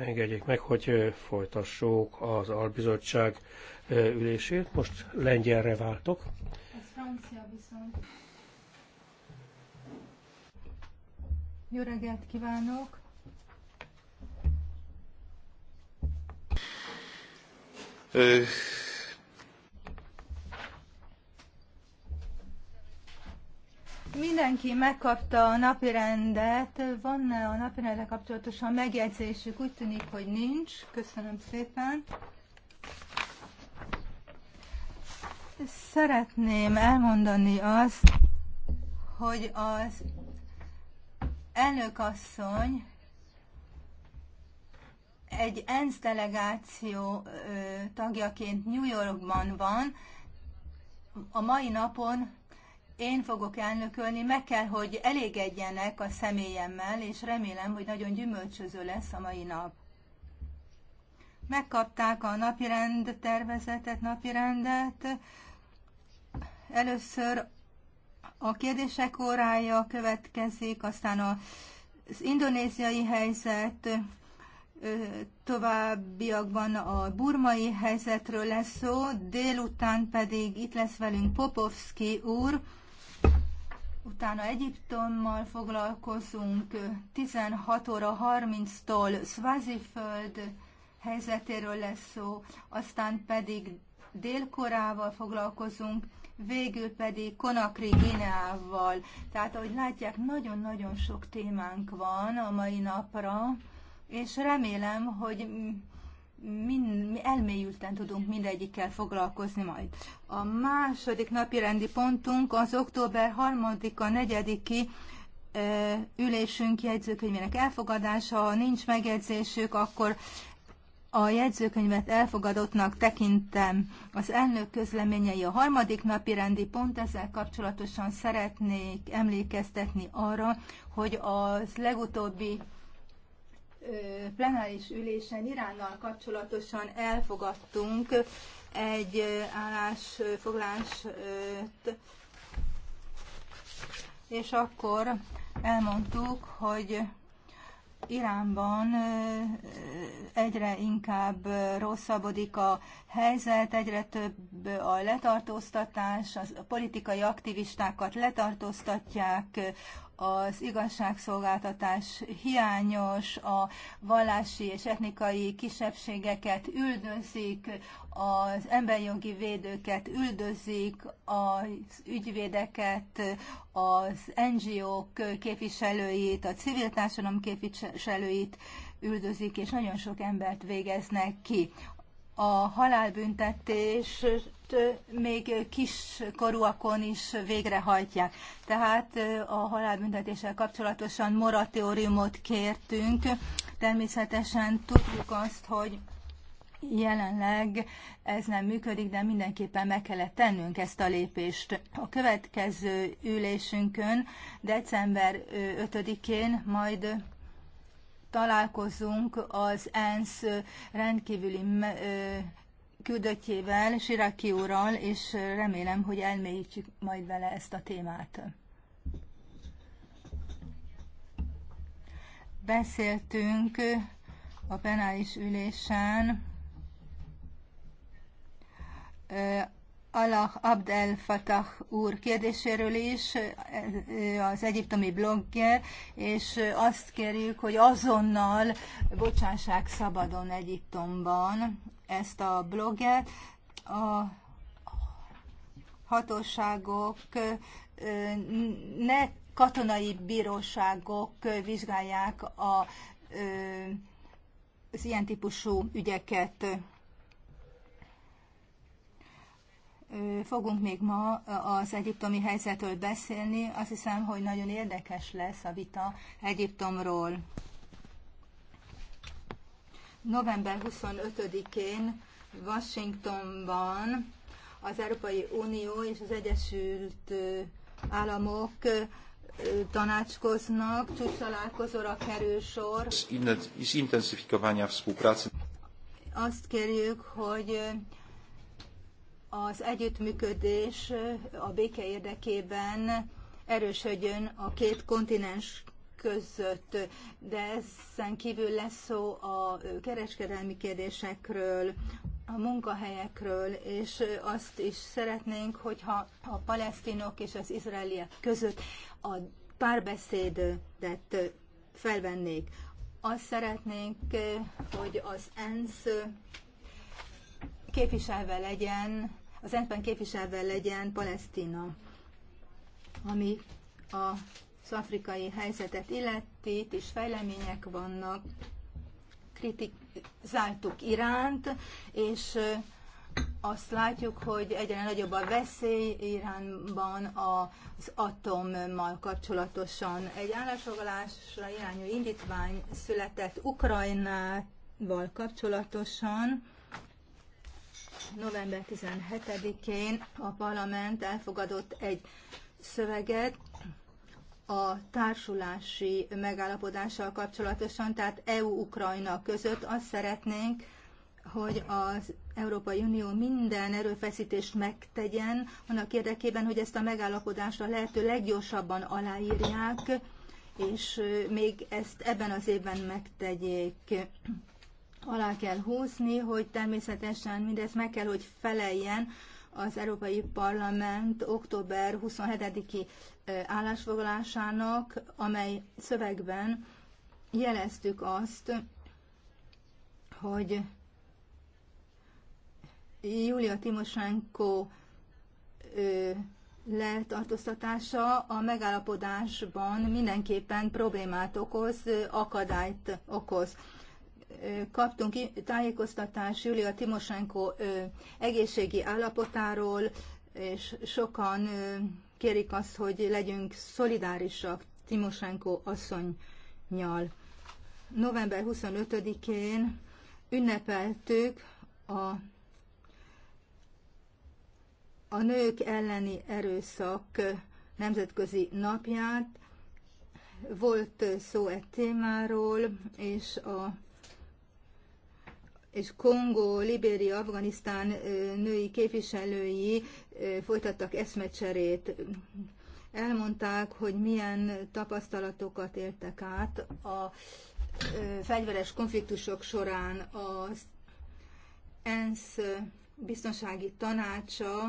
engedjék meg, hogy folytassuk az albizottság ülését. Most lengyelre váltok. Ez francia viszont. Jó reggelt kívánok! Ö, Mindenki megkapta a napirendet. Van-e a napirendre kapcsolatosan megjegyzésük? Úgy tűnik, hogy nincs. Köszönöm szépen. Szeretném elmondani azt, hogy az elnökasszony egy ENSZ delegáció tagjaként New Yorkban van. A mai napon én fogok elnökölni, meg kell, hogy elégedjenek a személyemmel, és remélem, hogy nagyon gyümölcsöző lesz a mai nap. Megkapták a napirend tervezetet, napirendet. Először a kérdések órája következik, aztán az indonéziai helyzet, továbbiakban a burmai helyzetről lesz szó, délután pedig itt lesz velünk Popovski úr, utána Egyiptommal foglalkozunk, 16 óra 30-tól Svaziföld helyzetéről lesz szó, aztán pedig délkorával foglalkozunk, végül pedig Konakri Gineával. Tehát, ahogy látják, nagyon-nagyon sok témánk van a mai napra, és remélem, hogy mi elmélyülten tudunk mindegyikkel foglalkozni majd. A második napi rendi pontunk az október 3-a, 4 ülésünk jegyzőkönyvének elfogadása. Ha nincs megjegyzésük, akkor a jegyzőkönyvet elfogadottnak tekintem az elnök közleményei a harmadik napi rendi pont, ezzel kapcsolatosan szeretnék emlékeztetni arra, hogy az legutóbbi plenáris ülésen Iránnal kapcsolatosan elfogadtunk egy állásfoglást, és akkor elmondtuk, hogy Iránban egyre inkább rosszabbodik a helyzet, egyre több a letartóztatás, a politikai aktivistákat letartóztatják, az igazságszolgáltatás hiányos, a vallási és etnikai kisebbségeket üldözik, az emberjogi védőket üldözik, az ügyvédeket, az NGO-k képviselőit, a civil társadalom képviselőit üldözik, és nagyon sok embert végeznek ki. A halálbüntetés még kiskorúakon is végrehajtják. Tehát a halálbüntetéssel kapcsolatosan moratóriumot kértünk. Természetesen tudjuk azt, hogy jelenleg ez nem működik, de mindenképpen meg kellett tennünk ezt a lépést. A következő ülésünkön, december 5-én majd találkozunk az ENSZ rendkívüli küldöttjével, Siraki úrral, és remélem, hogy elmélyítjük majd vele ezt a témát. Beszéltünk a penális ülésen Allah Abdel Fatah úr kérdéséről is, az egyiptomi blogger, és azt kérjük, hogy azonnal bocsássák szabadon Egyiptomban ezt a blogget. A hatóságok ne katonai bíróságok vizsgálják a, az ilyen típusú ügyeket. Fogunk még ma az egyiptomi helyzetről beszélni. Azt hiszem, hogy nagyon érdekes lesz a vita Egyiptomról november 25-én Washingtonban az Európai Unió és az Egyesült Államok tanácskoznak, csúcsalálkozóra kerül sor. És a współpracy. Azt kérjük, hogy az együttműködés a béke érdekében erősödjön a két kontinens között, de ezen kívül lesz szó a kereskedelmi kérdésekről, a munkahelyekről, és azt is szeretnénk, hogyha a palesztinok és az izraeliek között a párbeszédet felvennék. Azt szeretnénk, hogy az ENSZ képviselve legyen, az ENSZ-ben képviselve legyen Palesztina, ami a az afrikai helyzetet illeti, itt is fejlemények vannak, kritizáltuk Iránt, és azt látjuk, hogy egyre nagyobb a veszély Iránban az atommal kapcsolatosan. Egy állásfoglalásra irányú indítvány született Ukrajnával kapcsolatosan. November 17-én a parlament elfogadott egy szöveget, a társulási megállapodással kapcsolatosan, tehát EU-Ukrajna között azt szeretnénk, hogy az Európai Unió minden erőfeszítést megtegyen, annak érdekében, hogy ezt a megállapodást a lehető leggyorsabban aláírják, és még ezt ebben az évben megtegyék. Alá kell húzni, hogy természetesen mindez meg kell, hogy feleljen az Európai Parlament október 27-i állásfoglalásának, amely szövegben jeleztük azt, hogy Julia Timoshenko letartóztatása a megállapodásban mindenképpen problémát okoz, akadályt okoz kaptunk tájékoztatást Julia Timosenko egészségi állapotáról, és sokan kérik azt, hogy legyünk szolidárisak Timosenko asszonynyal. November 25-én ünnepeltük a, a nők elleni erőszak nemzetközi napját. Volt szó egy témáról, és a és Kongó, Libéria, Afganisztán női képviselői folytattak eszmecserét. Elmondták, hogy milyen tapasztalatokat éltek át a fegyveres konfliktusok során az ENSZ biztonsági tanácsa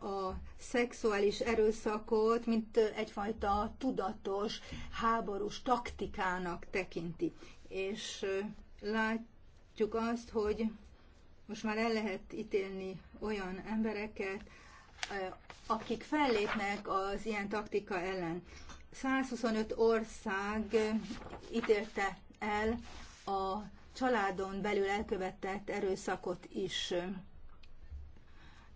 a szexuális erőszakot, mint egyfajta tudatos háborús taktikának tekinti. És lát, látjuk azt, hogy most már el lehet ítélni olyan embereket, akik fellépnek az ilyen taktika ellen. 125 ország ítélte el a családon belül elkövetett erőszakot is.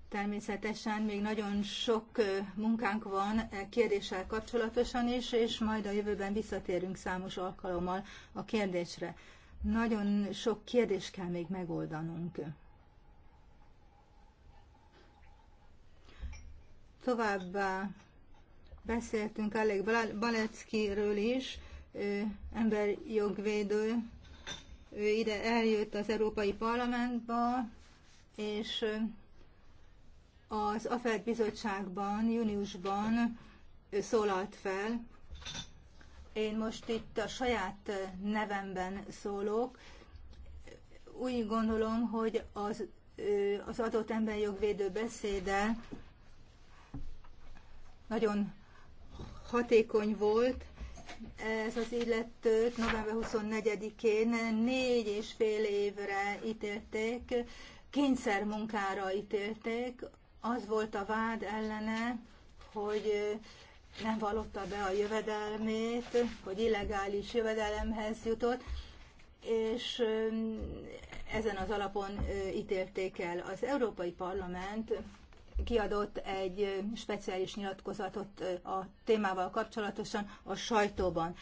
Természetesen még nagyon sok munkánk van e kérdéssel kapcsolatosan is, és majd a jövőben visszatérünk számos alkalommal a kérdésre. Nagyon sok kérdés kell még megoldanunk. Továbbá beszéltünk Alek Baleckiről is, ő emberjogvédő. Ő ide eljött az Európai Parlamentba, és az AFED bizottságban júniusban szólalt fel, én most itt a saját nevemben szólok. Úgy gondolom, hogy az, az adott emberjogvédő beszéde nagyon hatékony volt. Ez az illetőt november 24-én négy és fél évre ítélték, kényszermunkára ítélték. Az volt a vád ellene, hogy nem vallotta be a jövedelmét, hogy illegális jövedelemhez jutott, és ezen az alapon ítélték el. Az Európai Parlament kiadott egy speciális nyilatkozatot a témával kapcsolatosan a sajtóban.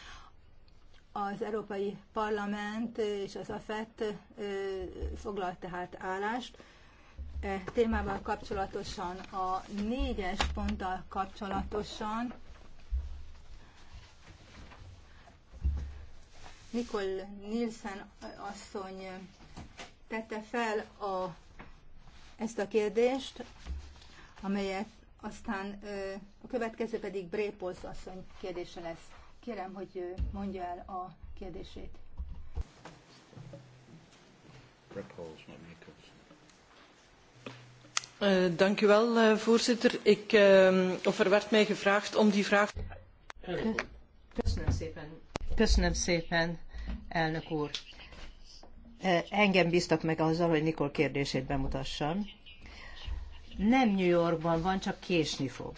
Az Európai Parlament és az AFET foglalt tehát állást e témával kapcsolatosan, a négyes ponttal kapcsolatosan Nikol Nielsen asszony tette fel a, ezt a kérdést, amelyet aztán a következő pedig Brépolsz asszony kérdése lesz. Kérem, hogy mondja el a kérdését. Brépolsz, eh, Dank u wel, eh, voorzitter. Ik, eh, of er werd mij gevraagd om die vraag. Köszönöm szépen, Köszönöm szépen, elnök úr. Engem bíztak meg azzal, hogy Nikol kérdését bemutassam. Nem New Yorkban van, csak késni fog.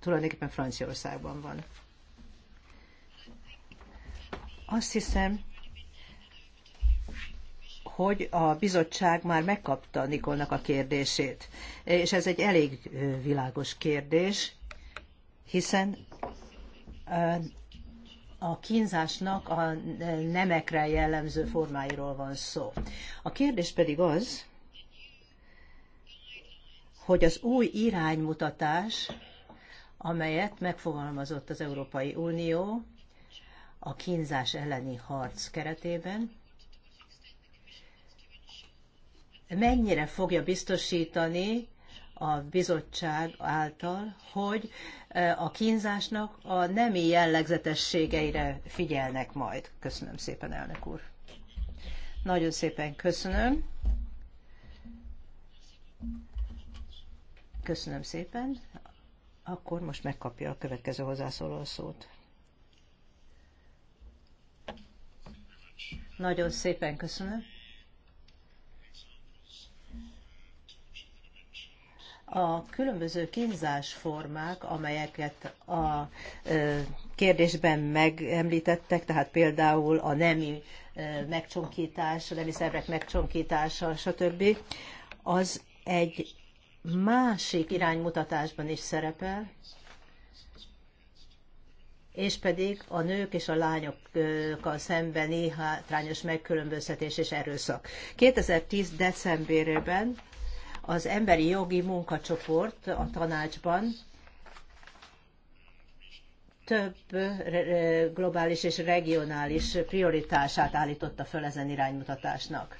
Tulajdonképpen Franciaországban van. Azt hiszem, hogy a bizottság már megkapta Nikolnak a kérdését. És ez egy elég világos kérdés, hiszen a kínzásnak a nemekre jellemző formáiról van szó. A kérdés pedig az, hogy az új iránymutatás, amelyet megfogalmazott az Európai Unió a kínzás elleni harc keretében, mennyire fogja biztosítani a bizottság által, hogy e, a kínzásnak a nemi jellegzetességeire figyelnek majd. Köszönöm szépen, elnök úr. Nagyon szépen köszönöm. Köszönöm szépen. Akkor most megkapja a következő hozzászóló szót. Nagyon szépen köszönöm. a különböző kínzásformák, amelyeket a kérdésben megemlítettek, tehát például a nemi megcsonkítás, a nemi szervek megcsonkítása, stb., az egy másik iránymutatásban is szerepel, és pedig a nők és a lányokkal szembeni hátrányos megkülönböztetés és erőszak. 2010. decemberében az emberi jogi munkacsoport a tanácsban több globális és regionális prioritását állította föl ezen iránymutatásnak.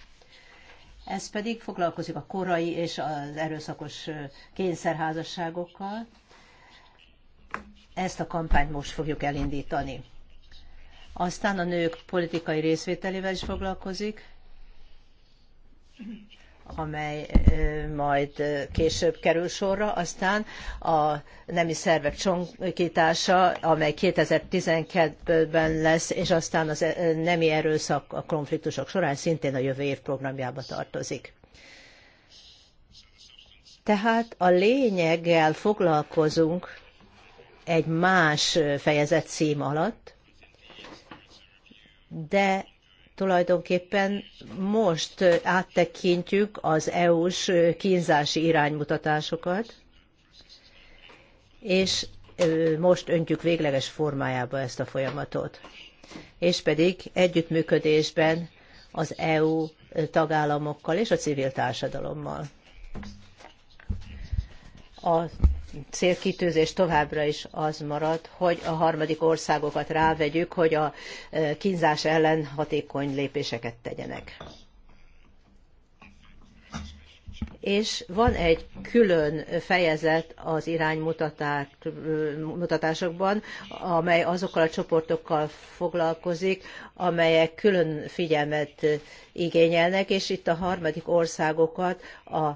Ez pedig foglalkozik a korai és az erőszakos kényszerházasságokkal. Ezt a kampányt most fogjuk elindítani. Aztán a nők politikai részvételével is foglalkozik, amely majd később kerül sorra, aztán a nemi szervek csonkítása, amely 2012-ben lesz, és aztán az nemi erőszak a konfliktusok során szintén a jövő év programjába tartozik. Tehát a lényeggel foglalkozunk egy más fejezet cím alatt, de tulajdonképpen most áttekintjük az EU-s kínzási iránymutatásokat, és most öntjük végleges formájába ezt a folyamatot. És pedig együttműködésben az EU tagállamokkal és a civil társadalommal. A célkitűzés továbbra is az marad, hogy a harmadik országokat rávegyük, hogy a e, kínzás ellen hatékony lépéseket tegyenek. És van egy külön fejezet az iránymutatásokban, amely azokkal a csoportokkal foglalkozik, amelyek külön figyelmet igényelnek, és itt a harmadik országokat a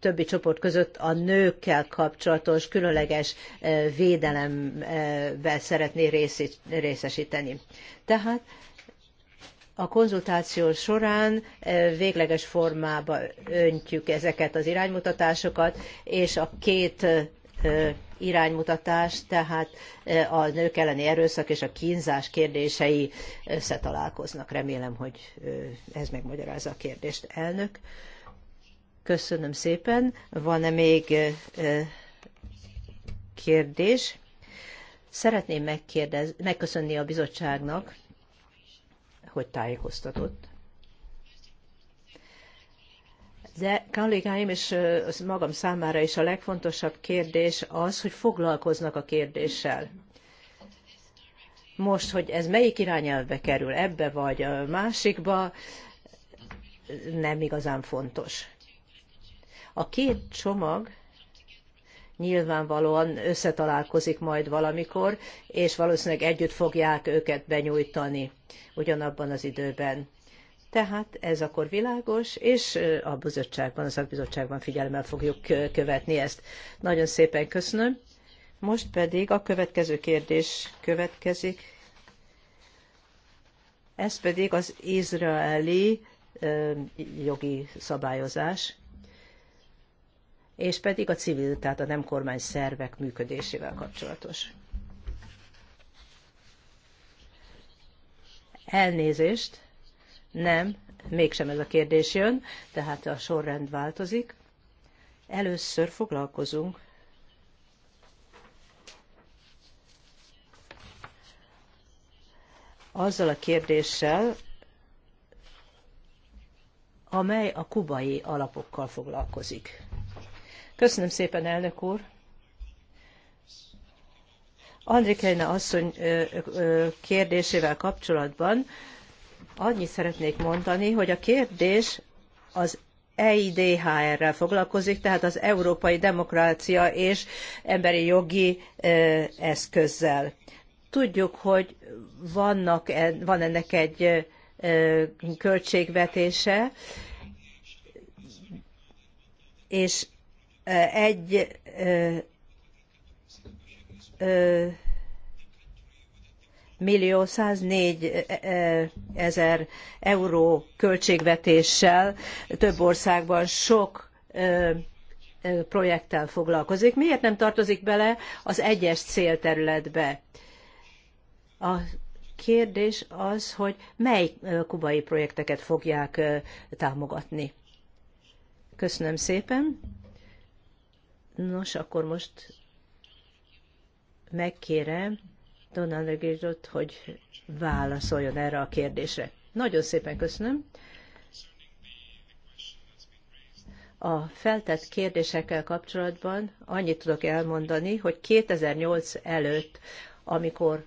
többi csoport között a nőkkel kapcsolatos különleges védelemben szeretné részesíteni. Tehát a konzultáció során végleges formába öntjük ezeket az iránymutatásokat, és a két iránymutatás, tehát a nők elleni erőszak és a kínzás kérdései összetalálkoznak. Remélem, hogy ez megmagyarázza a kérdést. Elnök. Köszönöm szépen. Van-e még kérdés? Szeretném megkérdez, megköszönni a bizottságnak, hogy tájékoztatott. De kollégáim és az magam számára is a legfontosabb kérdés az, hogy foglalkoznak a kérdéssel. Most, hogy ez melyik irányelvbe kerül, ebbe vagy a másikba, nem igazán fontos. A két csomag nyilvánvalóan összetalálkozik majd valamikor, és valószínűleg együtt fogják őket benyújtani ugyanabban az időben. Tehát ez akkor világos, és a bizottságban, a bizottságban figyelemmel fogjuk követni ezt. Nagyon szépen köszönöm. Most pedig a következő kérdés következik. Ez pedig az izraeli jogi szabályozás és pedig a civil, tehát a nem kormány szervek működésével kapcsolatos. Elnézést, nem, mégsem ez a kérdés jön, tehát a sorrend változik. Először foglalkozunk azzal a kérdéssel, amely a kubai alapokkal foglalkozik. Köszönöm szépen, elnök úr. Andrikelina asszony kérdésével kapcsolatban annyit szeretnék mondani, hogy a kérdés az EIDHR-rel foglalkozik, tehát az Európai Demokrácia és Emberi Jogi Eszközzel. Tudjuk, hogy vannak, e, van ennek egy költségvetése, és egy millió 104 ezer euró költségvetéssel több országban sok projekttel foglalkozik. Miért nem tartozik bele az egyes célterületbe? A kérdés az, hogy mely kubai projekteket fogják támogatni. Köszönöm szépen. Nos, akkor most megkérem Donald Regidot, hogy válaszoljon erre a kérdésre. Nagyon szépen köszönöm. A feltett kérdésekkel kapcsolatban annyit tudok elmondani, hogy 2008 előtt, amikor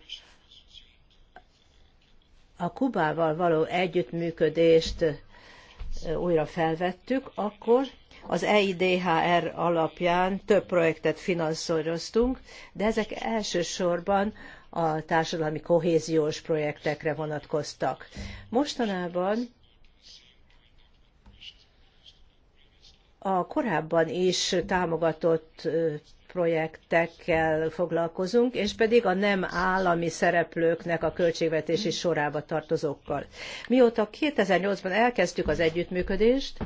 a Kubával való együttműködést újra felvettük, akkor az EIDHR alapján több projektet finanszíroztunk, de ezek elsősorban a társadalmi kohéziós projektekre vonatkoztak. Mostanában a korábban is támogatott projektekkel foglalkozunk, és pedig a nem állami szereplőknek a költségvetési sorába tartozókkal. Mióta 2008-ban elkezdtük az együttműködést,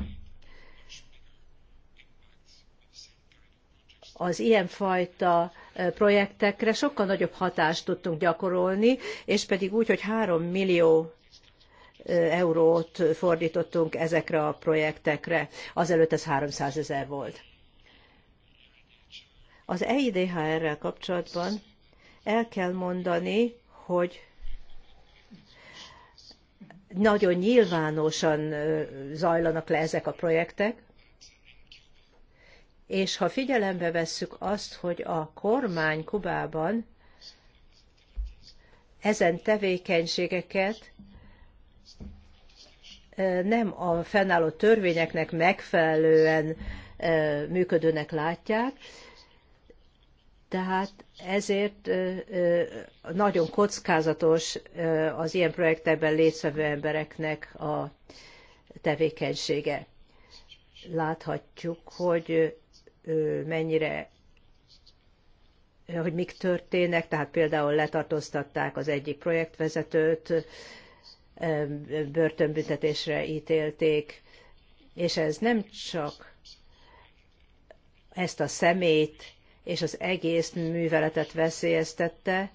az ilyenfajta projektekre sokkal nagyobb hatást tudtunk gyakorolni, és pedig úgy, hogy 3 millió eurót fordítottunk ezekre a projektekre. Azelőtt ez 300 ezer volt. Az EIDHR-rel kapcsolatban el kell mondani, hogy nagyon nyilvánosan zajlanak le ezek a projektek, és ha figyelembe vesszük azt, hogy a kormány Kubában ezen tevékenységeket nem a fennálló törvényeknek megfelelően működőnek látják, tehát ezért nagyon kockázatos az ilyen projektekben létszövő embereknek a tevékenysége. Láthatjuk, hogy mennyire hogy mik történnek, tehát például letartóztatták az egyik projektvezetőt, börtönbüntetésre ítélték, és ez nem csak ezt a szemét és az egész műveletet veszélyeztette,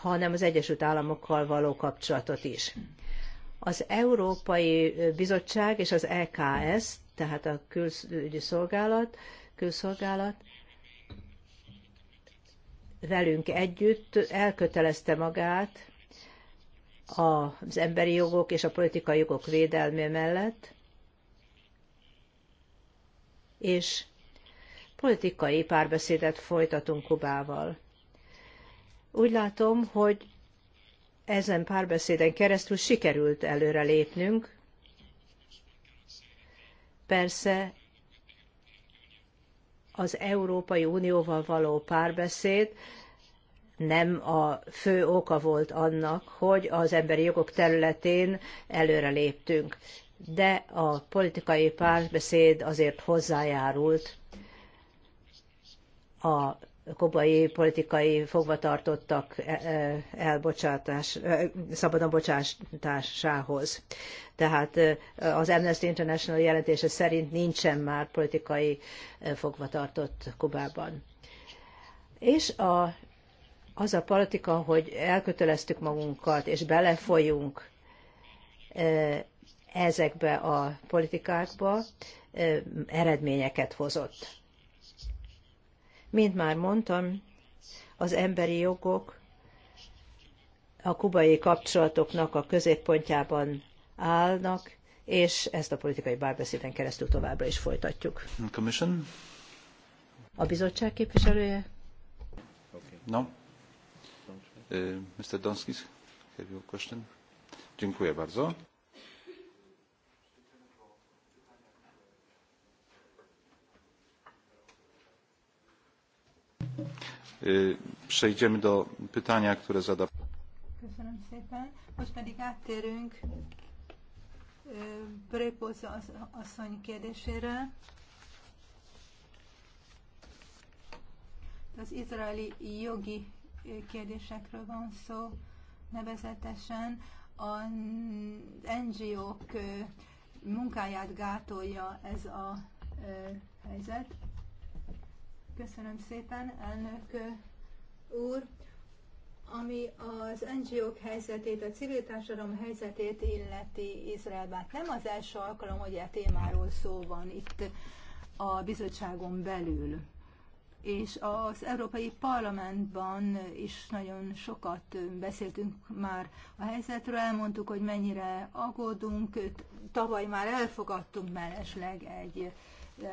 hanem az Egyesült Államokkal való kapcsolatot is. Az Európai Bizottság és az EKS, tehát a Külügyi Szolgálat közszolgálat velünk együtt elkötelezte magát az emberi jogok és a politikai jogok védelme mellett, és politikai párbeszédet folytatunk Kubával. Úgy látom, hogy ezen párbeszéden keresztül sikerült előrelépnünk. Persze az Európai Unióval való párbeszéd nem a fő oka volt annak, hogy az emberi jogok területén előre léptünk. De a politikai párbeszéd azért hozzájárult a kobai politikai fogvatartottak e, e, elbocsátás, e, szabadon bocsátásához. Tehát az Amnesty International jelentése szerint nincsen már politikai fogvatartott Kubában. És a, az a politika, hogy elköteleztük magunkat és belefolyunk ezekbe a politikákba, eredményeket hozott. Mint már mondtam, az emberi jogok a kubai kapcsolatoknak a középpontjában állnak, és ezt a politikai bárbeszéden keresztül továbbra is folytatjuk. Commission. A bizottság képviselője? Okay. No. Uh, Mr. Donskis, have you a question? Dziękuję bardzo. Przejdziemy do pytania, które zada Köszönöm szépen. Most pedig áttérünk Az izraeli jogi kérdésekről van szó, nevezetesen az NGO-k munkáját gátolja ez a helyzet. Köszönöm szépen, elnök úr. Ami az NGO-k helyzetét, a civil társadalom helyzetét illeti Izraelben, nem az első alkalom, hogy a e témáról szó van itt a bizottságon belül. És az Európai Parlamentban is nagyon sokat beszéltünk már a helyzetről, elmondtuk, hogy mennyire aggódunk. Tavaly már elfogadtunk mellesleg egy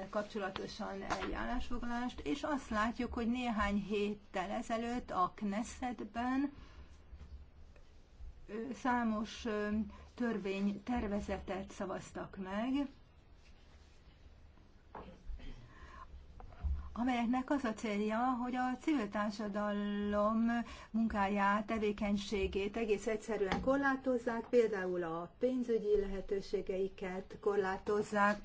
kapcsolatosan eljárásfoglalást, és azt látjuk, hogy néhány héttel ezelőtt a Knessetben számos törvénytervezetet szavaztak meg, amelyeknek az a célja, hogy a civil társadalom munkáját, tevékenységét egész egyszerűen korlátozzák, például a pénzügyi lehetőségeiket korlátozzák,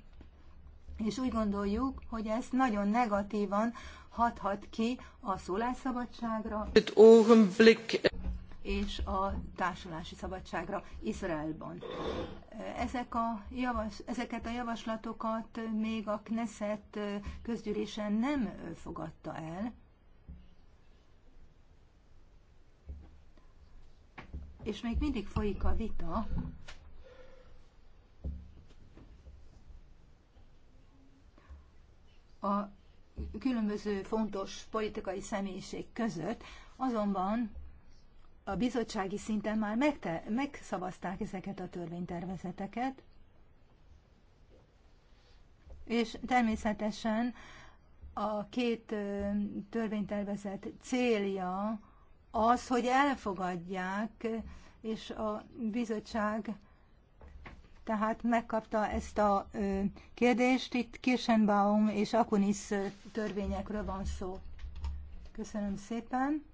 és úgy gondoljuk, hogy ez nagyon negatívan hathat ki a szólásszabadságra és a társulási szabadságra Izraelban. Ezek a javas, ezeket a javaslatokat még a Knesset közgyűlésen nem fogadta el, és még mindig folyik a vita a különböző fontos politikai személyiség között, azonban a bizottsági szinten már megte- megszavazták ezeket a törvénytervezeteket, és természetesen a két törvénytervezet célja az, hogy elfogadják, és a bizottság tehát megkapta ezt a kérdést. Itt Kirschenbaum és Akunis törvényekről van szó. Köszönöm szépen.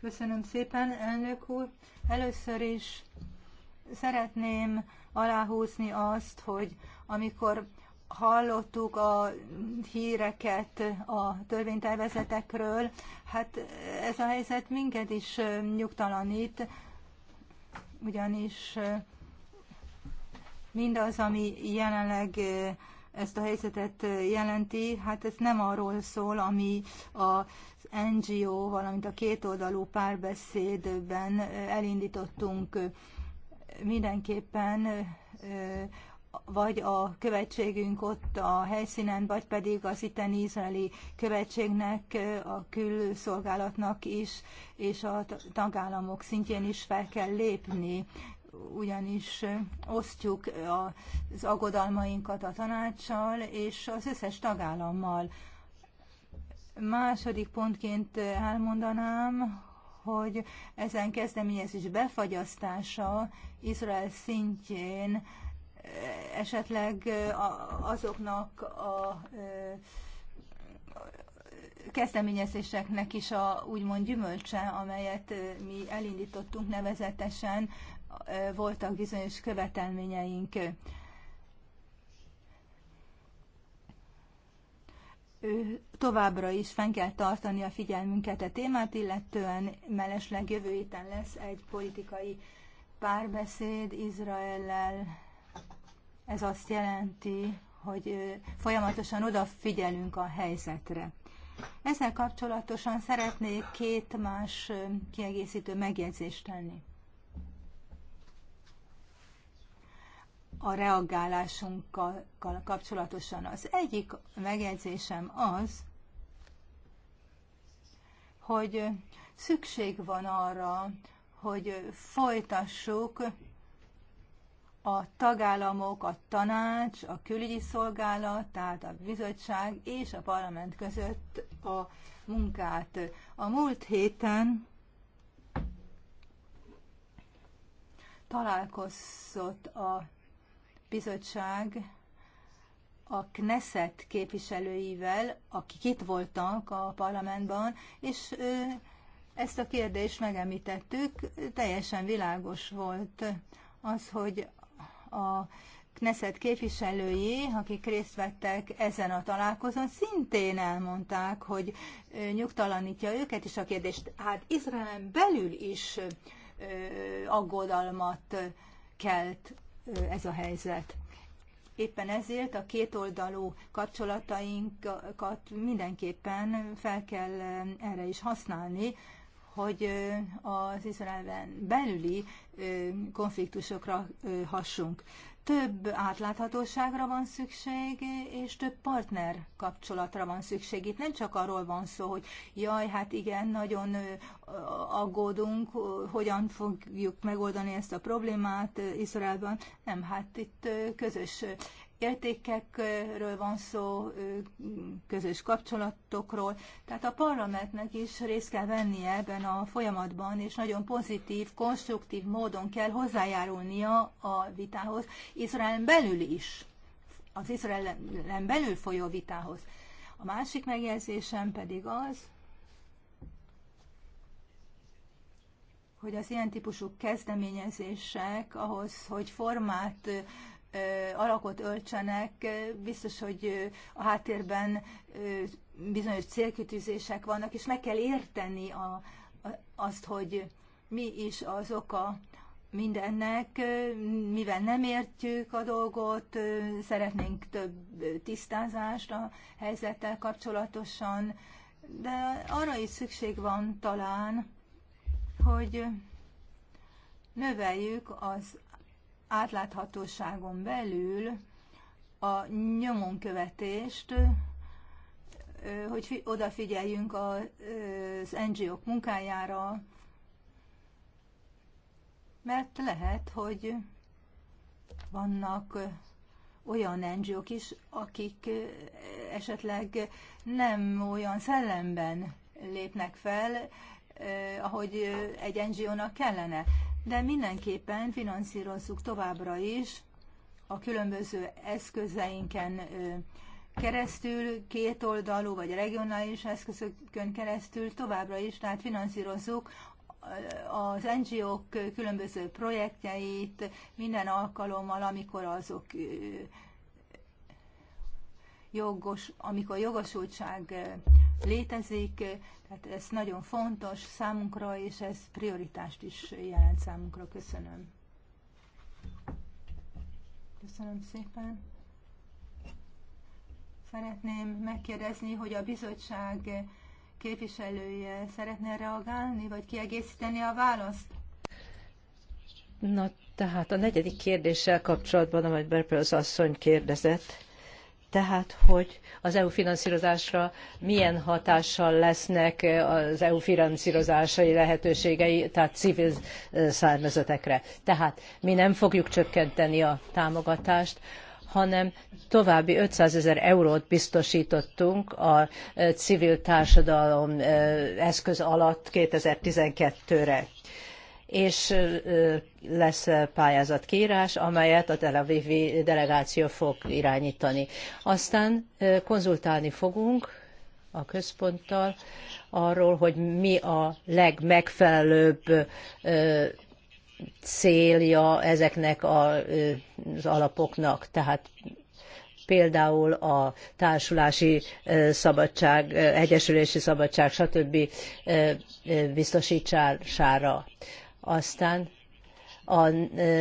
Köszönöm szépen, elnök úr. Először is szeretném aláhúzni azt, hogy amikor hallottuk a híreket a törvénytervezetekről, hát ez a helyzet minket is nyugtalanít ugyanis mindaz, ami jelenleg ezt a helyzetet jelenti, hát ez nem arról szól, ami a NGO, valamint a kétoldalú párbeszédben elindítottunk. Mindenképpen vagy a követségünk ott a helyszínen, vagy pedig az itteni izraeli követségnek, a külszolgálatnak is, és a tagállamok szintjén is fel kell lépni, ugyanis osztjuk az aggodalmainkat a tanácssal és az összes tagállammal. Második pontként elmondanám, hogy ezen kezdeményezés befagyasztása Izrael szintjén esetleg azoknak a kezdeményezéseknek is a úgymond gyümölcse, amelyet mi elindítottunk nevezetesen, voltak bizonyos követelményeink. továbbra is fenn kell tartani a figyelmünket a témát, illetően mellesleg jövő héten lesz egy politikai párbeszéd Izraellel ez azt jelenti, hogy folyamatosan odafigyelünk a helyzetre. Ezzel kapcsolatosan szeretnék két más kiegészítő megjegyzést tenni. A reagálásunkkal kapcsolatosan. Az egyik megjegyzésem az, hogy szükség van arra, hogy folytassuk a tagállamok, a tanács, a külügyi szolgálat, tehát a bizottság és a parlament között a munkát. A múlt héten találkozott a bizottság a Knesset képviselőivel, akik itt voltak a parlamentben, és ezt a kérdést megemlítettük, teljesen világos volt az, hogy a Knesset képviselői, akik részt vettek ezen a találkozón, szintén elmondták, hogy nyugtalanítja őket is a kérdést. Hát Izraelen belül is aggodalmat kelt ez a helyzet. Éppen ezért a kétoldalú kapcsolatainkat mindenképpen fel kell erre is használni, hogy az Izraelben belüli konfliktusokra hassunk. Több átláthatóságra van szükség, és több partner kapcsolatra van szükség. Itt nem csak arról van szó, hogy jaj, hát igen, nagyon aggódunk, hogyan fogjuk megoldani ezt a problémát Izraelben. Nem, hát itt közös értékekről van szó, közös kapcsolatokról. Tehát a parlamentnek is részt kell vennie ebben a folyamatban, és nagyon pozitív, konstruktív módon kell hozzájárulnia a vitához, Izrael belül is, az Izraelen belül folyó vitához. A másik megjegyzésem pedig az, hogy az ilyen típusú kezdeményezések ahhoz, hogy formát alakot öltsenek, biztos, hogy a háttérben bizonyos célkütűzések vannak, és meg kell érteni a, azt, hogy mi is az oka mindennek, mivel nem értjük a dolgot, szeretnénk több tisztázást a helyzettel kapcsolatosan, de arra is szükség van talán, hogy növeljük az átláthatóságon belül a nyomonkövetést, hogy odafigyeljünk az NGO-k munkájára, mert lehet, hogy vannak olyan NGO-k is, akik esetleg nem olyan szellemben lépnek fel, ahogy egy NGO-nak kellene de mindenképpen finanszírozzuk továbbra is a különböző eszközeinken keresztül, kétoldalú vagy regionális eszközökön keresztül továbbra is, tehát finanszírozzuk az NGO-k különböző projektjeit minden alkalommal, amikor azok jogos, amikor jogosultság létezik, tehát ez nagyon fontos számunkra, és ez prioritást is jelent számunkra. Köszönöm. Köszönöm szépen. Szeretném megkérdezni, hogy a bizottság képviselője szeretne reagálni, vagy kiegészíteni a választ? Na, tehát a negyedik kérdéssel kapcsolatban, amit Berpels asszony kérdezett, tehát hogy az EU finanszírozásra milyen hatással lesznek eh, az EU finanszírozásai lehetőségei, tehát civil eh, származatekre. Tehát mi nem fogjuk csökkenteni a támogatást, hanem további 500 ezer eurót biztosítottunk a eh, civil társadalom eszköz alatt 2012-re és lesz pályázatkírás, amelyet a Tel Avivi delegáció fog irányítani. Aztán konzultálni fogunk a központtal arról, hogy mi a legmegfelelőbb célja ezeknek az alapoknak. Tehát például a társulási szabadság, egyesülési szabadság, stb. biztosítására. Aztán a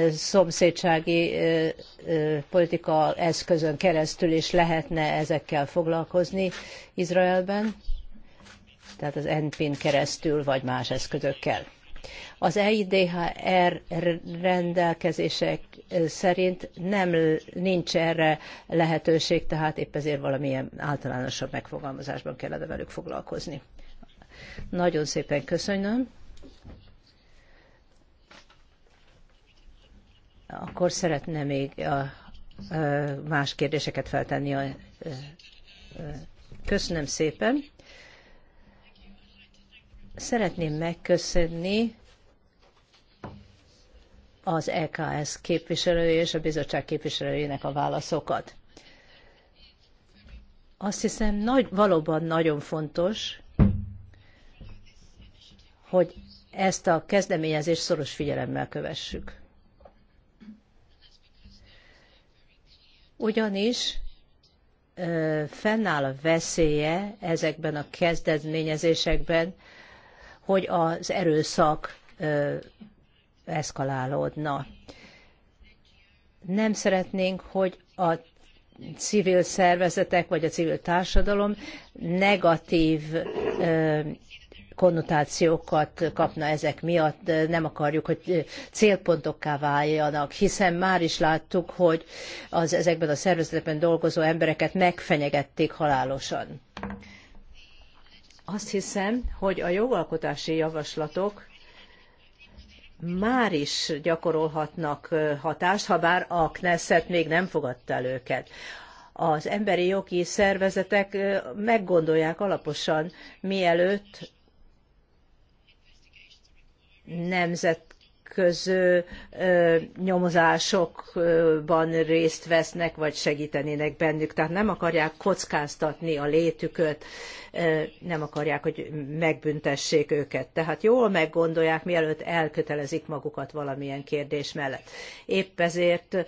szomszédsági politika eszközön keresztül is lehetne ezekkel foglalkozni Izraelben, tehát az NPIN keresztül, vagy más eszközökkel. Az EIDHR rendelkezések szerint nem nincs erre lehetőség, tehát épp ezért valamilyen általánosabb megfogalmazásban kellene velük foglalkozni. Nagyon szépen köszönöm. akkor szeretne még a, más kérdéseket feltenni. A, köszönöm szépen. Szeretném megköszönni az EKS képviselője és a bizottság képviselőjének a válaszokat. Azt hiszem, nagy, valóban nagyon fontos, hogy ezt a kezdeményezést szoros figyelemmel kövessük. ugyanis fennáll a veszélye ezekben a kezdeményezésekben, hogy az erőszak eszkalálódna. Nem szeretnénk, hogy a civil szervezetek vagy a civil társadalom negatív konnotációkat kapna ezek miatt, nem akarjuk, hogy célpontokká váljanak, hiszen már is láttuk, hogy az ezekben a szervezetekben dolgozó embereket megfenyegették halálosan. Azt hiszem, hogy a jogalkotási javaslatok már is gyakorolhatnak hatást, ha bár a Knesset még nem fogadta el őket az emberi jogi szervezetek meggondolják alaposan, mielőtt nemzetköző nyomozásokban részt vesznek, vagy segítenének bennük. Tehát nem akarják kockáztatni a létüket, nem akarják, hogy megbüntessék őket. Tehát jól meggondolják, mielőtt elkötelezik magukat valamilyen kérdés mellett. Épp ezért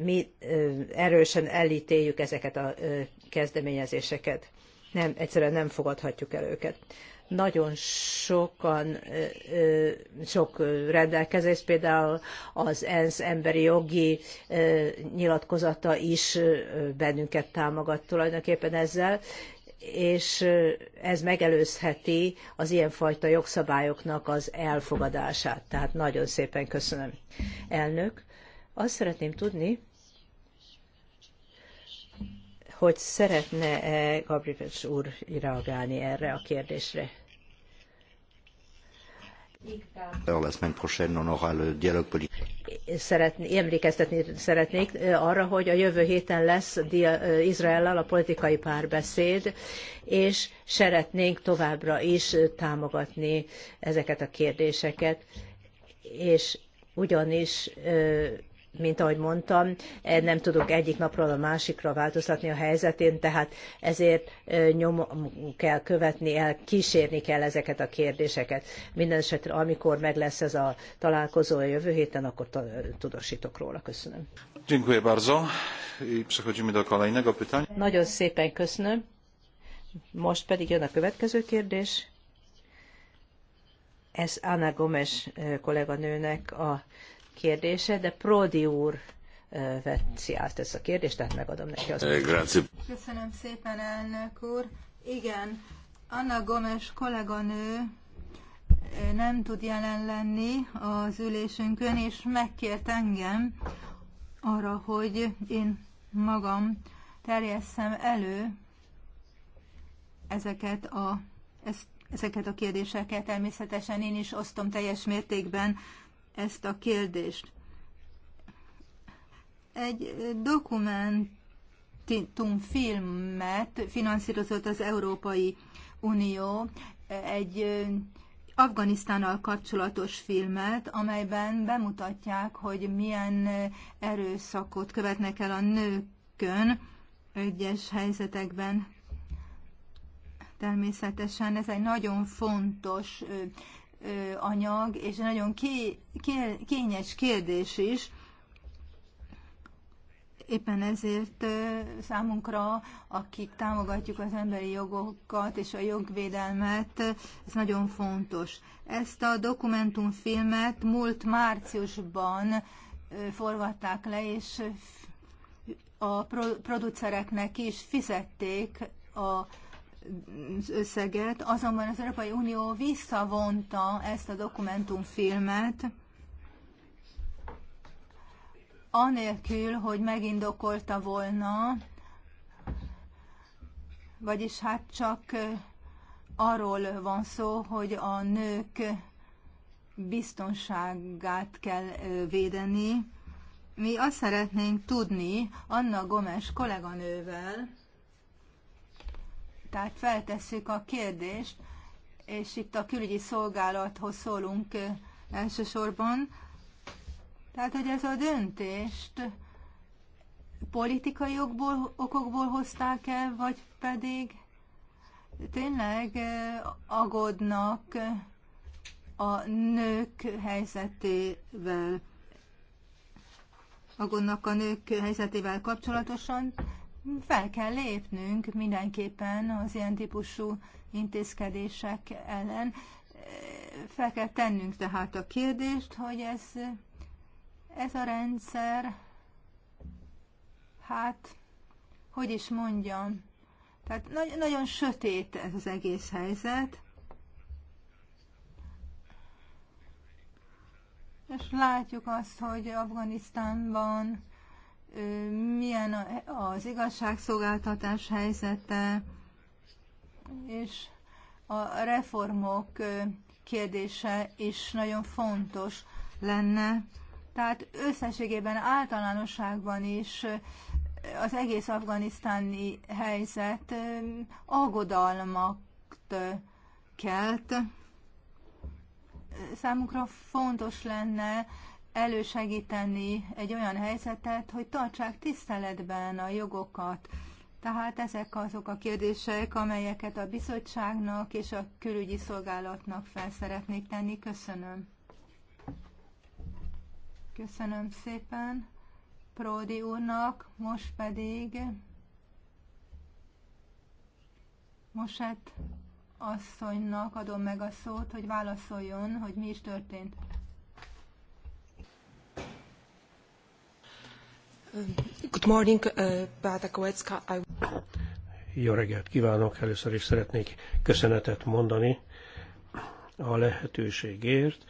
mi erősen elítéljük ezeket a kezdeményezéseket. Nem, egyszerűen nem fogadhatjuk el őket nagyon sokan, sok rendelkezés, például az ENSZ emberi jogi nyilatkozata is bennünket támogat tulajdonképpen ezzel, és ez megelőzheti az ilyenfajta jogszabályoknak az elfogadását. Tehát nagyon szépen köszönöm. Elnök, azt szeretném tudni, hogy szeretne-e Gabrievics úr reagálni erre a kérdésre. Szeretni, emlékeztetni szeretnék arra, hogy a jövő héten lesz Izraellel a politikai párbeszéd, és szeretnénk továbbra is támogatni ezeket a kérdéseket, és ugyanis mint ahogy mondtam, eh, nem tudok egyik napról a másikra változtatni a helyzetén, tehát ezért eh, nyomon kell követni, el, kísérni kell ezeket a kérdéseket. Minden esetre, amikor meg lesz ez a találkozó a jövő héten, akkor tudósítok róla. Köszönöm. Dziękuję bardzo. I przechodzimy do kolejnego pytania. Nagyon szépen köszönöm. Most pedig jön a következő kérdés. Ez Anna Gomes eh, kolléganőnek a kérdése, de Prodi úr veszi át ezt a kérdést, tehát megadom neki az. Eh, Köszönöm szépen, elnök úr. Igen, Anna Gomes kolléganő nem tud jelen lenni az ülésünkön, és megkért engem arra, hogy én magam terjesszem elő ezeket a, ezeket a kérdéseket. Természetesen én is osztom teljes mértékben ezt a kérdést. Egy dokumentumfilmet finanszírozott az Európai Unió, egy Afganisztánnal kapcsolatos filmet, amelyben bemutatják, hogy milyen erőszakot követnek el a nőkön egyes helyzetekben. Természetesen ez egy nagyon fontos anyag, és nagyon ké, ké, kényes kérdés is. Éppen ezért számunkra, akik támogatjuk az emberi jogokat és a jogvédelmet, ez nagyon fontos. Ezt a dokumentumfilmet múlt márciusban forgatták le, és a producereknek is fizették a összeget, azonban az Európai Unió visszavonta ezt a dokumentumfilmet, anélkül, hogy megindokolta volna, vagyis hát csak arról van szó, hogy a nők biztonságát kell védeni. Mi azt szeretnénk tudni Anna Gomes kolléganővel, tehát feltesszük a kérdést, és itt a külügyi szolgálathoz szólunk elsősorban. Tehát, hogy ez a döntést politikai okból, okokból hozták el, vagy pedig tényleg agodnak a nők helyzetével agonnak a nők helyzetével kapcsolatosan, fel kell lépnünk mindenképpen az ilyen típusú intézkedések ellen. Fel kell tennünk tehát a kérdést, hogy ez, ez a rendszer, hát, hogy is mondjam, tehát nagyon nagyon sötét ez az egész helyzet, és látjuk azt, hogy Afganisztánban milyen az igazságszolgáltatás helyzete, és a reformok kérdése is nagyon fontos lenne. Tehát összességében általánosságban is az egész afganisztáni helyzet aggodalmat kelt. Számukra fontos lenne elősegíteni egy olyan helyzetet, hogy tartsák tiszteletben a jogokat. Tehát ezek azok a kérdések, amelyeket a bizottságnak és a külügyi szolgálatnak fel szeretnék tenni. Köszönöm. Köszönöm szépen Pródi úrnak, most pedig Moset asszonynak adom meg a szót, hogy válaszoljon, hogy mi is történt. Good morning, uh, Jó reggelt kívánok! Először is szeretnék köszönetet mondani a lehetőségért,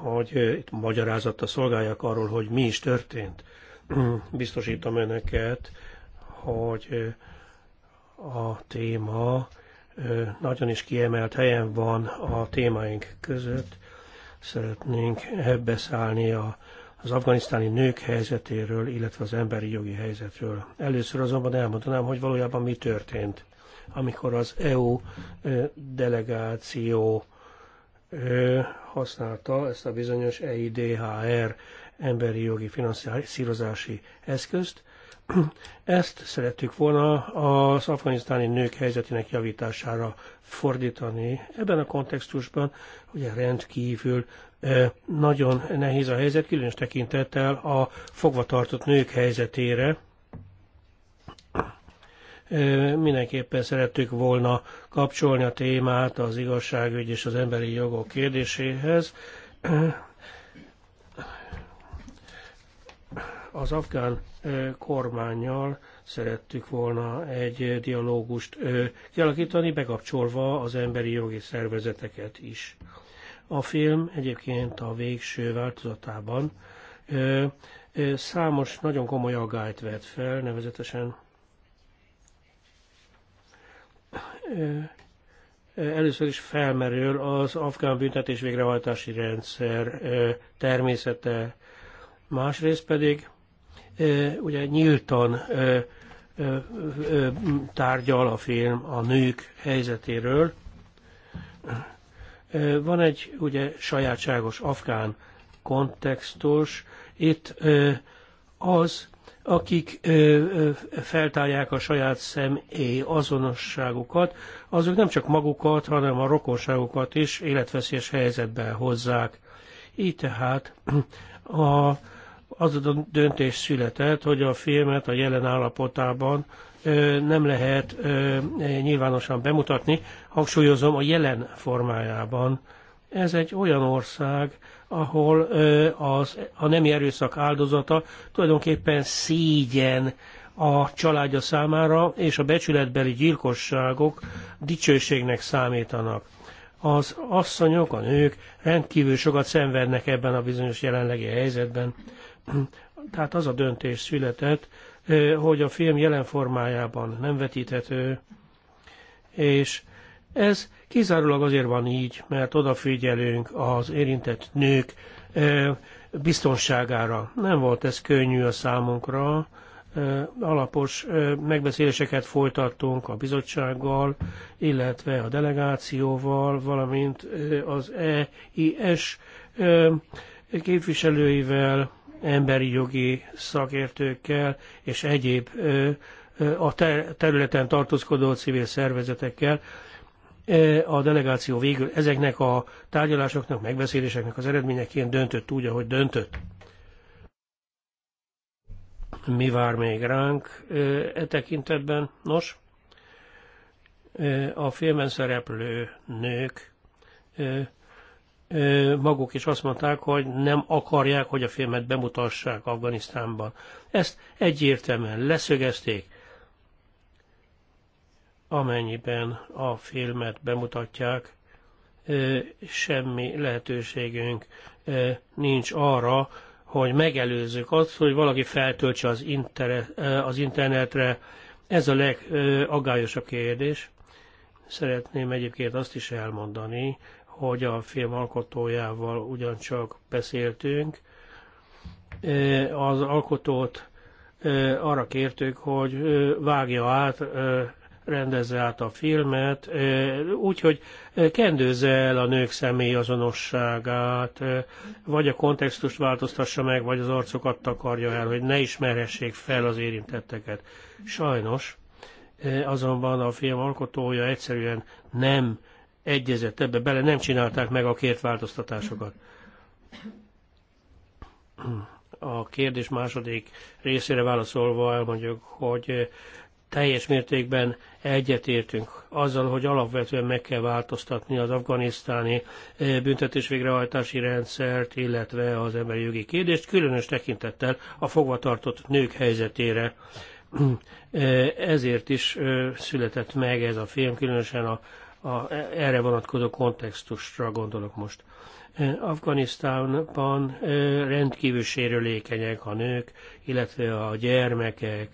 hogy uh, itt magyarázata szolgáljak arról, hogy mi is történt. Biztosítom önöket, hogy uh, a téma uh, nagyon is kiemelt helyen van a témáink között. Szeretnénk ebbe szállni a az afganisztáni nők helyzetéről, illetve az emberi jogi helyzetről. Először azonban elmondanám, hogy valójában mi történt, amikor az EU delegáció használta ezt a bizonyos EIDHR emberi jogi finanszírozási eszközt. Ezt szerettük volna az afganisztáni nők helyzetének javítására fordítani. Ebben a kontextusban ugye rendkívül nagyon nehéz a helyzet, különös tekintettel a fogvatartott nők helyzetére. Mindenképpen szerettük volna kapcsolni a témát az igazságügy és az emberi jogok kérdéséhez. Az afgán kormányjal szerettük volna egy dialógust kialakítani, bekapcsolva az emberi jogi szervezeteket is. A film egyébként a végső változatában számos nagyon komoly aggályt vett fel, nevezetesen először is felmerül az afgán büntetés végrehajtási rendszer természete, másrészt pedig ugye nyíltan tárgyal a film a nők helyzetéről, van egy ugye sajátságos afgán kontextus, itt az, akik feltárják a saját személy azonosságukat, azok nem csak magukat, hanem a rokonságukat is életveszélyes helyzetbe hozzák. Így tehát a, az a döntés született, hogy a filmet a jelen állapotában nem lehet nyilvánosan bemutatni, hangsúlyozom a jelen formájában. Ez egy olyan ország, ahol az, a nemi erőszak áldozata tulajdonképpen szégyen a családja számára, és a becsületbeli gyilkosságok dicsőségnek számítanak az asszonyok, a nők rendkívül sokat szenvednek ebben a bizonyos jelenlegi helyzetben. Tehát az a döntés született, hogy a film jelen formájában nem vetíthető, és ez kizárólag azért van így, mert odafigyelünk az érintett nők biztonságára. Nem volt ez könnyű a számunkra, alapos megbeszéléseket folytattunk a bizottsággal, illetve a delegációval, valamint az EIS képviselőivel, emberi jogi szakértőkkel és egyéb a területen tartózkodó civil szervezetekkel. A delegáció végül ezeknek a tárgyalásoknak, megbeszéléseknek az eredményeként döntött úgy, ahogy döntött. Mi vár még ránk e tekintetben? Nos, a filmen szereplő nők maguk is azt mondták, hogy nem akarják, hogy a filmet bemutassák Afganisztánban. Ezt egyértelműen leszögezték. Amennyiben a filmet bemutatják, semmi lehetőségünk nincs arra, hogy megelőzzük azt, hogy valaki feltöltse az, inter- az internetre. Ez a legagályosabb kérdés. Szeretném egyébként azt is elmondani, hogy a film alkotójával ugyancsak beszéltünk. E, az alkotót e, arra kértük, hogy e, vágja át, rendezze át a filmet, úgyhogy kendőzze el a nők személy azonosságát, vagy a kontextust változtassa meg, vagy az arcokat takarja el, hogy ne ismerhessék fel az érintetteket. Sajnos, azonban a film alkotója egyszerűen nem egyezett ebbe bele, nem csinálták meg a kért változtatásokat. A kérdés második részére válaszolva elmondjuk, hogy eh, teljes mértékben egyetértünk azzal, hogy alapvetően meg kell változtatni az afganisztáni eh, büntetésvégrehajtási rendszert, illetve az emberi jogi kérdést, különös tekintettel a fogvatartott nők helyzetére. Eh, ezért is született meg ez a film, különösen a a, erre vonatkozó kontextusra gondolok most. E, Afganisztánban e, rendkívül sérülékenyek a nők, illetve a gyermekek,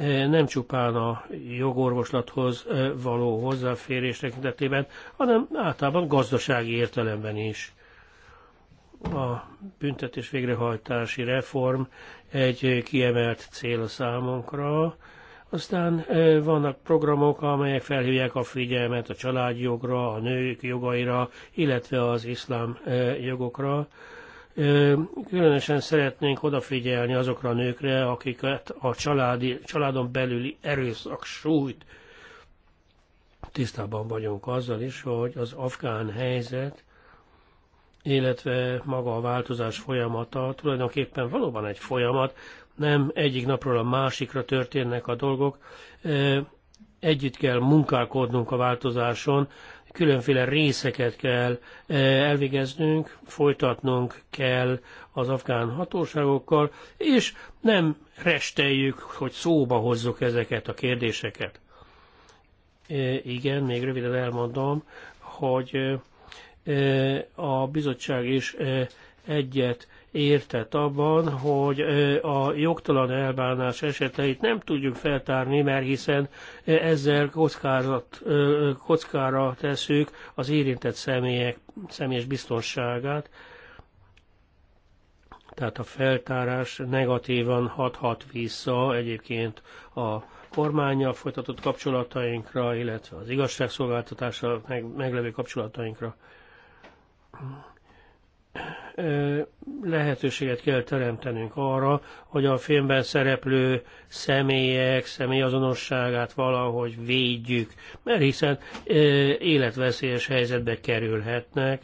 e, nem csupán a jogorvoslathoz való hozzáférés tekintetében, hanem általában gazdasági értelemben is. A büntetés végrehajtási reform egy kiemelt cél a számunkra, aztán vannak programok, amelyek felhívják a figyelmet a családjogra, a nők jogaira, illetve az iszlám jogokra. Különösen szeretnénk odafigyelni azokra a nőkre, akiket a családi, családon belüli erőszak súlyt. Tisztában vagyunk azzal is, hogy az afgán helyzet, illetve maga a változás folyamata tulajdonképpen valóban egy folyamat, nem egyik napról a másikra történnek a dolgok. Együtt kell munkálkodnunk a változáson, különféle részeket kell elvégeznünk, folytatnunk kell az afgán hatóságokkal, és nem resteljük, hogy szóba hozzuk ezeket a kérdéseket. Igen, még röviden elmondom, hogy a bizottság is egyet értett abban, hogy a jogtalan elbánás eseteit nem tudjuk feltárni, mert hiszen ezzel kockázat, kockára tesszük az érintett személyek személyes biztonságát, tehát a feltárás negatívan hathat vissza egyébként a kormányjal folytatott kapcsolatainkra, illetve az igazságszolgáltatásra meg, meglevő kapcsolatainkra lehetőséget kell teremtenünk arra, hogy a filmben szereplő személyek személyazonosságát valahogy védjük, mert hiszen életveszélyes helyzetbe kerülhetnek,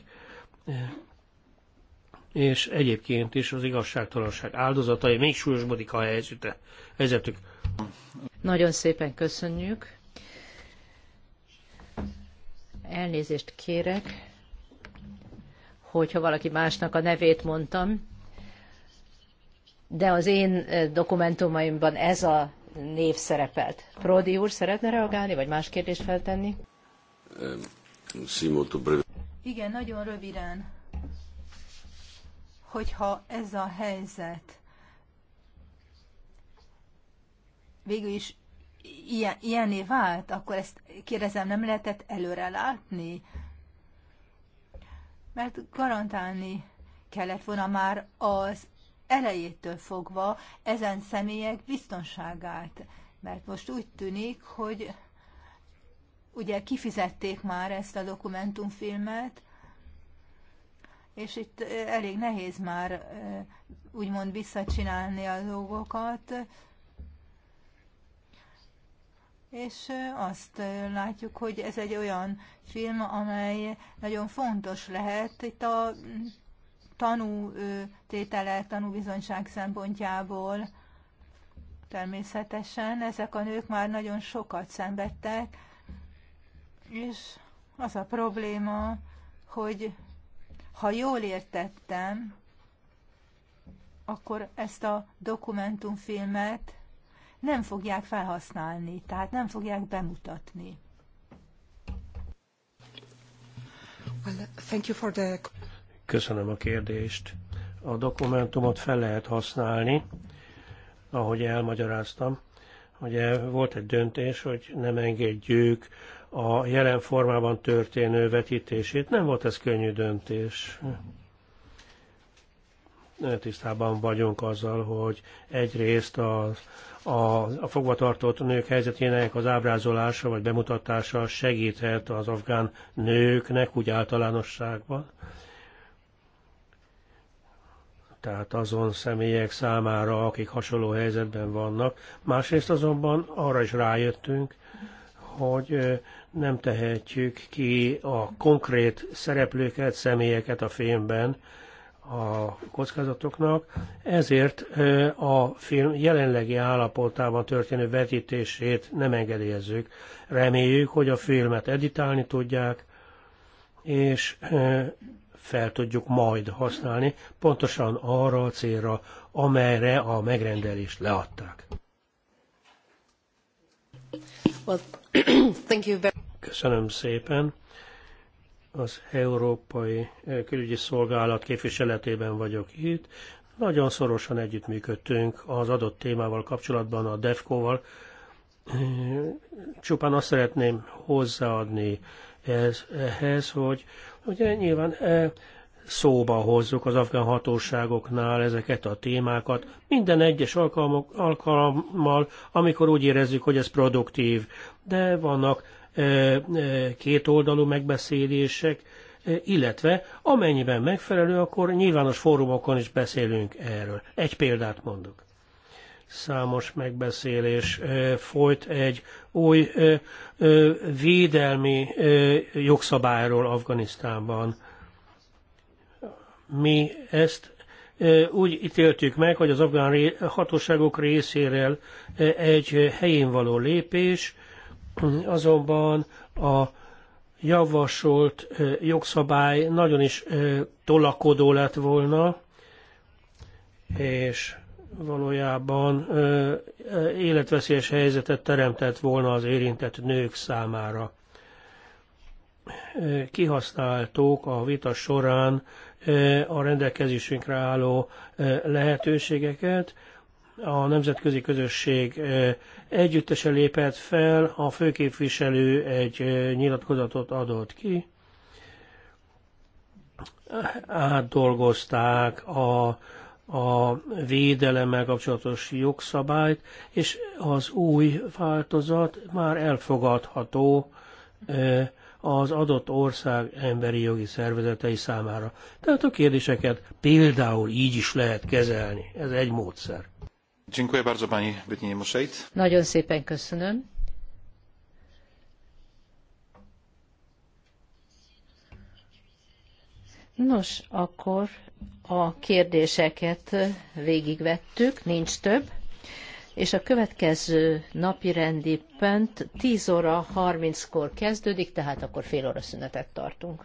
és egyébként is az igazságtalanság áldozatai még súlyosbodik a helyzete, helyzetük. Nagyon szépen köszönjük. Elnézést kérek hogyha valaki másnak a nevét mondtam, de az én dokumentumaimban ez a név szerepelt. Prodi úr szeretne reagálni, vagy más kérdést feltenni? Igen, nagyon röviden. Hogyha ez a helyzet végül is ilyen, ilyenné vált, akkor ezt kérdezem, nem lehetett előre látni? mert garantálni kellett volna már az elejétől fogva ezen személyek biztonságát, mert most úgy tűnik, hogy ugye kifizették már ezt a dokumentumfilmet, és itt eh, elég nehéz már eh, úgymond visszacsinálni a dolgokat, és azt látjuk, hogy ez egy olyan film, amely nagyon fontos lehet itt a tanú tétele, tanúbizonyság szempontjából. Természetesen ezek a nők már nagyon sokat szenvedtek, és az a probléma, hogy ha jól értettem, akkor ezt a dokumentumfilmet nem fogják felhasználni, tehát nem fogják bemutatni. Well, thank you for the... Köszönöm a kérdést. A dokumentumot fel lehet használni, ahogy elmagyaráztam. Ugye volt egy döntés, hogy nem engedjük a jelen formában történő vetítését. Nem volt ez könnyű döntés tisztában vagyunk azzal, hogy egyrészt a, a, a fogvatartott nők helyzetének az ábrázolása vagy bemutatása segíthet az afgán nőknek úgy általánosságban. Tehát azon személyek számára, akik hasonló helyzetben vannak. Másrészt azonban arra is rájöttünk, hogy nem tehetjük ki a konkrét szereplőket, személyeket a filmben, a kockázatoknak, ezért a film jelenlegi állapotában történő vetítését nem engedélyezzük. Reméljük, hogy a filmet editálni tudják, és fel tudjuk majd használni, pontosan arra a célra, amelyre a megrendelést leadták. Köszönöm szépen az Európai eh, Külügyi Szolgálat képviseletében vagyok itt. Nagyon szorosan együttműködtünk az adott témával kapcsolatban a DEFCO-val. Eh, csupán azt szeretném hozzáadni ez, ehhez, hogy ugye nyilván e, szóba hozzuk az afgán hatóságoknál ezeket a témákat minden egyes alkalmok, alkalommal, amikor úgy érezzük, hogy ez produktív, de vannak kétoldalú megbeszélések, illetve amennyiben megfelelő, akkor nyilvános fórumokon is beszélünk erről. Egy példát mondok. Számos megbeszélés folyt egy új védelmi jogszabályról Afganisztánban. Mi ezt úgy ítéltük meg, hogy az afgán hatóságok részéről egy helyén való lépés, Azonban a javasolt jogszabály nagyon is tolakodó lett volna, és valójában életveszélyes helyzetet teremtett volna az érintett nők számára. Kihasználtuk a vita során a rendelkezésünkre álló lehetőségeket, a nemzetközi közösség együttesen lépett fel, a főképviselő egy nyilatkozatot adott ki, átdolgozták a, a védelemmel kapcsolatos jogszabályt, és az új változat már elfogadható az adott ország emberi jogi szervezetei számára. Tehát a kérdéseket például így is lehet kezelni. Ez egy módszer. Nagyon szépen köszönöm. Nos, akkor a kérdéseket végigvettük, nincs több, és a következő napi rendi pont 10 óra 30-kor kezdődik, tehát akkor fél óra szünetet tartunk.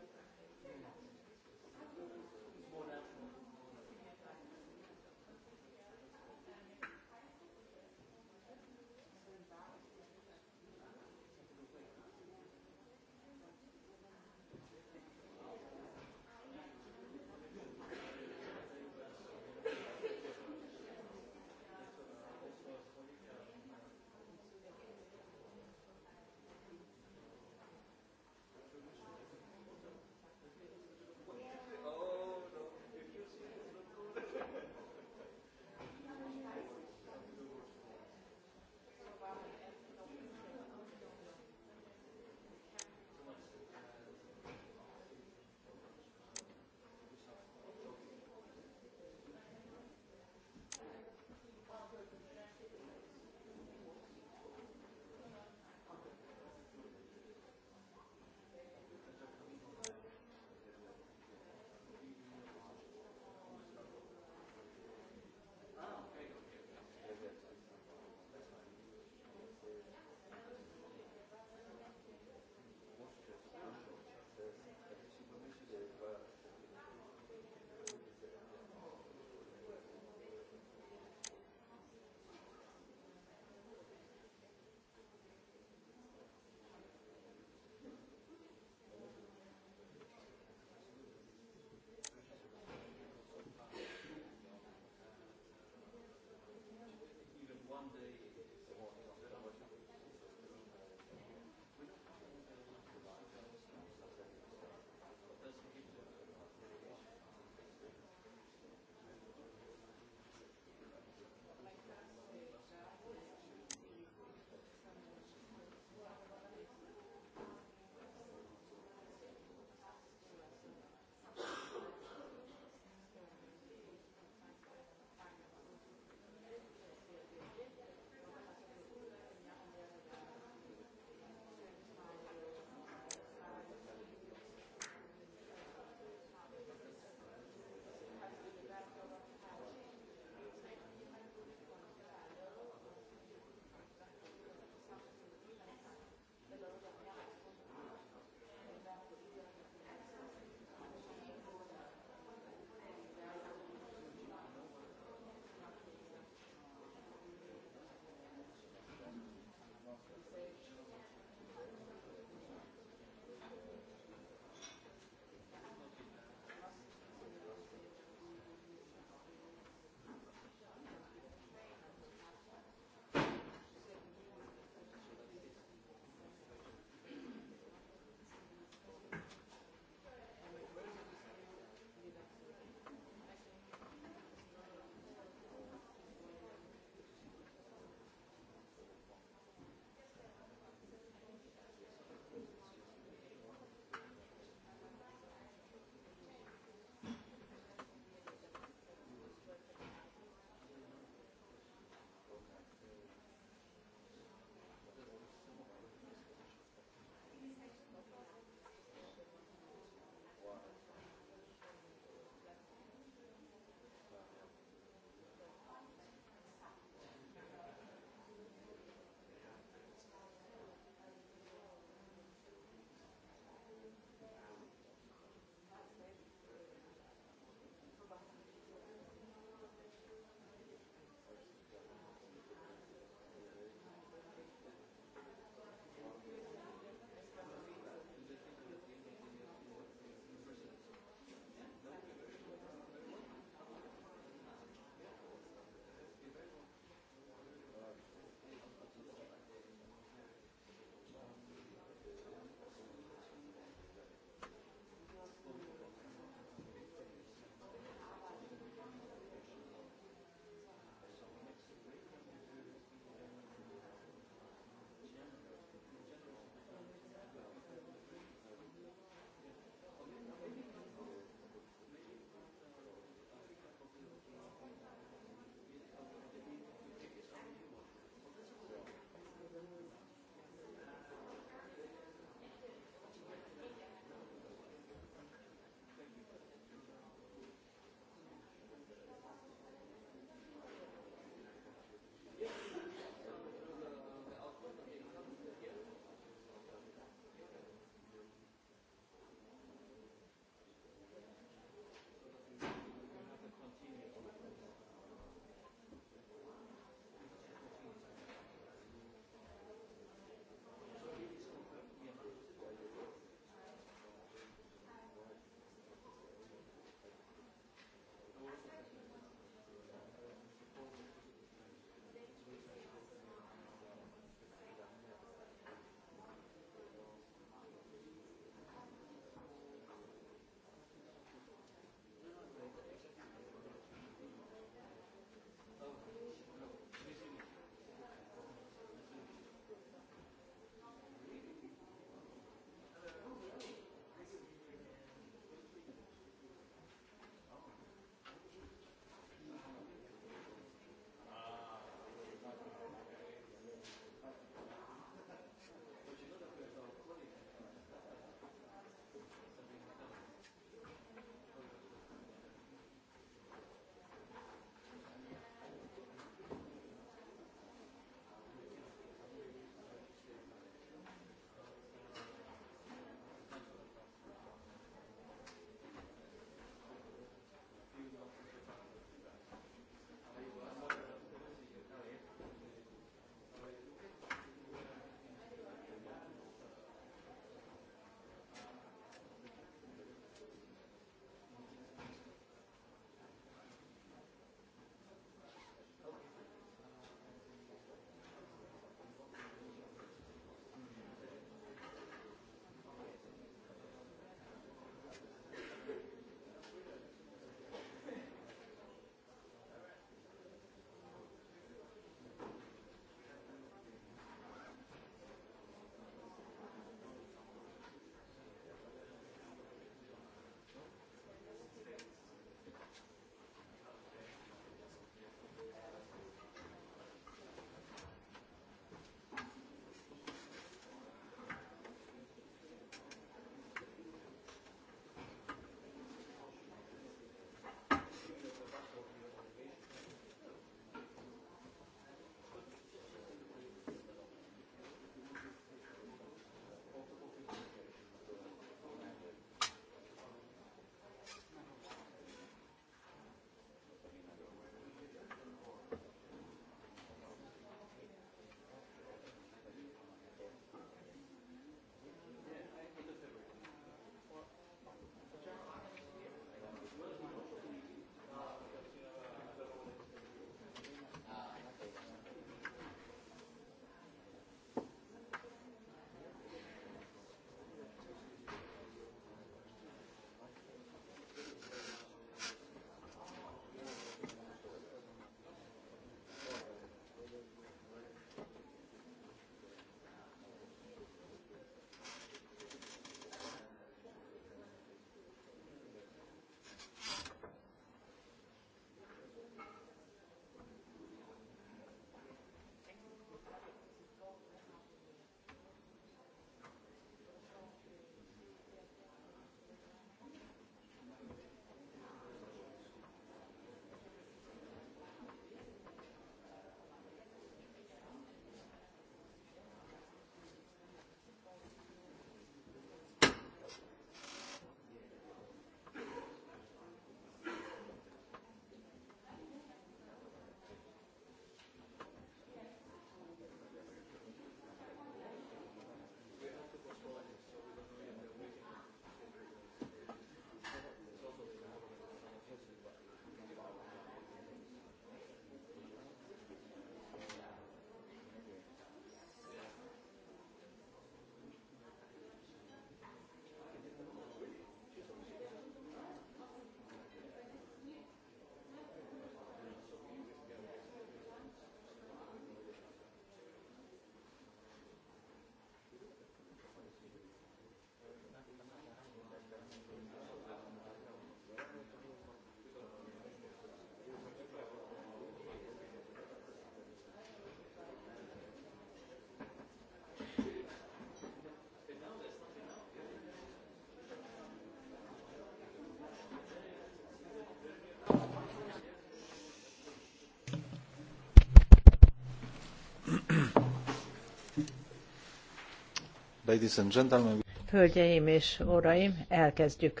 Ladies and gentlemen. Hölgyeim és uraim, elkezdjük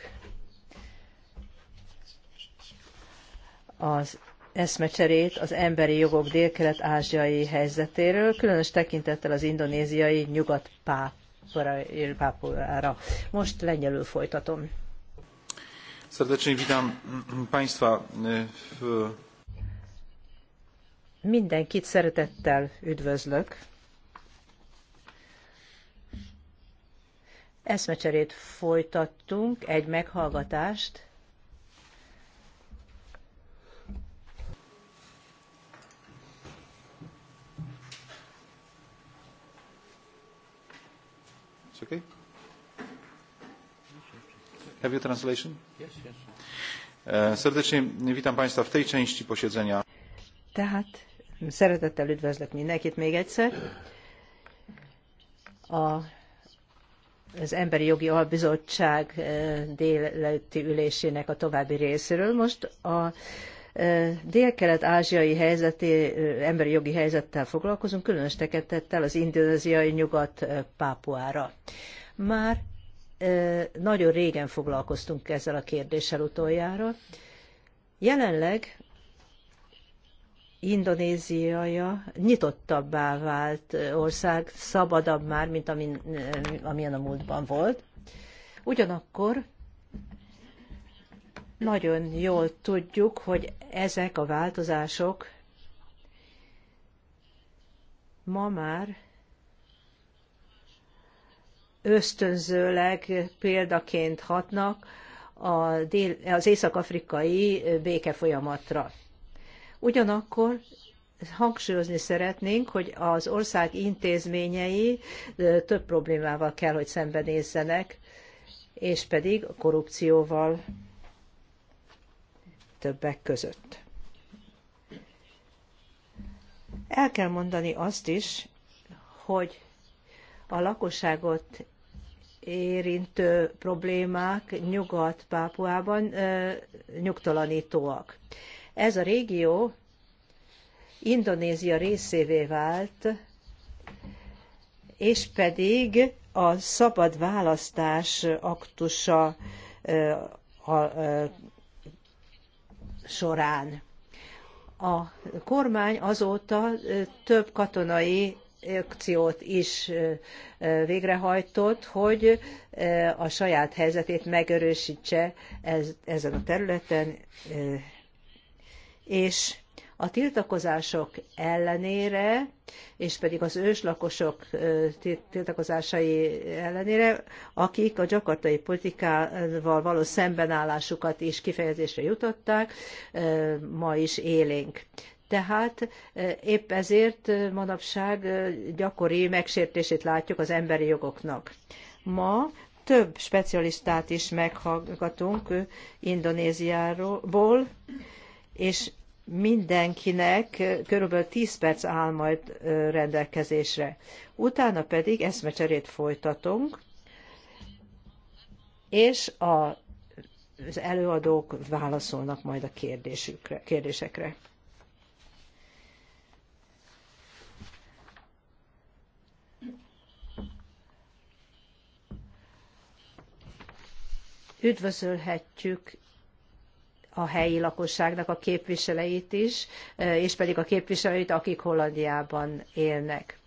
az eszmecserét az emberi jogok délkelet-ázsiai helyzetéről, különös tekintettel az indonéziai nyugat-pápuára. Most lengyelül folytatom. Serdecznie witam Państwa e, Mindenkit szeretettel üdvözlök eszmecserét folytattunk, egy meghallgatást. It's okay. Have you translation? Yes, yes. Uh, serdecznie witam Państwa w tej części posiedzenia. Tehát szeretettel üdvözlök mindenkit még egyszer. A az Emberi Jogi Albizottság eh, délelőtti ülésének a további részéről. Most a eh, dél-kelet-ázsiai helyzeti, eh, emberi jogi helyzettel foglalkozunk, különös tekettettel az indonéziai nyugat pápuára. Már nagyon régen foglalkoztunk ezzel a kérdéssel utoljára. Jelenleg Indonéziaja nyitottabbá vált ország, szabadabb már, mint amin, amilyen a múltban volt. Ugyanakkor nagyon jól tudjuk, hogy ezek a változások ma már ösztönzőleg példaként hatnak az észak-afrikai békefolyamatra. Ugyanakkor hangsúlyozni szeretnénk, hogy az ország intézményei több problémával kell, hogy szembenézzenek, és pedig a korrupcióval többek között. El kell mondani azt is, hogy a lakosságot érintő problémák Nyugat-Pápuában nyugtalanítóak. Ez a régió Indonézia részévé vált, és pedig a szabad választás aktusa során. A kormány azóta több katonai akciót is végrehajtott, hogy a saját helyzetét megerősítse ezen a területen és a tiltakozások ellenére, és pedig az őslakosok tiltakozásai ellenére, akik a gyakartai politikával való szembenállásukat is kifejezésre jutották, ma is élénk. Tehát épp ezért manapság gyakori megsértését látjuk az emberi jogoknak. Ma több specialistát is meghallgatunk Indonéziáról, és mindenkinek körülbelül 10 perc áll majd rendelkezésre. Utána pedig eszmecserét folytatunk, és a, az előadók válaszolnak majd a kérdésükre, kérdésekre. Üdvözölhetjük a helyi lakosságnak a képviseleit is, eh, és pedig a képviselőit, akik Hollandiában élnek.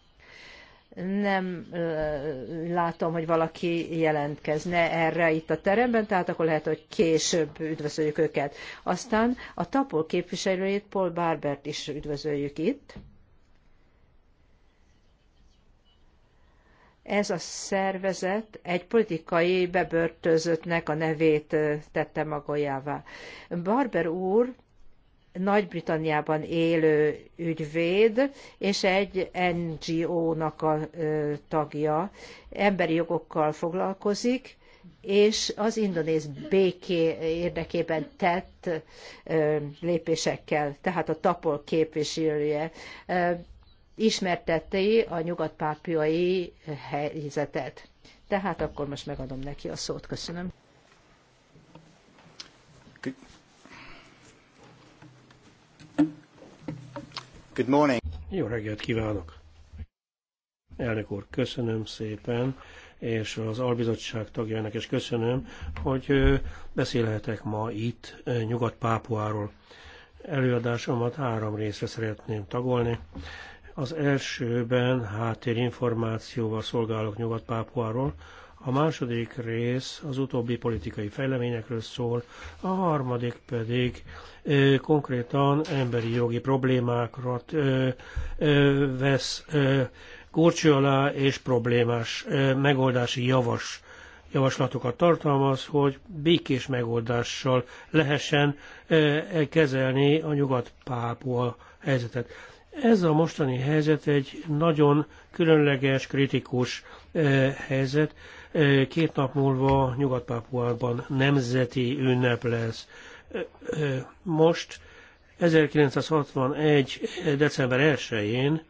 Nem eh, látom, hogy valaki jelentkezne erre itt a teremben, tehát akkor lehet, hogy később üdvözöljük őket. Aztán a TAPOL képviselőjét, Paul Barbert is üdvözöljük itt. Ez a szervezet egy politikai bebörtözöttnek a nevét tette magójává. Barber úr nagy-Britanniában élő ügyvéd, és egy NGO-nak a tagja. Emberi jogokkal foglalkozik, és az indonéz béké érdekében tett lépésekkel, tehát a tapol képviselője ismertette a nyugatpápiai helyzetet. Tehát akkor most megadom neki a szót. Köszönöm. Good morning. Jó reggelt kívánok! Elnök úr, köszönöm szépen, és az albizottság tagjának is köszönöm, hogy beszélhetek ma itt Nyugat-Pápuáról. Előadásomat három részre szeretném tagolni. Az elsőben háttérinformációval szolgálok nyugat a második rész az utóbbi politikai fejleményekről szól, a harmadik pedig ö, konkrétan emberi jogi problémákra ö, ö, vesz ö, górcső alá és problémás ö, megoldási javas javaslatokat tartalmaz, hogy békés megoldással lehessen ö, kezelni a nyugat-pápua helyzetet. Ez a mostani helyzet egy nagyon különleges, kritikus eh, helyzet. Eh, két nap múlva nyugat nemzeti ünnep lesz. Eh, most 1961. december 1-én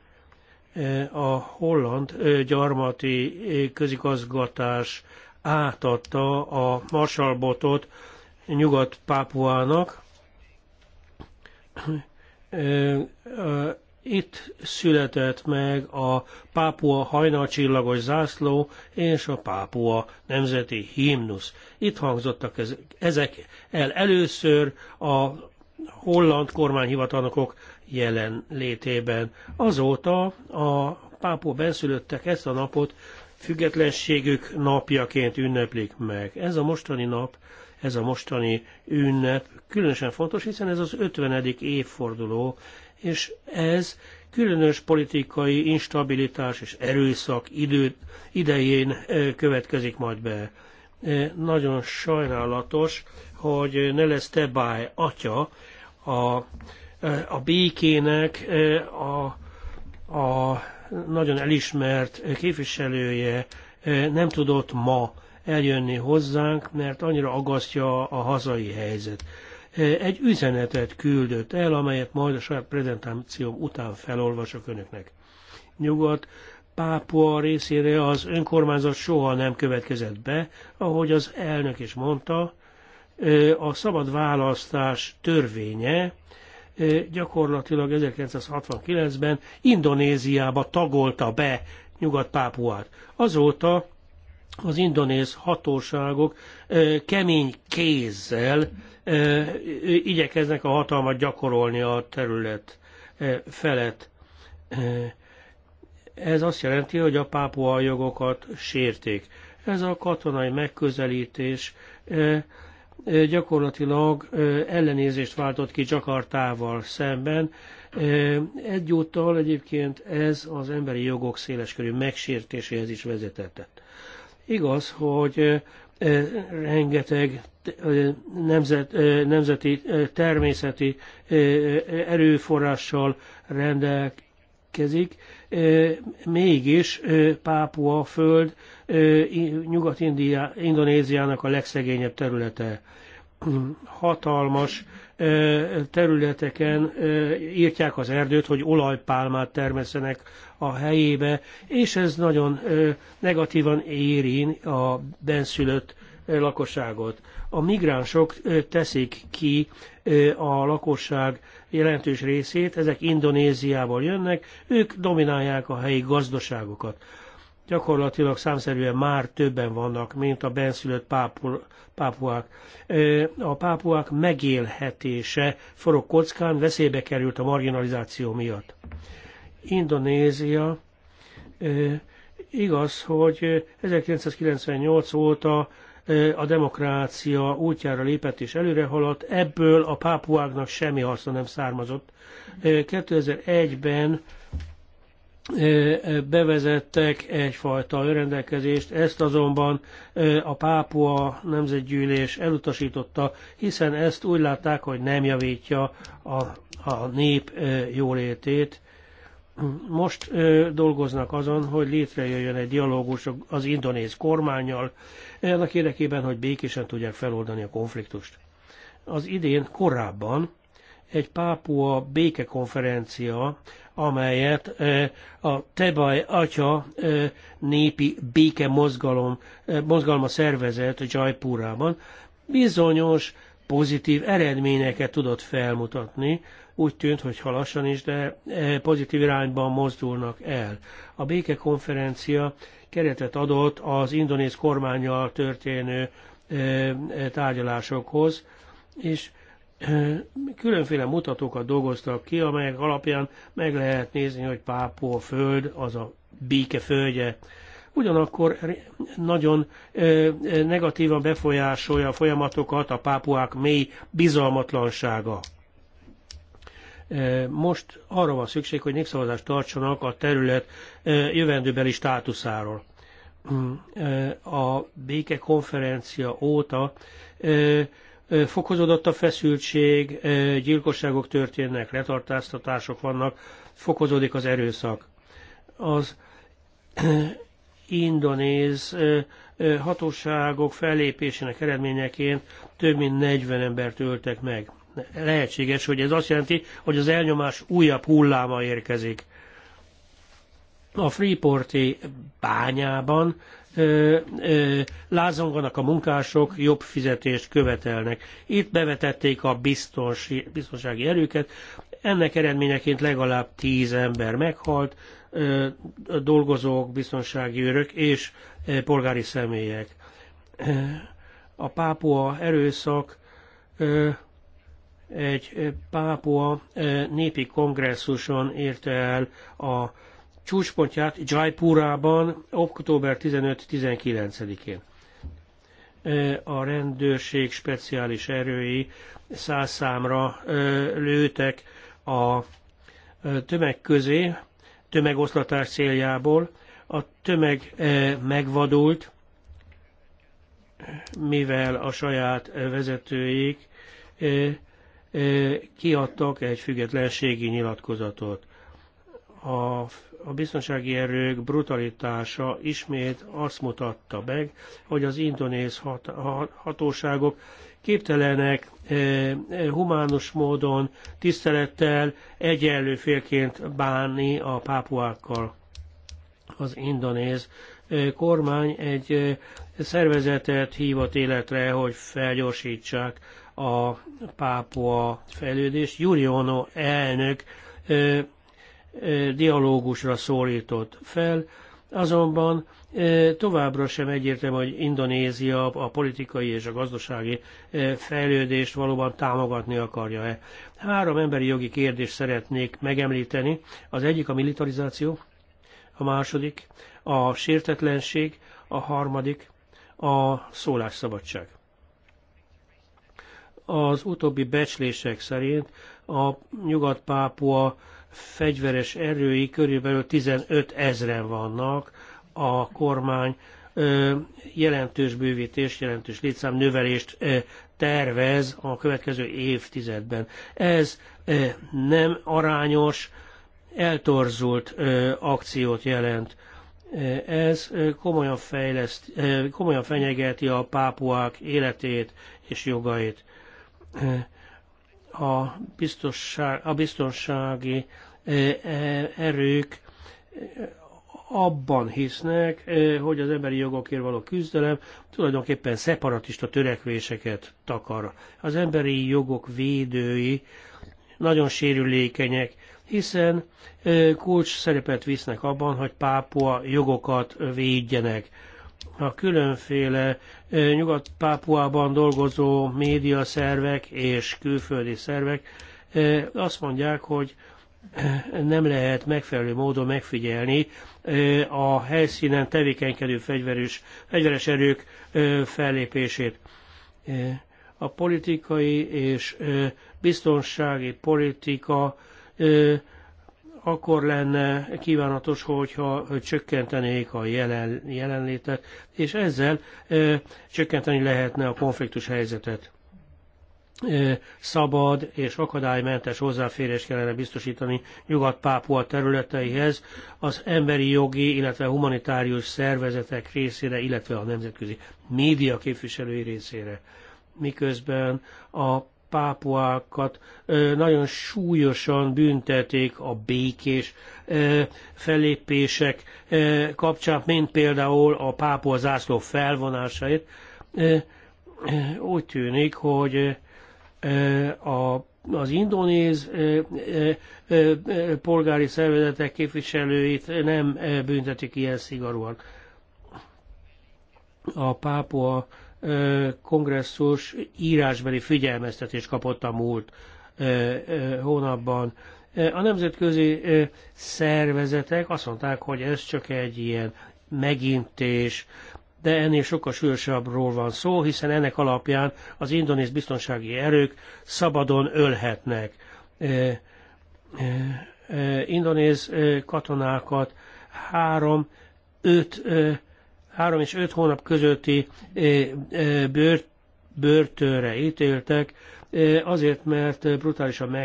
a holland gyarmati közigazgatás átadta a Marsalbotot Nyugat-Pápuának. Itt született meg a Pápua hajnalcsillagos zászló és a Pápua nemzeti himnusz. Itt hangzottak ezek el először a holland kormányhivatalnokok jelen létében. Azóta a pápua benszülöttek ezt a napot függetlenségük napjaként ünneplik meg. Ez a mostani nap, ez a mostani ünnep különösen fontos, hiszen ez az 50. évforduló és ez különös politikai instabilitás és erőszak idő, idején következik majd be. Nagyon sajnálatos, hogy ne lesz Tebály atya a, a békének a, a nagyon elismert képviselője nem tudott ma eljönni hozzánk, mert annyira agasztja a hazai helyzet egy üzenetet küldött el, amelyet majd a saját prezentációm után felolvasok önöknek. Nyugat Pápua részére az önkormányzat soha nem következett be, ahogy az elnök is mondta, a szabad választás törvénye gyakorlatilag 1969-ben Indonéziába tagolta be Nyugat-Pápuát. Azóta az indonéz hatóságok kemény kézzel igyekeznek a hatalmat gyakorolni a terület felett. Ez azt jelenti, hogy a pápua jogokat sérték. Ez a katonai megközelítés gyakorlatilag ellenézést váltott ki Jakartával szemben. Egyúttal egyébként ez az emberi jogok széleskörű megsértéséhez is vezetett. Igaz, hogy rengeteg nemzet, nemzeti természeti erőforrással rendelkezik, mégis Pápua föld Nyugat-Indonéziának a legszegényebb területe hatalmas területeken írtják az erdőt, hogy olajpálmát termeszenek a helyébe, és ez nagyon negatívan éri a benszülött lakosságot. A migránsok teszik ki a lakosság jelentős részét, ezek Indonéziából jönnek, ők dominálják a helyi gazdaságokat gyakorlatilag számszerűen már többen vannak, mint a benszülött pápul, pápuák. A pápuák megélhetése forog kockán, veszélybe került a marginalizáció miatt. Indonézia igaz, hogy 1998 óta a demokrácia útjára lépett és előre haladt, ebből a pápuáknak semmi haszna nem származott. 2001-ben bevezettek egyfajta önrendelkezést, ezt azonban a Pápua Nemzetgyűlés elutasította, hiszen ezt úgy látták, hogy nem javítja a, a nép jólétét. Most dolgoznak azon, hogy létrejöjjön egy dialógus az indonéz kormányjal, ennek érdekében, hogy békésen tudják feloldani a konfliktust. Az idén korábban egy pápua békekonferencia, amelyet a Tebaj Atya népi béke mozgalom, mozgalma szervezett Jaipurában, bizonyos pozitív eredményeket tudott felmutatni, úgy tűnt, hogy halassan is, de pozitív irányban mozdulnak el. A békekonferencia keretet adott az indonéz kormányjal történő tárgyalásokhoz, és különféle mutatókat dolgoztak ki, amelyek alapján meg lehet nézni, hogy a föld, az a béke földje. Ugyanakkor nagyon negatívan befolyásolja a folyamatokat a pápuák mély bizalmatlansága. Most arra van szükség, hogy népszavazást tartsanak a terület jövendőbeli státuszáról. A békekonferencia óta fokozódott a feszültség, gyilkosságok történnek, letartáztatások vannak, fokozódik az erőszak. Az indonéz hatóságok fellépésének eredményeként több mint 40 embert öltek meg. Lehetséges, hogy ez azt jelenti, hogy az elnyomás újabb hulláma érkezik. A Freeporti bányában lázonganak a munkások, jobb fizetést követelnek. Itt bevetették a biztonsi, biztonsági erőket, ennek eredményeként legalább tíz ember meghalt, dolgozók, biztonsági őrök és polgári személyek. A pápua erőszak egy pápua népi kongresszuson érte el a csúcspontját Jaipurában október 15-19-én. A rendőrség speciális erői száz számra lőtek a tömeg közé, tömegoszlatás céljából. A tömeg megvadult, mivel a saját vezetőik kiadtak egy függetlenségi nyilatkozatot. A a biztonsági erők brutalitása ismét azt mutatta meg, hogy az indonéz hat, hatóságok képtelenek e, e, humánus módon, tisztelettel, egyenlő félként bánni a pápuákkal. Az indonéz e, kormány egy szervezetet hívott életre, hogy felgyorsítsák a pápua fejlődést. Juriono elnök dialógusra szólított fel, azonban továbbra sem egyértelmű, hogy Indonézia a politikai és a gazdasági fejlődést valóban támogatni akarja-e. Három emberi jogi kérdést szeretnék megemlíteni. Az egyik a militarizáció, a második a sértetlenség, a harmadik a szólásszabadság. Az utóbbi becslések szerint a nyugat-pápua fegyveres erői körülbelül 15 ezren vannak, a kormány jelentős bővítés, jelentős létszám növelést tervez a következő évtizedben. Ez nem arányos, eltorzult akciót jelent. Ez komolyan, fejleszt, komolyan fenyegeti a pápuák életét és jogait a, biztonság, a biztonsági e, e, erők abban hisznek, e, hogy az emberi jogokért való küzdelem tulajdonképpen szeparatista törekvéseket takar. Az emberi jogok védői nagyon sérülékenyek, hiszen kulcs szerepet visznek abban, hogy pápua jogokat védjenek a különféle nyugat-pápuában dolgozó médiaszervek és külföldi szervek azt mondják, hogy nem lehet megfelelő módon megfigyelni a helyszínen tevékenykedő fegyveres, fegyveres erők fellépését. A politikai és biztonsági politika akkor lenne kívánatos, hogyha csökkentenék a jelen, jelenlétet, és ezzel e, csökkenteni lehetne a konfliktus helyzetet. E, szabad és akadálymentes hozzáférés kellene biztosítani Nyugat-Pápua területeihez az emberi jogi, illetve humanitárius szervezetek részére, illetve a nemzetközi média képviselői részére miközben a pápuákat nagyon súlyosan büntetik a békés fellépések kapcsán, mint például a pápua zászló felvonásait. Úgy tűnik, hogy a az indonéz polgári szervezetek képviselőit nem büntetik ilyen szigorúan. A pápua kongresszus írásbeli figyelmeztetést kapott a múlt hónapban. A nemzetközi szervezetek azt mondták, hogy ez csak egy ilyen megintés, de ennél sokkal súlyosabbról van szó, hiszen ennek alapján az indonéz biztonsági erők szabadon ölhetnek. Indonéz katonákat három, öt 3 és 5 hónap közötti eh, eh, bört, börtönre ítéltek, eh, azért, mert brutálisan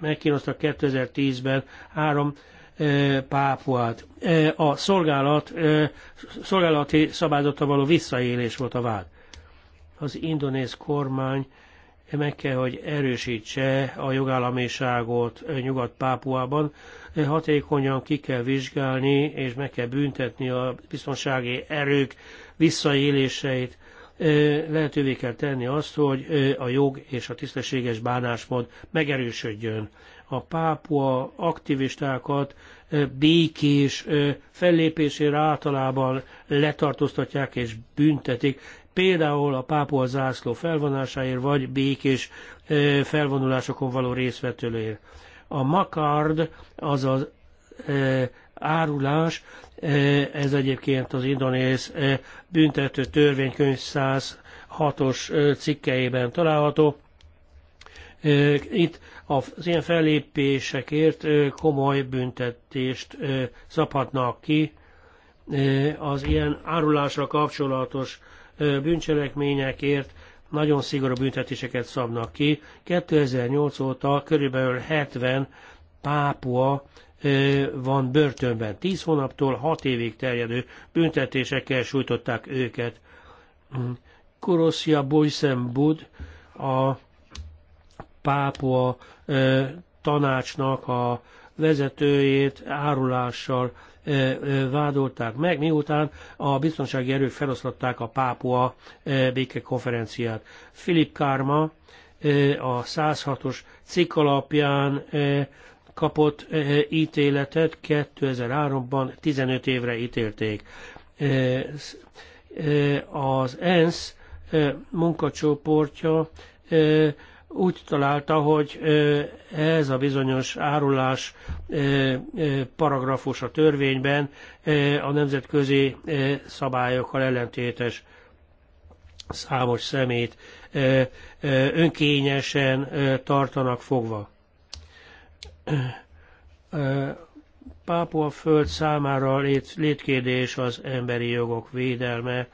megkínoztak 2010-ben három pápuát. A szolgálat, szolgálati szabályzata való visszaélés volt a vád. Az indonéz kormány meg kell, hogy erősítse a jogállamiságot Nyugat-Pápuában. Hatékonyan ki kell vizsgálni, és meg kell büntetni a biztonsági erők visszaéléseit. Lehetővé kell tenni azt, hogy a jog és a tisztességes bánásmód megerősödjön. A pápua aktivistákat békés fellépésére általában letartóztatják és büntetik például a pápol zászló felvonásáért, vagy békés felvonulásokon való részvetőért. A makard, az árulás, ez egyébként az indonéz büntető törvénykönyv 106-os cikkeiben található. Itt az ilyen fellépésekért komoly büntetést szabhatnak ki az ilyen árulásra kapcsolatos bűncselekményekért nagyon szigorú büntetéseket szabnak ki. 2008 óta körülbelül 70 pápua van börtönben. 10 hónaptól 6 évig terjedő büntetésekkel sújtották őket. Mm. Kurosia Boysenbud a pápua tanácsnak a vezetőjét árulással vádolták meg, miután a biztonsági erők feloszlatták a Pápua békekonferenciát. Filip Kárma a 106-os cikk alapján kapott ítéletet, 2003-ban 15 évre ítélték. Az ENSZ munkacsoportja úgy találta, hogy ez a bizonyos árulás paragrafus a törvényben a nemzetközi szabályokkal ellentétes számos szemét önkényesen tartanak fogva. Pápua föld számára lét, létkérdés az emberi jogok védelme.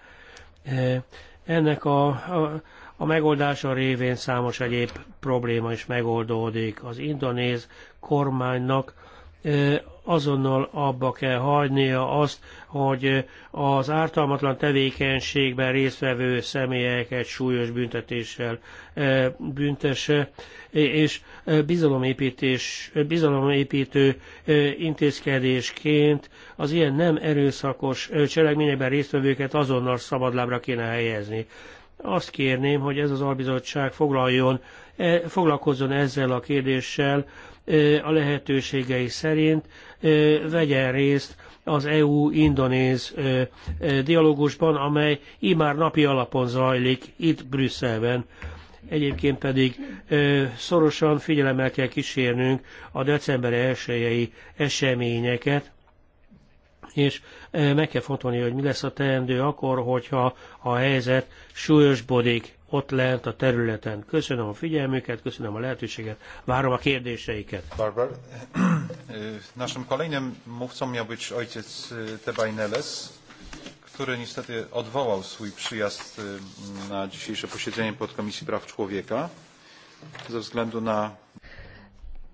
Ennek a, a a megoldása révén számos egyéb probléma is megoldódik. Az indonéz kormánynak azonnal abba kell hagynia azt, hogy az ártalmatlan tevékenységben résztvevő személyeket súlyos büntetéssel büntesse, és bizalomépítés, bizalomépítő intézkedésként az ilyen nem erőszakos cselekményekben résztvevőket azonnal szabadlábra kéne helyezni. Azt kérném, hogy ez az albizottság foglaljon, e, foglalkozzon ezzel a kérdéssel e, a lehetőségei szerint, e, vegyen részt az EU-indonéz dialógusban, amely immár napi alapon zajlik itt Brüsszelben. Egyébként pedig szorosan figyelemmel kell kísérnünk a december 1 eseményeket, és e, meg kell fontolni, hogy mi lesz a teendő akkor, hogyha a helyzet súlyosbodik ott lent a területen. Köszönöm a figyelmüket, köszönöm a lehetőséget, várom a kérdéseiket. Barbar, naszym kolejnym mówcą miał być ojciec e, Tebajneles, który niestety odwołał swój przyjazd e, na dzisiejsze posiedzenie podkomisji praw człowieka ze względu na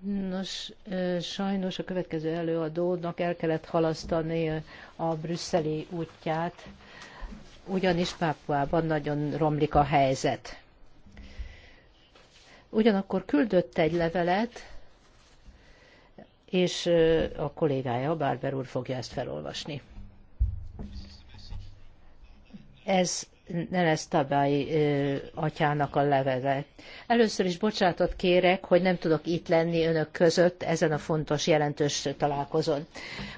Nos, sajnos a következő előadónak el kellett halasztani a brüsszeli útját, ugyanis Pápuában nagyon romlik a helyzet. Ugyanakkor küldött egy levelet, és a kollégája, Bárber úr fogja ezt felolvasni. Ez Nenes Tabai atyának a levele. Először is bocsátot kérek, hogy nem tudok itt lenni önök között ezen a fontos, jelentős találkozón.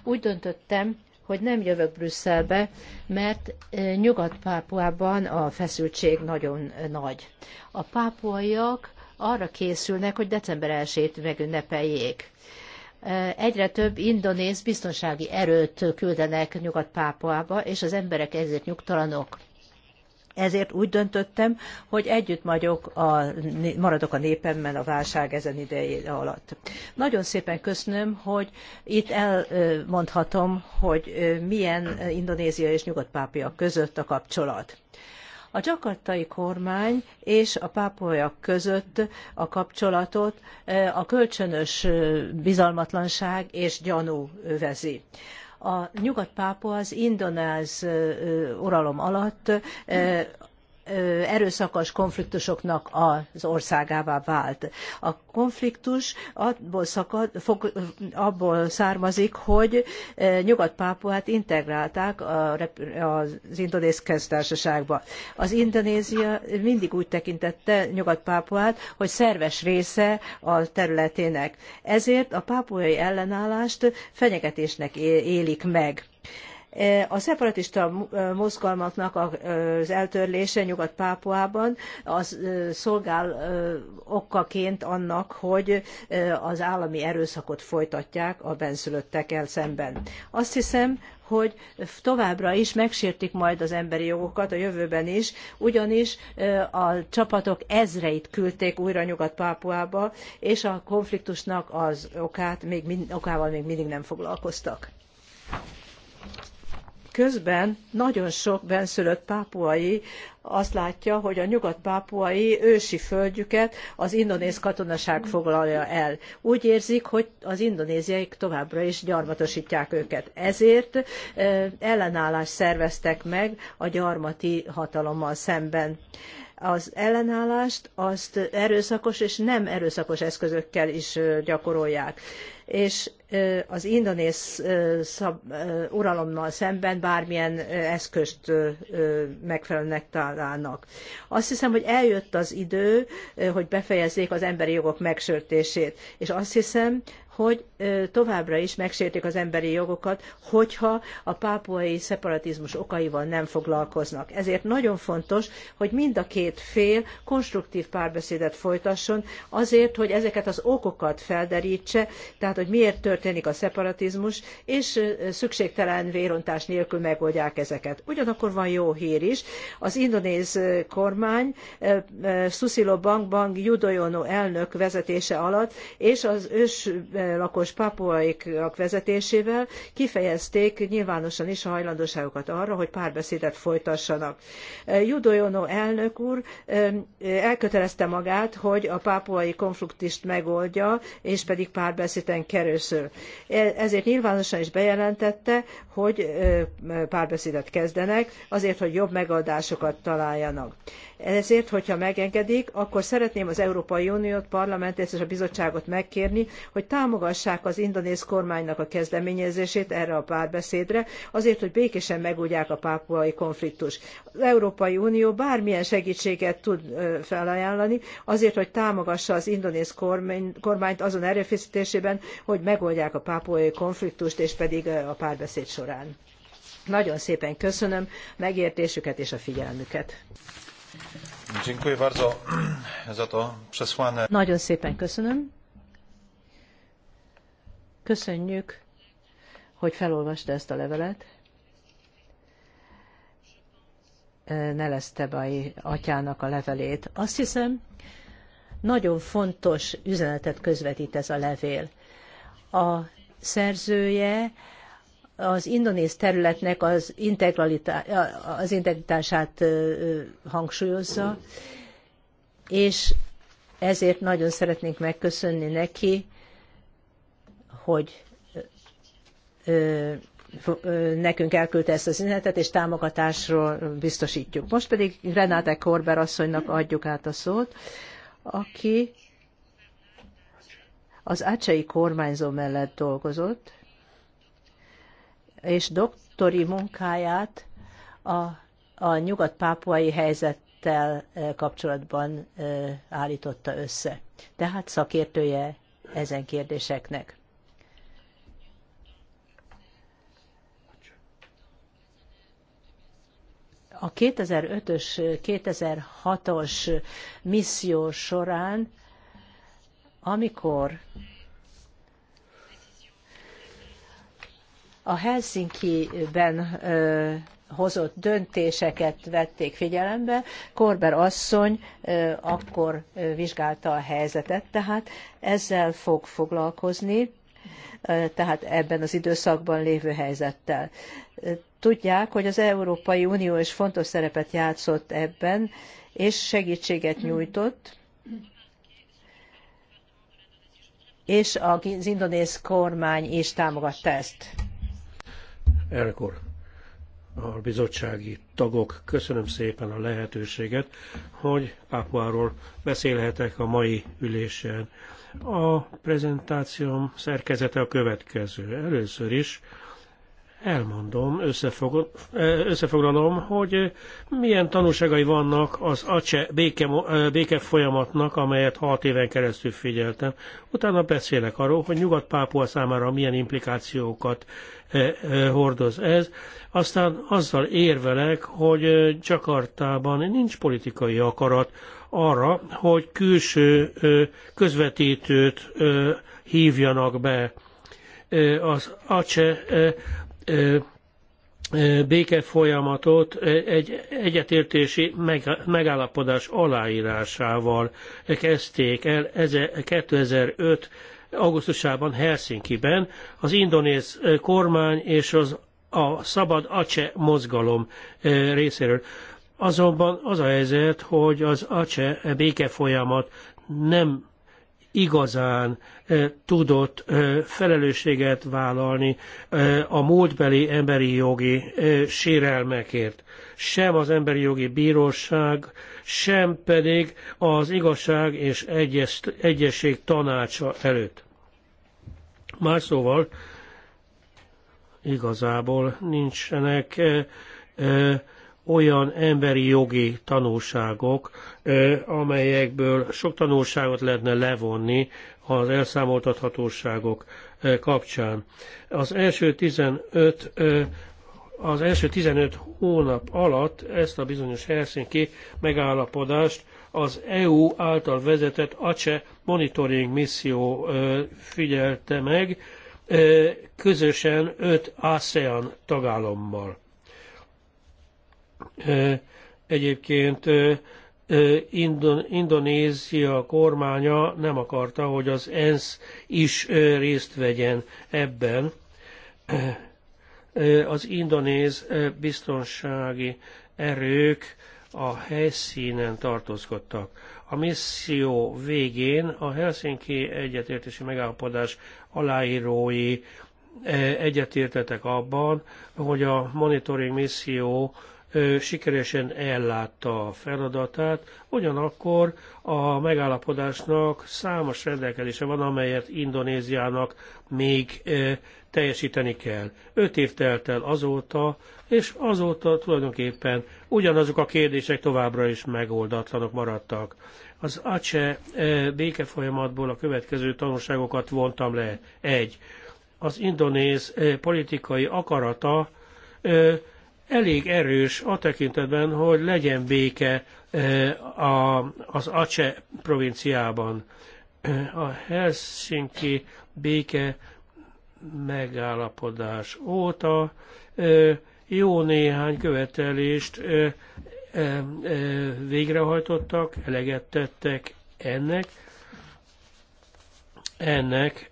Úgy döntöttem, hogy nem jövök Brüsszelbe, mert Nyugat-Pápuában a feszültség nagyon nagy. A pápuaiak arra készülnek, hogy december 1-ét megünnepeljék egyre több indonéz biztonsági erőt küldenek Nyugat-Pápuába, és az emberek ezért nyugtalanok. Ezért úgy döntöttem, hogy együtt magyok, a, maradok a népemmel a válság ezen ideje alatt. Nagyon szépen köszönöm, hogy itt elmondhatom, hogy milyen Indonézia és Nyugat-Pápia között a kapcsolat. A gyakartai kormány és a pápolyak között a kapcsolatot a kölcsönös bizalmatlanság és gyanú vezi a nyugat-pápua az indonáz uralom alatt erőszakos konfliktusoknak az országává vált. A konfliktus abból, szakad, fog, abból származik, hogy Nyugat-Pápuát integrálták az indonéz köztársaságba. Az Indonézia mindig úgy tekintette Nyugat-Pápuát, hogy szerves része a területének. Ezért a pápuai ellenállást fenyegetésnek élik meg a szeparatista mozgalmaknak az eltörlése Nyugat-Pápuában az szolgál okkaként annak, hogy az állami erőszakot folytatják a benszülöttekkel szemben. Azt hiszem, hogy továbbra is megsértik majd az emberi jogokat a jövőben is, ugyanis a csapatok ezreit küldték újra Nyugat-Pápuába, és a konfliktusnak az okát még, okával még mindig nem foglalkoztak. Közben nagyon sok benszülött pápuai azt látja, hogy a nyugat-pápuai ősi földjüket az indonéz katonaság foglalja el. Úgy érzik, hogy az indonéziaik továbbra is gyarmatosítják őket. Ezért ellenállást szerveztek meg a gyarmati hatalommal szemben az ellenállást azt erőszakos és nem erőszakos eszközökkel is gyakorolják és az indonéz uralommal szemben bármilyen eszközt megfelelőnek találnak. Azt hiszem, hogy eljött az idő, hogy befejezzék az emberi jogok megsértését, és azt hiszem, hogy továbbra is megsértik az emberi jogokat, hogyha a pápuai szeparatizmus okaival nem foglalkoznak. Ezért nagyon fontos, hogy mind a két fél konstruktív párbeszédet folytasson, azért, hogy ezeket az okokat felderítse, tehát hogy miért történik a szeparatizmus, és szükségtelen vérontás nélkül megoldják ezeket. Ugyanakkor van jó hír is, az indonéz kormány Susilo Bambang Yudhoyono elnök vezetése alatt és az ős lakos papuaiak vezetésével kifejezték nyilvánosan is a hajlandóságukat arra, hogy párbeszédet folytassanak. Judoyono elnök úr elkötelezte magát, hogy a pápuai konfliktust megoldja, és pedig párbeszéden keresztül. E, ezért nyilvánosan is bejelentette, hogy párbeszédet kezdenek, azért, hogy jobb megoldásokat találjanak. Ezért, hogyha megengedik, akkor szeretném az Európai Uniót, parlamentet és a bizottságot megkérni, hogy támogassák az indonéz kormánynak a kezdeményezését erre a párbeszédre, azért, hogy békésen megúgyják a pápuai konfliktus. Az Európai Unió bármilyen segítséget tud felajánlani, azért, hogy támogassa az indonéz kormányt azon erőfeszítésében, hogy megoldják a pápuai konfliktust, és pedig a párbeszéd során. Nagyon szépen köszönöm megértésüket és a figyelmüket. Dziękuję bardzo za to przesłane. Nagyon szépen köszönöm. Köszönjük, hogy felolvasta ezt a levelet. E, Nelesztebai atyának a levelét. Azt hiszem, nagyon fontos üzenetet közvetít ez a levél. A szerzője az indonéz területnek az, az integritását hangsúlyozza, és ezért nagyon szeretnénk megköszönni neki, hogy nekünk elküldte ezt az üzenetet, és támogatásról biztosítjuk. Most pedig Renáte Korber asszonynak adjuk át a szót, aki az ácsai kormányzó mellett dolgozott, és doktori munkáját a, a nyugat-pápuai helyzettel eh, kapcsolatban eh, állította össze. Tehát szakértője ezen kérdéseknek. a 2005-ös, 2006-os misszió során, amikor A Helsinki-ben hozott döntéseket vették figyelembe. Korber asszony akkor vizsgálta a helyzetet, tehát ezzel fog foglalkozni, tehát ebben az időszakban lévő helyzettel. Tudják, hogy az Európai Unió is fontos szerepet játszott ebben, és segítséget nyújtott, és az indonéz kormány is támogatta ezt elnök a bizottsági tagok, köszönöm szépen a lehetőséget, hogy Pápuáról beszélhetek a mai ülésen. A prezentációm szerkezete a következő. Először is elmondom, összefoglalom, hogy milyen tanulságai vannak az ACE béke, béke folyamatnak, amelyet hat éven keresztül figyeltem. Utána beszélek arról, hogy Nyugat-Pápua számára milyen implikációkat hordoz ez. Aztán azzal érvelek, hogy Csakartában nincs politikai akarat arra, hogy külső közvetítőt hívjanak be az ACE béke folyamatot egy egyetértési megállapodás aláírásával kezdték el 2005 augusztusában Helsinkiben az indonéz kormány és az a Szabad Ace mozgalom részéről. Azonban az a helyzet, hogy az Aceh e, békefolyamat nem igazán tudott felelősséget vállalni a múltbeli emberi jogi sérelmekért. Sem az emberi jogi bíróság, sem pedig az igazság és egyes, egyesség tanácsa előtt. Más szóval, igazából nincsenek olyan emberi jogi tanulságok, amelyekből sok tanulságot lehetne levonni az elszámoltathatóságok kapcsán. Az első 15 az első 15 hónap alatt ezt a bizonyos Helsinki megállapodást az EU által vezetett ACE monitoring misszió figyelte meg, közösen öt ASEAN tagállammal. Egyébként Indon, Indonézia kormánya nem akarta, hogy az ENSZ is részt vegyen ebben. Az indonéz biztonsági erők a helyszínen tartózkodtak. A misszió végén a Helsinki Egyetértési Megállapodás aláírói egyetértetek abban, hogy a monitoring misszió sikeresen ellátta a feladatát, ugyanakkor a megállapodásnak számos rendelkezése van, amelyet Indonéziának még teljesíteni kell. Öt év telt el azóta, és azóta tulajdonképpen ugyanazok a kérdések továbbra is megoldatlanok maradtak. Az ACE békefolyamatból a következő tanulságokat vontam le. Egy. Az indonéz politikai akarata elég erős a tekintetben, hogy legyen béke eh, az Aceh provinciában. Eh, a Helsinki béke megállapodás óta eh, jó néhány követelést végrehajtottak, eleget tettek ennek. Ennek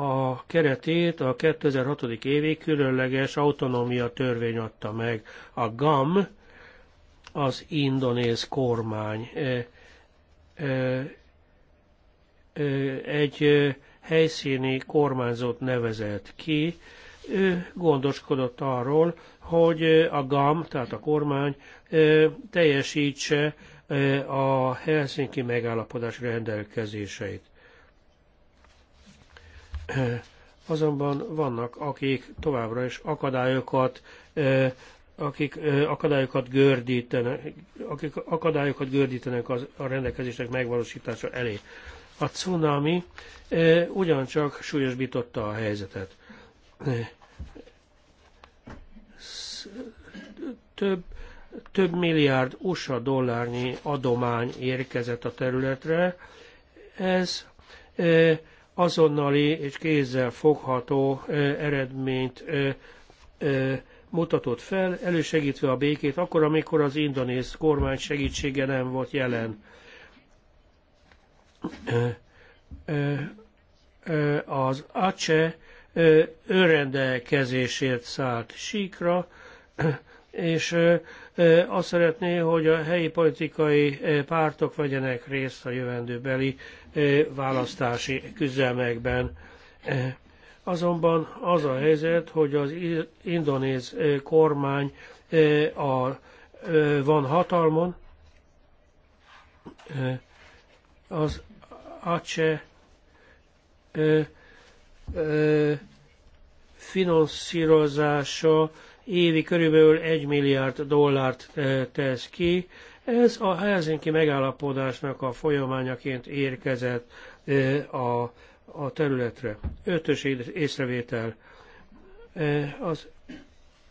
a keretét a 2006. évi különleges autonómia törvény adta meg. A GAM, az indonéz kormány e, e, e, egy helyszíni kormányzót nevezett ki, ő gondoskodott arról, hogy a GAM, tehát a kormány teljesítse a Helsinki megállapodás rendelkezéseit. Azonban vannak, akik továbbra is akadályokat, akik akadályokat gördítenek, akik akadályokat gördítenek az, a rendelkezések megvalósítása elé. A cunami ugyancsak súlyosbította a helyzetet. Több több milliárd USA dollárnyi adomány érkezett a területre. Ez azonnali és kézzel fogható eredményt mutatott fel, elősegítve a békét akkor, amikor az indonéz kormány segítsége nem volt jelen. Az ACE önrendelkezésért szállt síkra, és azt szeretné, hogy a helyi politikai pártok vegyenek részt a jövendőbeli választási küzdelmekben. Azonban az a helyzet, hogy az indonéz kormány a, van hatalmon, az ACE finanszírozása évi körülbelül 1 milliárd dollárt tesz ki. Ez a Helsinki megállapodásnak a folyamányaként érkezett a, a területre. Ötös észrevétel. Az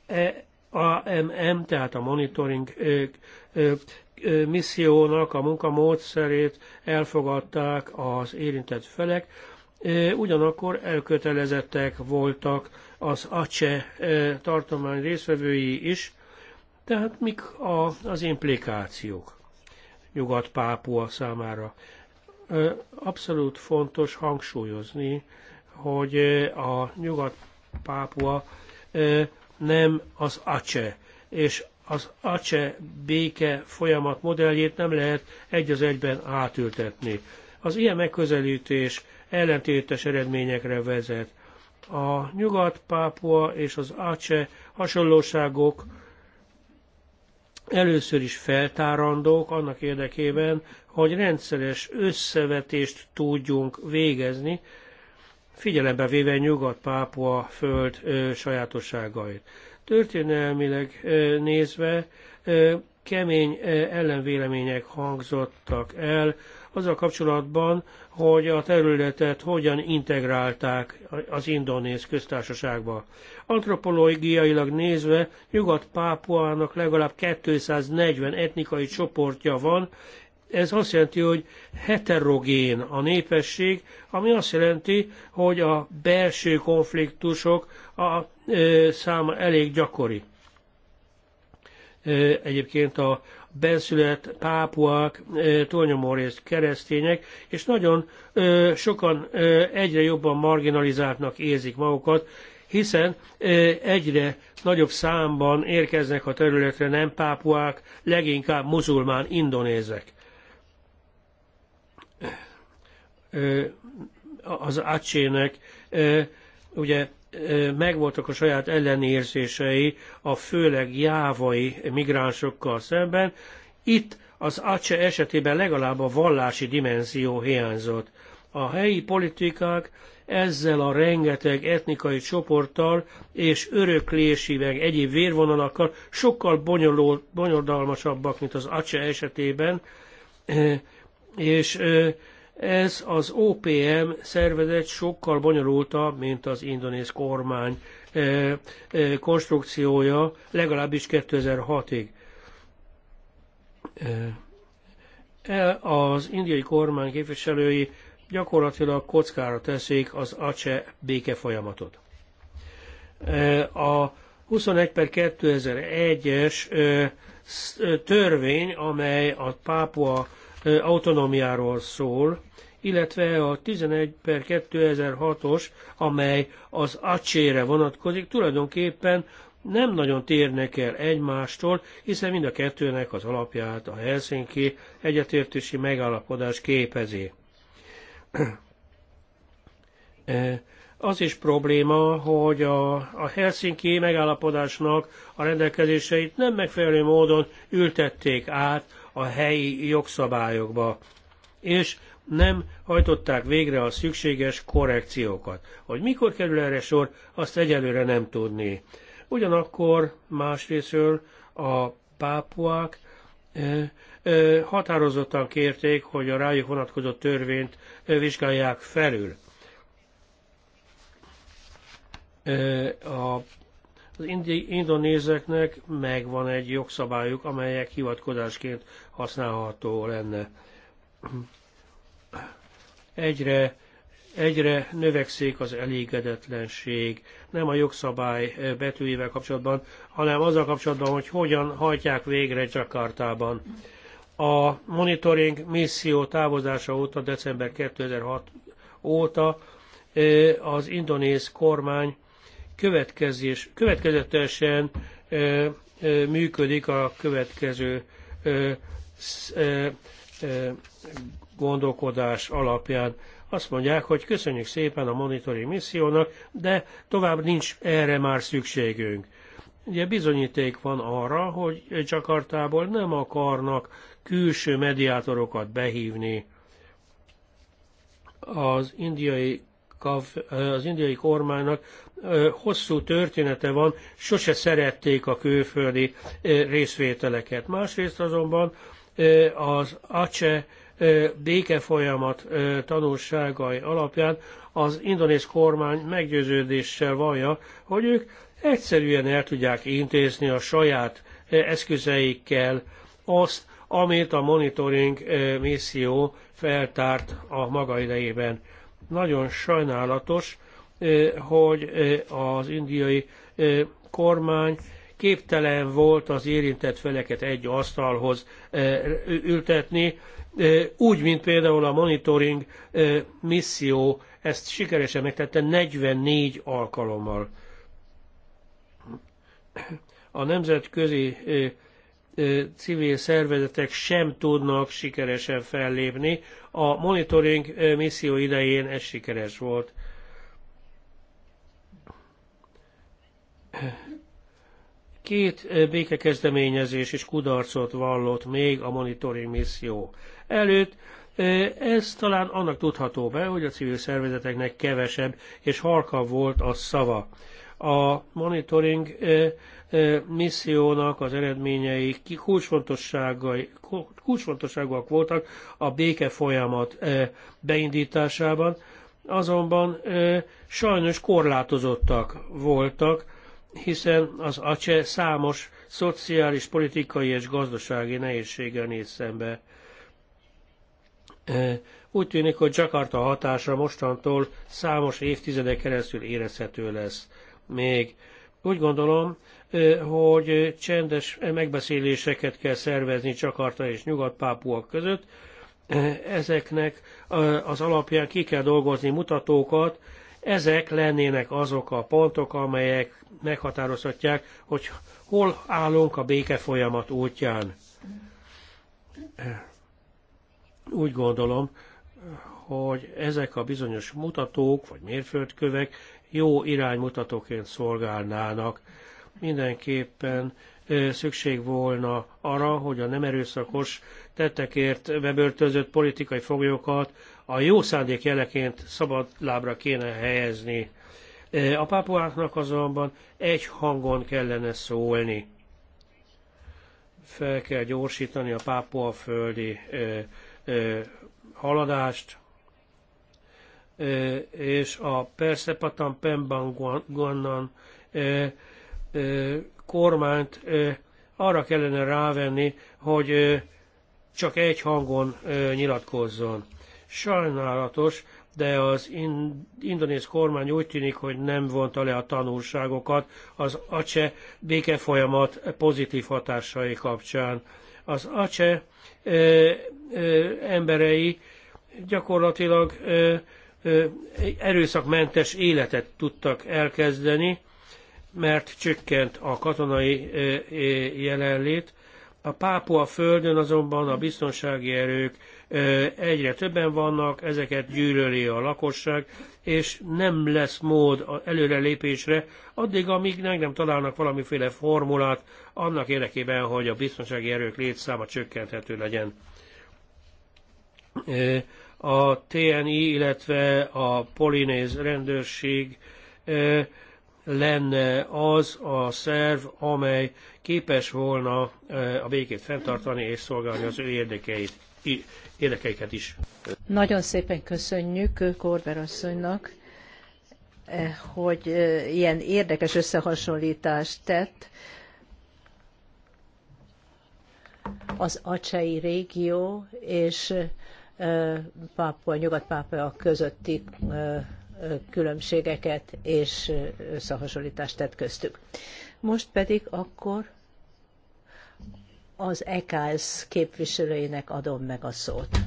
e, AMM, tehát a monitoring missziónak a munkamódszerét elfogadták az érintett felek. Ugyanakkor elkötelezettek voltak az ACE tartomány részvevői is, tehát mik a, az implikációk Nyugat-Pápua számára? Abszolút fontos hangsúlyozni, hogy a Nyugat-Pápua nem az ACE, és az ACE béke folyamat modelljét nem lehet egy az egyben átültetni. Az ilyen megközelítés ellentétes eredményekre vezet. A Nyugat-Pápua és az Ace hasonlóságok először is feltárandók annak érdekében, hogy rendszeres összevetést tudjunk végezni, figyelembe véve Nyugat-Pápua föld ö, sajátosságait. Történelmileg ö, nézve ö, kemény ellenvélemények hangzottak el azzal kapcsolatban, hogy a területet hogyan integrálták az indonéz köztársaságba. Antropológiailag nézve Nyugat-Pápuának legalább 240 etnikai csoportja van, ez azt jelenti, hogy heterogén a népesség, ami azt jelenti, hogy a belső konfliktusok a száma elég gyakori. Egyébként a, benszület pápuák, túlnyomó részt keresztények, és nagyon sokan egyre jobban marginalizáltnak érzik magukat, hiszen egyre nagyobb számban érkeznek a területre nem pápuák, leginkább muzulmán indonézek. Az acsének ugye megvoltak a saját ellenérzései a főleg jávai migránsokkal szemben. Itt az ACE esetében legalább a vallási dimenzió hiányzott. A helyi politikák ezzel a rengeteg etnikai csoporttal és öröklési meg egyéb vérvonalakkal sokkal bonyolult, bonyodalmasabbak, mint az ACE esetében, és ez az OPM szervezet sokkal bonyolultabb, mint az indonéz kormány eh, eh, konstrukciója, legalábbis 2006-ig. Eh, az indiai kormány képviselői gyakorlatilag kockára teszik az ACE béke folyamatot. A 21 per 2001-es törvény, amely a Pápua autonómiáról szól, illetve a 11 per 2006-os, amely az acsére vonatkozik, tulajdonképpen nem nagyon térnek el egymástól, hiszen mind a kettőnek az alapját a Helsinki egyetértési megállapodás képezi. Az is probléma, hogy a, a Helsinki megállapodásnak a rendelkezéseit nem megfelelő módon ültették át a helyi jogszabályokba, és nem hajtották végre a szükséges korrekciókat. Hogy mikor kerül erre sor, azt egyelőre nem tudni. Ugyanakkor másrésztről a pápuák határozottan kérték, hogy a rájuk vonatkozó törvényt vizsgálják felül. A az indonézeknek megvan egy jogszabályuk, amelyek hivatkozásként használható lenne. Egyre, egyre növekszik az elégedetlenség, nem a jogszabály betűjével kapcsolatban, hanem azzal kapcsolatban, hogy hogyan hajtják végre Jakartában. A monitoring misszió távozása óta, december 2006 óta az indonéz kormány következés, következetesen működik a következő gondolkodás alapján. Azt mondják, hogy köszönjük szépen a monitoring missziónak, de tovább nincs erre már szükségünk. Ugye bizonyíték van arra, hogy Csakartából nem akarnak külső mediátorokat behívni. Az indiai kav, az indiai kormánynak hosszú története van, sose szerették a külföldi részvételeket. Másrészt azonban az ACE békefolyamat tanulságai alapján az indonéz kormány meggyőződéssel vallja, hogy ők egyszerűen el tudják intézni a saját eszközeikkel azt, amit a monitoring misszió feltárt a maga idejében. Nagyon sajnálatos, eh, hogy eh, az indiai eh, kormány képtelen volt az érintett feleket egy asztalhoz ültetni, úgy, mint például a monitoring misszió ezt sikeresen megtette 44 alkalommal. A nemzetközi civil szervezetek sem tudnak sikeresen fellépni. A monitoring misszió idején ez sikeres volt. Két békekezdeményezés is kudarcot vallott még a monitoring misszió előtt. Ez talán annak tudható be, hogy a civil szervezeteknek kevesebb és halkabb volt a szava. A monitoring missziónak az eredményei kulcsfontosságúak voltak a béke folyamat beindításában, azonban sajnos korlátozottak voltak, hiszen az ACE számos szociális, politikai és gazdasági nehézséggel néz szembe. Úgy tűnik, hogy Jakarta hatása mostantól számos évtizedek keresztül érezhető lesz. Még úgy gondolom, hogy csendes megbeszéléseket kell szervezni Csakarta és Nyugat-Pápuak között. Ezeknek az alapján ki kell dolgozni mutatókat, ezek lennének azok a pontok, amelyek meghatározhatják, hogy hol állunk a béke folyamat útján. Úgy gondolom, hogy ezek a bizonyos mutatók vagy mérföldkövek jó iránymutatóként szolgálnának mindenképpen szükség volna arra, hogy a nem erőszakos tettekért bebörtözött politikai foglyokat a jó szándék jeleként szabad lábra kéne helyezni. A pápuáknak azonban egy hangon kellene szólni. Fel kell gyorsítani a pápua földi haladást, és a Persepatam Pembanguannan kormányt arra kellene rávenni, hogy csak egy hangon nyilatkozzon. Sajnálatos, de az indonéz kormány úgy tűnik, hogy nem vonta le a tanulságokat az ACE békefolyamat pozitív hatásai kapcsán. Az ACE ö, ö, emberei gyakorlatilag ö, erőszakmentes életet tudtak elkezdeni, mert csökkent a katonai jelenlét. A Pápua földön azonban a biztonsági erők egyre többen vannak, ezeket gyűlöli a lakosság, és nem lesz mód előrelépésre, addig, amíg meg nem találnak valamiféle formulát annak érdekében, hogy a biztonsági erők létszáma csökkenthető legyen. A TNI, illetve a polinéz rendőrség lenne az a szerv, amely képes volna e, a békét fenntartani és szolgálni az ő érdekeit, érdekeiket is. Nagyon szépen köszönjük Korber asszonynak, e, hogy e, ilyen érdekes összehasonlítást tett az acsei régió és Pápua, Nyugat-Pápua közötti különbségeket és összehasonlítást tett köztük. Most pedig akkor az EKS képviselőinek adom meg a szót.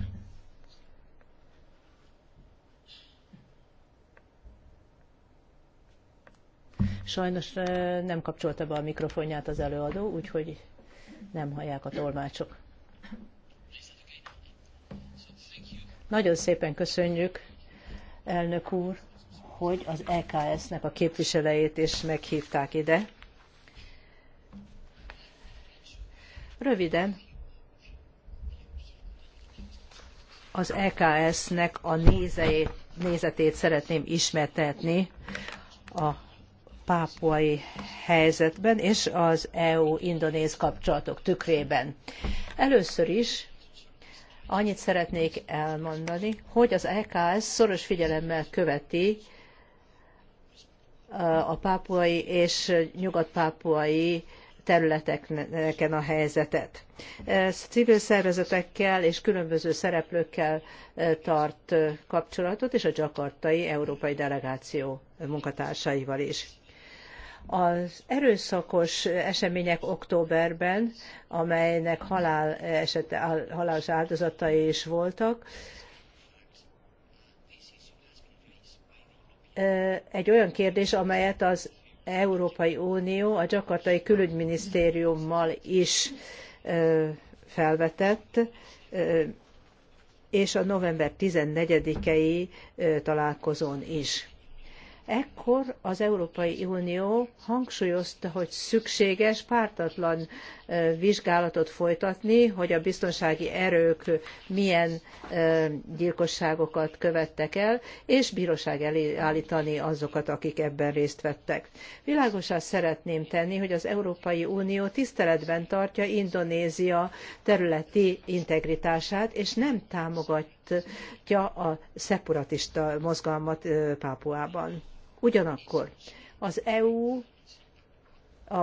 Sajnos nem kapcsolta be a mikrofonját az előadó, úgyhogy nem hallják a tolmácsok. Nagyon szépen köszönjük elnök úr, hogy az EKS-nek a képviselőjét is meghívták ide. Röviden, az EKS-nek a nézeit, nézetét szeretném ismertetni a pápuai helyzetben és az EU-indonéz kapcsolatok tükrében. Először is Annyit szeretnék elmondani, hogy az EKS szoros figyelemmel követi a pápuai és nyugat-pápuai területeken a helyzetet. Civil szervezetekkel és különböző szereplőkkel tart kapcsolatot, és a gyakartai európai delegáció munkatársaival is. Az erőszakos események októberben, amelynek halál esete, halálos áldozatai is voltak, egy olyan kérdés, amelyet az Európai Unió a Jakartai külügyminisztériummal is felvetett, és a november 14-i találkozón is. Ekkor az Európai Unió hangsúlyozta, hogy szükséges pártatlan vizsgálatot folytatni, hogy a biztonsági erők milyen gyilkosságokat követtek el, és bíróság elé állítani azokat, akik ebben részt vettek. Világosá szeretném tenni, hogy az Európai Unió tiszteletben tartja Indonézia területi integritását, és nem támogatja a szeparatista mozgalmat Pápuában. Ugyanakkor az EU a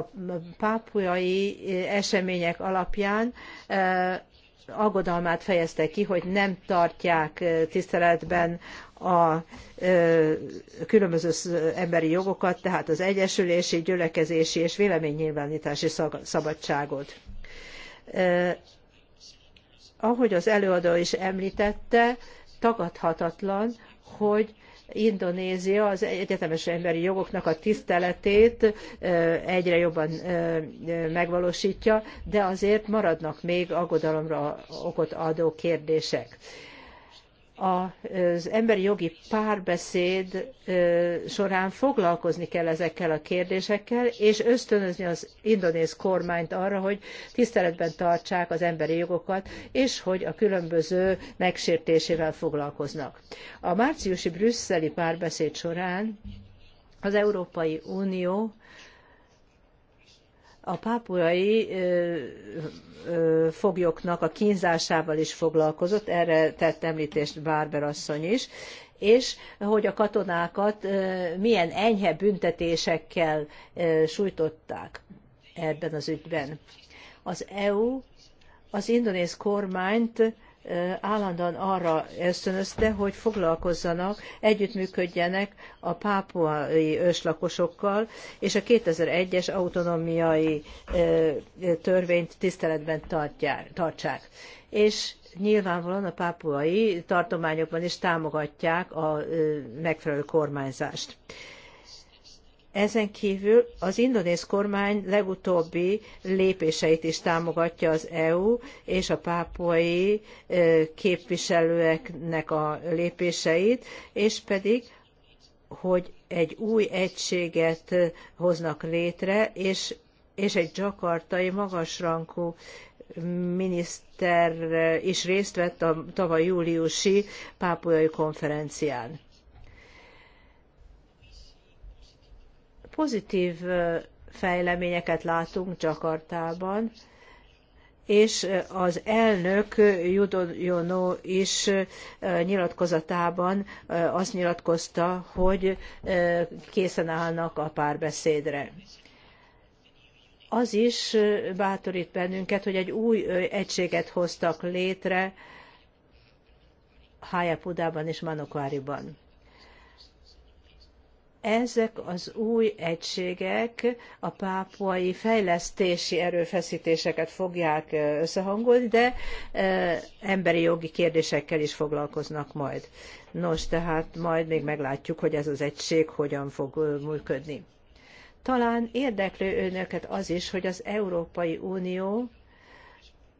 pápuai események alapján e, aggodalmát fejezte ki, hogy nem tartják e, tiszteletben a e, különböző emberi jogokat, tehát az egyesülési, gyülekezési és véleménynyilvánítási szabadságot. Ahogy az előadó is említette, tagadhatatlan, hogy Indonézia az egyetemes emberi jogoknak a tiszteletét egyre jobban megvalósítja, de azért maradnak még aggodalomra okot adó kérdések az emberi jogi párbeszéd során foglalkozni kell ezekkel a kérdésekkel, és ösztönözni az indonéz kormányt arra, hogy tiszteletben tartsák az emberi jogokat, és hogy a különböző megsértésével foglalkoznak. A márciusi brüsszeli párbeszéd során az Európai Unió a pápuai foglyoknak a kínzásával is foglalkozott, erre tett említést Bárber asszony is, és hogy a katonákat milyen enyhe büntetésekkel sújtották ebben az ügyben. Az EU az indonéz kormányt állandóan arra ösztönözte, hogy foglalkozzanak, együttműködjenek a pápuai őslakosokkal, és a 2001-es autonómiai törvényt tiszteletben tartsák. És nyilvánvalóan a pápuai tartományokban is támogatják a megfelelő kormányzást. Ezen kívül az indonéz kormány legutóbbi lépéseit is támogatja az EU és a pápuai képviselőeknek a lépéseit, és pedig, hogy egy új egységet hoznak létre, és, és egy jakartai magasrangú miniszter is részt vett a tavaly júliusi pápuai konferencián Pozitív fejleményeket látunk Csakartában, és az elnök Judojono is nyilatkozatában azt nyilatkozta, hogy készen állnak a párbeszédre. Az is bátorít bennünket, hogy egy új egységet hoztak létre Hájapudában és Manokváriban. Ezek az új egységek a pápuai fejlesztési erőfeszítéseket fogják összehangolni, de emberi jogi kérdésekkel is foglalkoznak majd. Nos, tehát majd még meglátjuk, hogy ez az egység hogyan fog működni. Talán érdeklő önöket az is, hogy az Európai Unió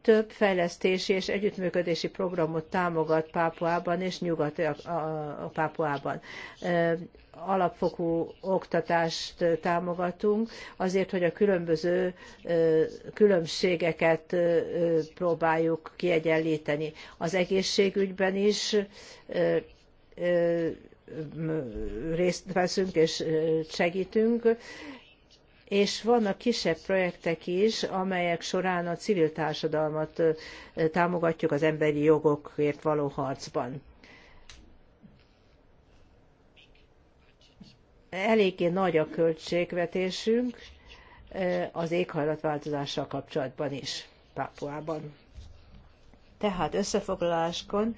több fejlesztési és együttműködési programot támogat Pápuában és nyugat a Pápuában alapfokú oktatást támogatunk, azért, hogy a különböző különbségeket próbáljuk kiegyenlíteni. Az egészségügyben is részt veszünk és segítünk, és vannak kisebb projektek is, amelyek során a civil társadalmat támogatjuk az emberi jogokért való harcban. eléggé nagy a költségvetésünk az éghajlatváltozással kapcsolatban is Pápuában. Tehát összefoglaláskon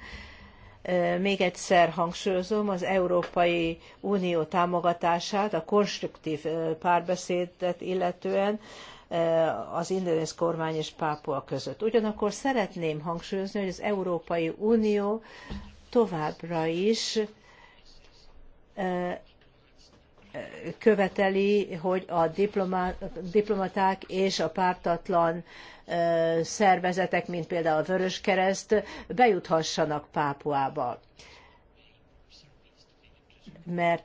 még egyszer hangsúlyozom az Európai Unió támogatását a konstruktív párbeszédet illetően az indonész kormány és Pápua között. Ugyanakkor szeretném hangsúlyozni, hogy az Európai Unió továbbra is követeli, hogy a diplomaták és a pártatlan szervezetek, mint például a Vöröskereszt, bejuthassanak Pápuába. Mert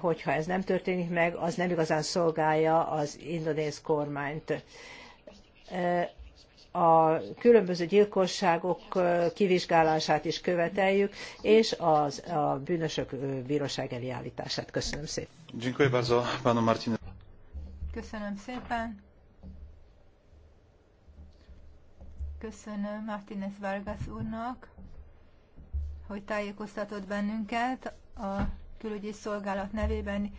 hogyha ez nem történik meg, az nem igazán szolgálja az indonéz kormányt a különböző gyilkosságok kivizsgálását is követeljük, és az, a bűnösök bíróság elé állítását. Köszönöm szépen. Köszönöm szépen. Köszönöm Martínez Vargas úrnak, hogy tájékoztatott bennünket a külügyi szolgálat nevében.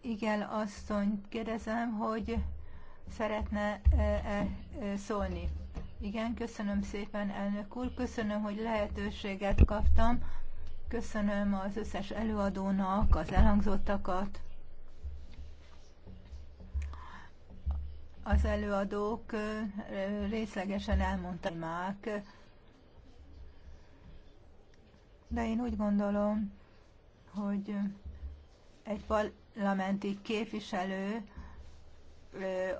Igen, asszonyt kérdezem, hogy szeretne e, e, -e szólni. Igen, köszönöm szépen, elnök úr. Köszönöm, hogy lehetőséget kaptam. Köszönöm az összes előadónak az elhangzottakat. Az előadók e, részlegesen elmondták, de én úgy gondolom, hogy egy parlamenti képviselő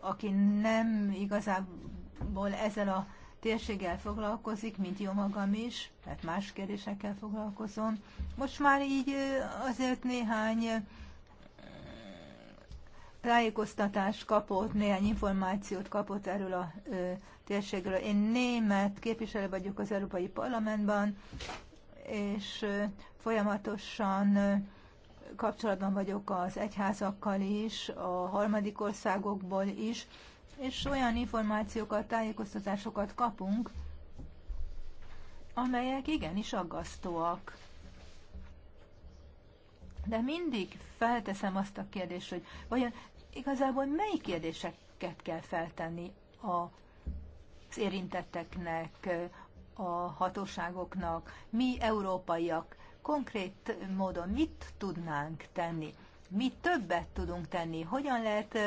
aki nem igazából ezzel a térséggel foglalkozik, mint jó magam is, tehát más kérdésekkel foglalkozom. Most már így azért néhány tájékoztatást kapott, néhány információt kapott erről a térségről. Én német képviselő vagyok az Európai Parlamentben, és folyamatosan kapcsolatban vagyok az egyházakkal is, a harmadik országokból is, és olyan információkat, tájékoztatásokat kapunk, amelyek igenis aggasztóak. De mindig felteszem azt a kérdést, hogy vajon igazából mely kérdéseket kell feltenni a az érintetteknek, a hatóságoknak. Mi európaiak konkrét módon mit tudnánk tenni? Mi többet tudunk tenni? Hogyan lehet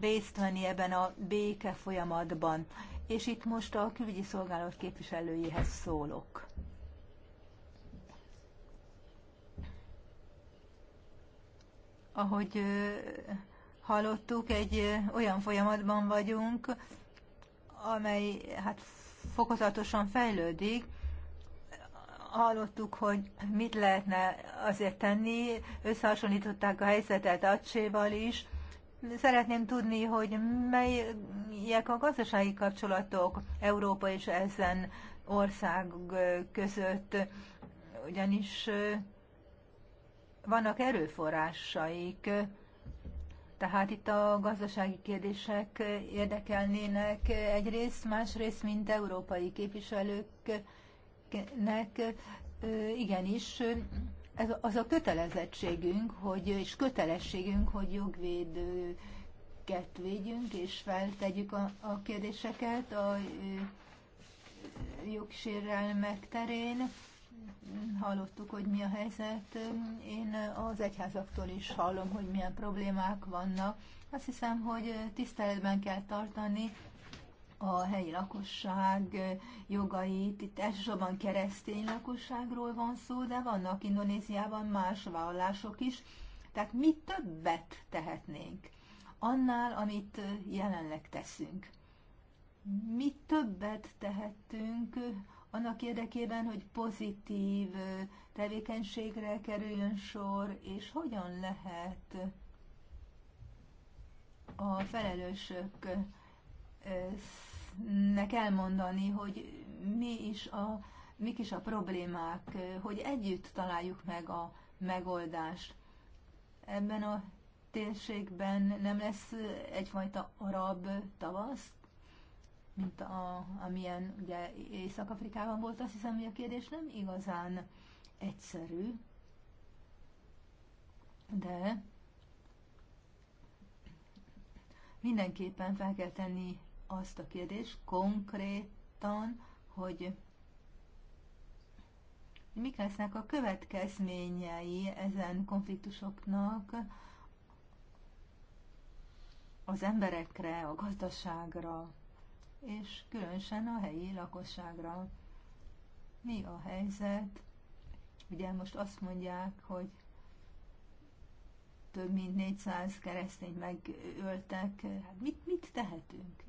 részt venni ebben a béke folyamatban? És itt most a külügyi szolgálat képviselőjéhez szólok. Ahogy hallottuk, egy olyan folyamatban vagyunk, amely hát fokozatosan fejlődik, hallottuk, hogy mit lehetne azért tenni, összehasonlították a helyzetet Acséval is. Szeretném tudni, hogy melyek a gazdasági kapcsolatok Európa és ezen ország között, ugyanis vannak erőforrásaik, tehát itt a gazdasági kérdések érdekelnének egyrészt, másrészt, mint európai képviselők embereknek igenis ez az a kötelezettségünk, hogy, és kötelességünk, hogy jogvédőket védjünk, és feltegyük a, a kérdéseket a jogsérelmek terén. Hallottuk, hogy mi a helyzet. Én az egyházaktól is hallom, hogy milyen problémák vannak. Azt hiszem, hogy tiszteletben kell tartani a helyi lakosság jogait. Itt elsősorban keresztény lakosságról van szó, de vannak Indonéziában más vallások is. Tehát mi többet tehetnénk annál, amit jelenleg teszünk. Mi többet tehetünk annak érdekében, hogy pozitív tevékenységre kerüljön sor, és hogyan lehet a felelősök nek elmondani, hogy mi is a, mik is a problémák, hogy együtt találjuk meg a megoldást. Ebben a térségben nem lesz egyfajta arab tavasz, mint a, amilyen ugye Észak-Afrikában volt, azt hiszem, hogy a kérdés nem igazán egyszerű, de mindenképpen fel kell tenni azt a kérdést konkrétan, hogy mik lesznek a következményei ezen konfliktusoknak az emberekre, a gazdaságra, és különösen a helyi lakosságra. Mi a helyzet? Ugye most azt mondják, hogy több mint 400 keresztény megöltek. Hát mit, mit tehetünk?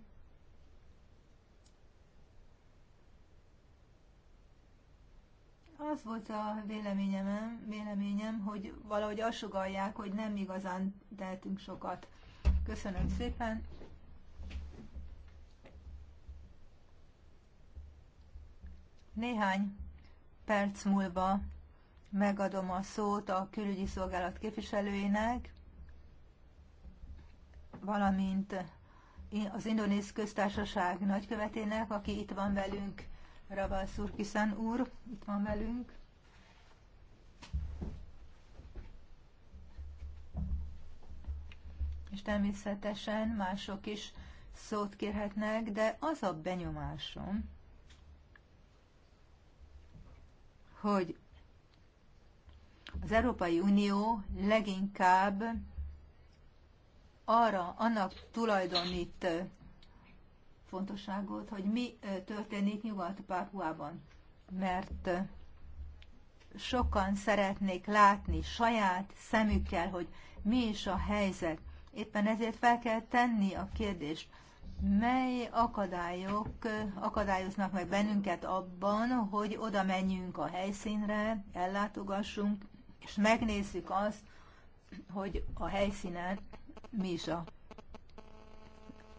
Az volt a véleményem, véleményem, hogy valahogy asugalják, hogy nem igazán tehetünk sokat. Köszönöm szépen! Néhány perc múlva megadom a szót a külügyi szolgálat képviselőinek, valamint az Indonéz köztársaság nagykövetének, aki itt van velünk. Ravaszurkiszen úr, itt van velünk. És természetesen mások is szót kérhetnek, de az a benyomásom, hogy az Európai Unió leginkább arra, annak tulajdonít fontosságot, hogy mi történik Nyugat-Pápuában, mert sokan szeretnék látni saját szemükkel, hogy mi is a helyzet. Éppen ezért fel kell tenni a kérdést, mely akadályok akadályoznak meg bennünket abban, hogy oda menjünk a helyszínre, ellátogassunk, és megnézzük azt, hogy a helyszínen mi is a,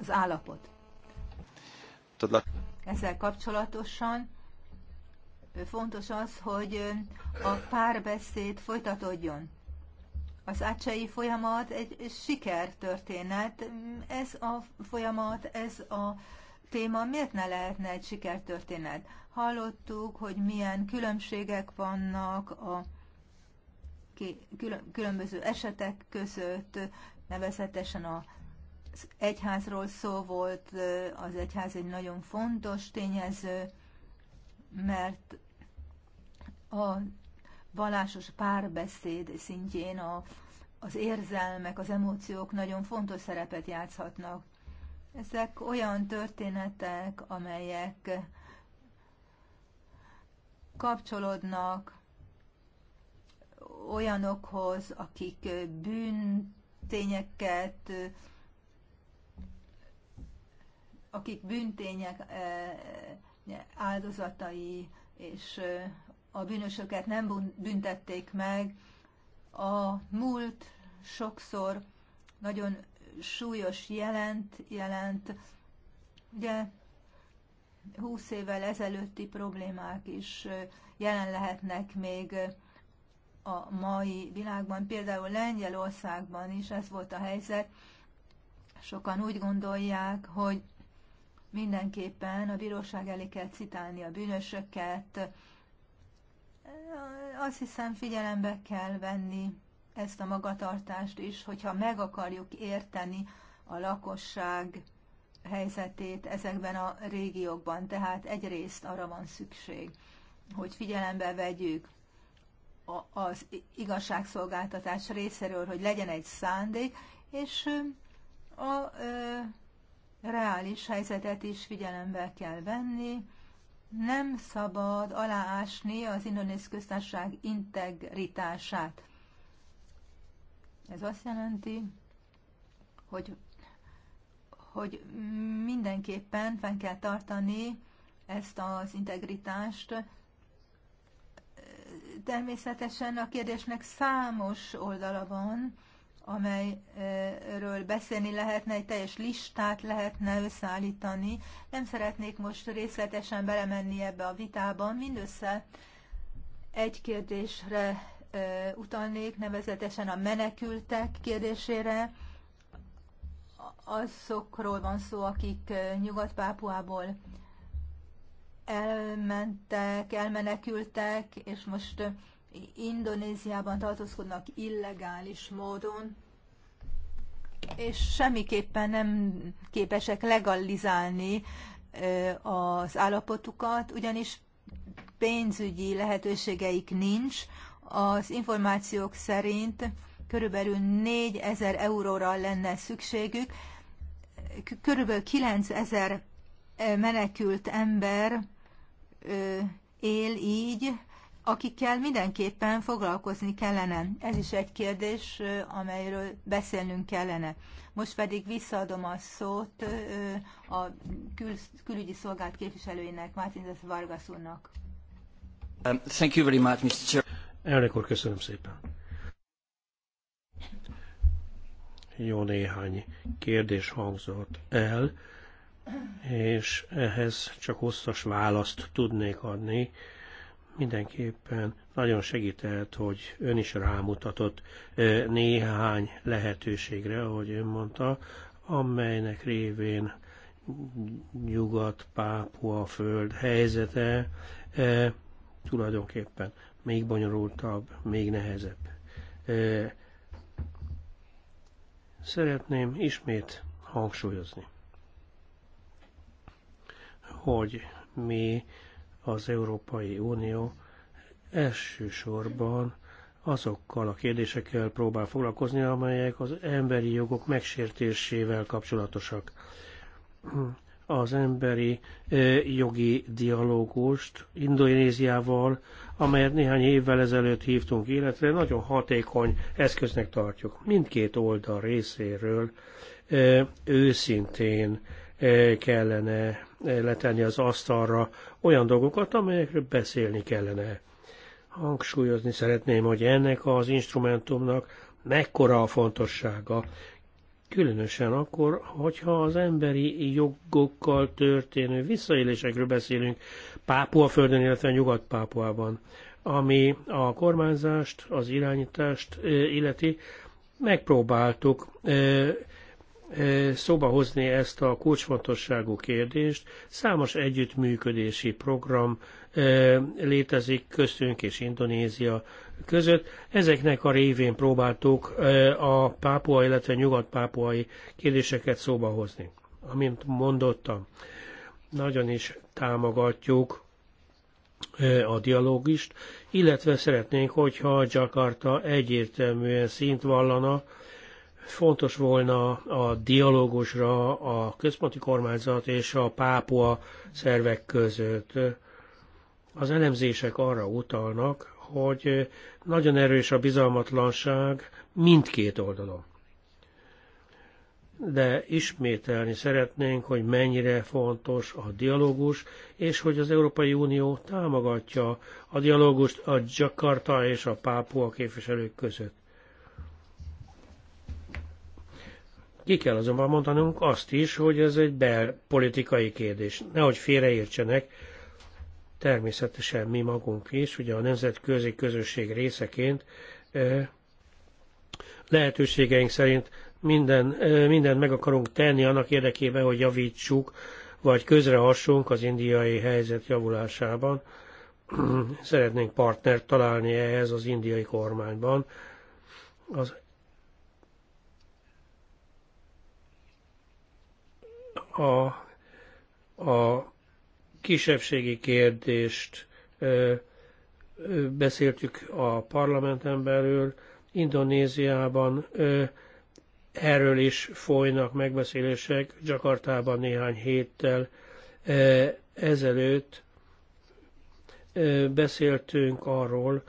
az állapot. Ezzel kapcsolatosan fontos az, hogy a párbeszéd folytatódjon. Az ácsei folyamat egy sikertörténet. Ez a folyamat, ez a téma miért ne lehetne egy sikertörténet? Hallottuk, hogy milyen különbségek vannak a különböző esetek között, nevezetesen a az egyházról szó volt, az egyház egy nagyon fontos tényező, mert a vallásos párbeszéd szintjén a, az érzelmek, az emóciók nagyon fontos szerepet játszhatnak. Ezek olyan történetek, amelyek kapcsolódnak olyanokhoz, akik bűntényeket, akik bűntények eh, eh, áldozatai, és eh, a bűnösöket nem büntették meg. A múlt sokszor nagyon súlyos jelent, jelent ugye húsz évvel ezelőtti problémák is jelen lehetnek még a mai világban. Például Lengyelországban is ez volt a helyzet. Sokan úgy gondolják, hogy mindenképpen a bíróság elé kell citálni a bűnösöket. Azt hiszem figyelembe kell venni ezt a magatartást is, hogyha meg akarjuk érteni a lakosság helyzetét ezekben a régiókban. Tehát egyrészt arra van szükség, hogy figyelembe vegyük az igazságszolgáltatás részéről, hogy legyen egy szándék, és a reális helyzetet is figyelembe kell venni. Nem szabad aláásni az indonéz köztársaság integritását. Ez azt jelenti, hogy, hogy mindenképpen fenn kell tartani ezt az integritást. Természetesen a kérdésnek számos oldala van, amelyről beszélni lehetne, egy teljes listát lehetne összeállítani. Nem szeretnék most részletesen belemenni ebbe a vitába, mindössze egy kérdésre utalnék, nevezetesen a menekültek kérdésére. Azokról van szó, akik Nyugat-Pápuából elmentek, elmenekültek, és most Indonéziában tartózkodnak illegális módon, és semmiképpen nem képesek legalizálni az állapotukat, ugyanis pénzügyi lehetőségeik nincs. Az információk szerint körülbelül 4000 euróra lenne szükségük. Körülbelül 9000 menekült ember él így, akikkel mindenképpen foglalkozni kellene. Ez is egy kérdés, amelyről beszélnünk kellene. Most pedig visszaadom a szót a kül- külügyi szolgált képviselőinek, Martínez Vargas úrnak. Um, thank you very much, Mr. Chair. Elnök úr, köszönöm szépen. Jó néhány kérdés hangzott el, és ehhez csak hosszas választ tudnék adni mindenképpen nagyon segített, hogy ön is rámutatott néhány lehetőségre, ahogy ön mondta, amelynek révén nyugat-pápua föld helyzete e, tulajdonképpen még bonyolultabb, még nehezebb. E, szeretném ismét hangsúlyozni, hogy mi az Európai Unió elsősorban azokkal a kérdésekkel próbál foglalkozni, amelyek az emberi jogok megsértésével kapcsolatosak. Az emberi jogi dialógust Indonéziával, amelyet néhány évvel ezelőtt hívtunk életre, nagyon hatékony eszköznek tartjuk. Mindkét oldal részéről őszintén kellene letenni az asztalra olyan dolgokat, amelyekről beszélni kellene. Hangsúlyozni szeretném, hogy ennek az instrumentumnak mekkora a fontossága, különösen akkor, hogyha az emberi jogokkal történő visszaélésekről beszélünk földön, illetve Nyugat-Pápuában, ami a kormányzást, az irányítást illeti, megpróbáltuk E, szóba hozni ezt a kulcsfontosságú kérdést. Számos együttműködési program e, létezik köztünk és Indonézia között. Ezeknek a révén próbáltuk e, a pápuai, illetve nyugat-pápuai kérdéseket szóba hozni. Amint mondottam, nagyon is támogatjuk a dialógist, illetve szeretnénk, hogyha Jakarta egyértelműen szint vallana, fontos volna a dialógusra a központi kormányzat és a pápua szervek között. Az elemzések arra utalnak, hogy nagyon erős a bizalmatlanság mindkét oldalon. De ismételni szeretnénk, hogy mennyire fontos a dialógus, és hogy az Európai Unió támogatja a dialógust a Jakarta és a Pápua képviselők között Ki kell azonban mondanunk azt is, hogy ez egy belpolitikai kérdés. Nehogy félreértsenek, természetesen mi magunk is, ugye a nemzetközi közösség részeként lehetőségeink szerint minden, mindent meg akarunk tenni annak érdekében, hogy javítsuk, vagy közrehassunk az indiai helyzet javulásában. Szeretnénk partnert találni ehhez az indiai kormányban. Az a, a kisebbségi kérdést beszéltük a parlamenten belül, Indonéziában erről is folynak megbeszélések, Jakartában néhány héttel ezelőtt beszéltünk arról,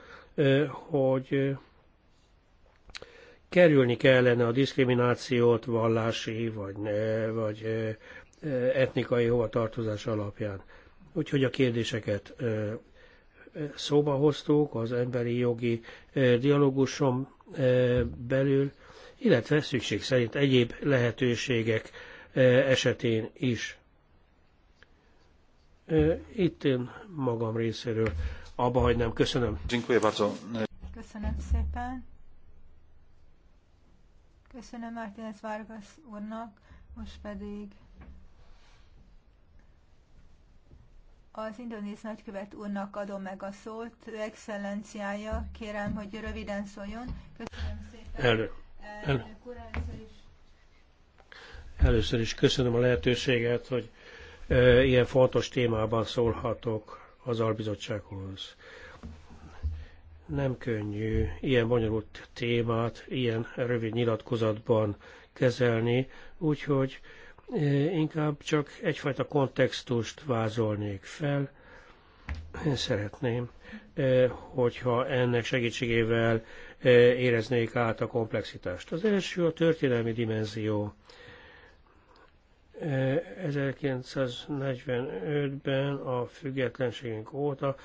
hogy kerülni kellene a diszkriminációt vallási vagy, ne, vagy etnikai hovatartozás alapján. Úgyhogy a kérdéseket szóba hoztuk az emberi jogi dialóguson belül, illetve szükség szerint egyéb lehetőségek esetén is. Itt én magam részéről abba hagynám. Köszönöm. Köszönöm szépen. Köszönöm Martínez Vargas úrnak, most pedig az indonéz nagykövet úrnak adom meg a szót, ő excellenciája, kérem, hogy röviden szóljon. Köszönöm szépen. Elnök, elnök először is. Először is köszönöm a lehetőséget, hogy e, ilyen fontos témában szólhatok az albizottsághoz nem könnyű ilyen bonyolult témát ilyen rövid nyilatkozatban kezelni, úgyhogy e, inkább csak egyfajta kontextust vázolnék fel. Én szeretném, e, hogyha ennek segítségével e, éreznék át a komplexitást. Az első a történelmi dimenzió. 1945-ben a függetlenségünk óta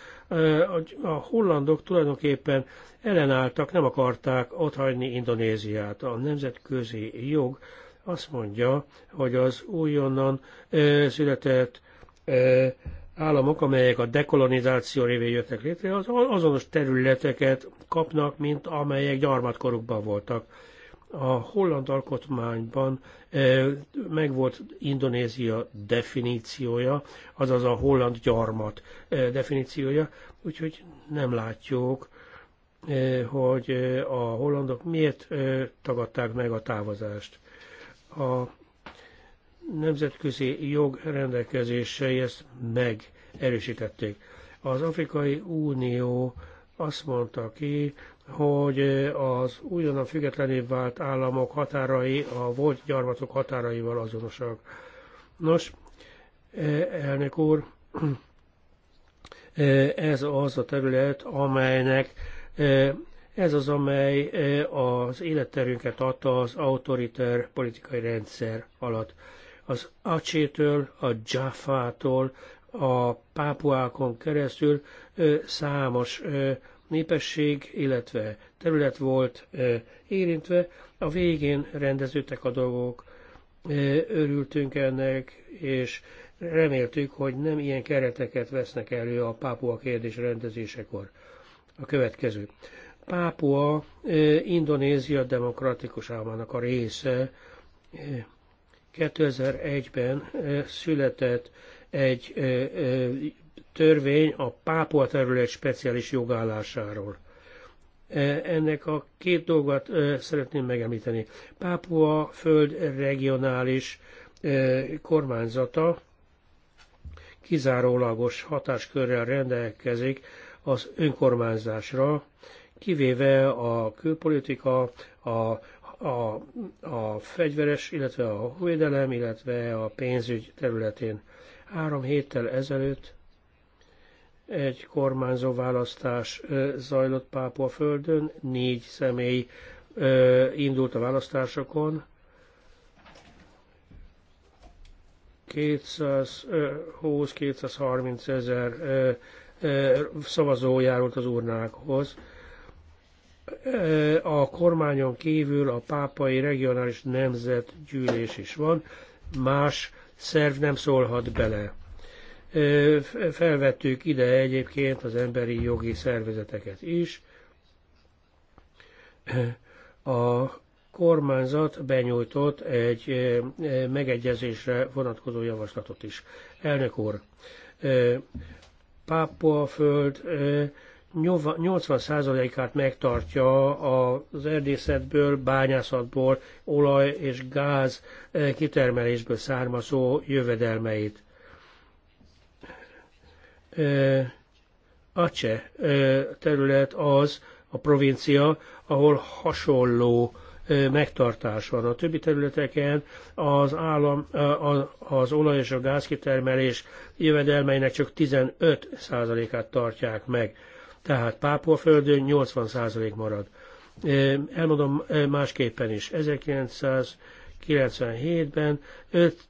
a hollandok tulajdonképpen ellenálltak, nem akarták otthagyni Indonéziát. A nemzetközi jog azt mondja, hogy az újonnan született államok, amelyek a dekolonizáció révén jöttek létre, az azonos területeket kapnak, mint amelyek gyarmatkorukban voltak a holland alkotmányban eh, megvolt Indonézia definíciója, azaz a holland gyarmat eh, definíciója, úgyhogy nem látjuk, eh, hogy a hollandok miért tagadták meg a távozást. A nemzetközi jog rendelkezései ezt megerősítették. Az Afrikai Unió azt mondta ki, hogy az újonnan függetlené vált államok határai a volt gyarmatok határaival azonosak. Nos, elnök úr, ez az a terület, amelynek ez az, amely az életterünket adta az autoriter politikai rendszer alatt. Az Acsétől, a Jaffától, a Pápuákon keresztül számos népesség, illetve terület volt érintve. A végén rendeződtek a dolgok, örültünk ennek, és reméltük, hogy nem ilyen kereteket vesznek elő a pápua kérdés rendezésekor. A következő. Pápua Indonézia demokratikus államának a része. 2001-ben született egy törvény a pápua terület speciális jogállásáról. E, ennek a két dolgot e, szeretném megemlíteni. Pápua föld regionális e, kormányzata kizárólagos hatáskörrel rendelkezik az önkormányzásra, kivéve a külpolitika, a a, a fegyveres, illetve a védelem, illetve a pénzügy területén. Három héttel ezelőtt egy kormányzó választás zajlott Pápua földön, négy személy indult a választásokon, 220-230 ezer szavazó járult az urnákhoz. A kormányon kívül a pápai regionális nemzetgyűlés is van, más szerv nem szólhat bele. Felvettük ide egyébként az emberi jogi szervezeteket is. A kormányzat benyújtott egy megegyezésre vonatkozó javaslatot is. Elnök úr, Pápuaföld 80%-át megtartja az erdészetből, bányászatból, olaj és gáz kitermelésből származó jövedelmeit. Aceh terület az, a provincia, ahol hasonló megtartás van. A többi területeken az állam, az olaj és a gázkitermelés jövedelmeinek csak 15%-át tartják meg. Tehát Pápolföldön 80% marad. Elmondom másképpen is. 1997-ben 5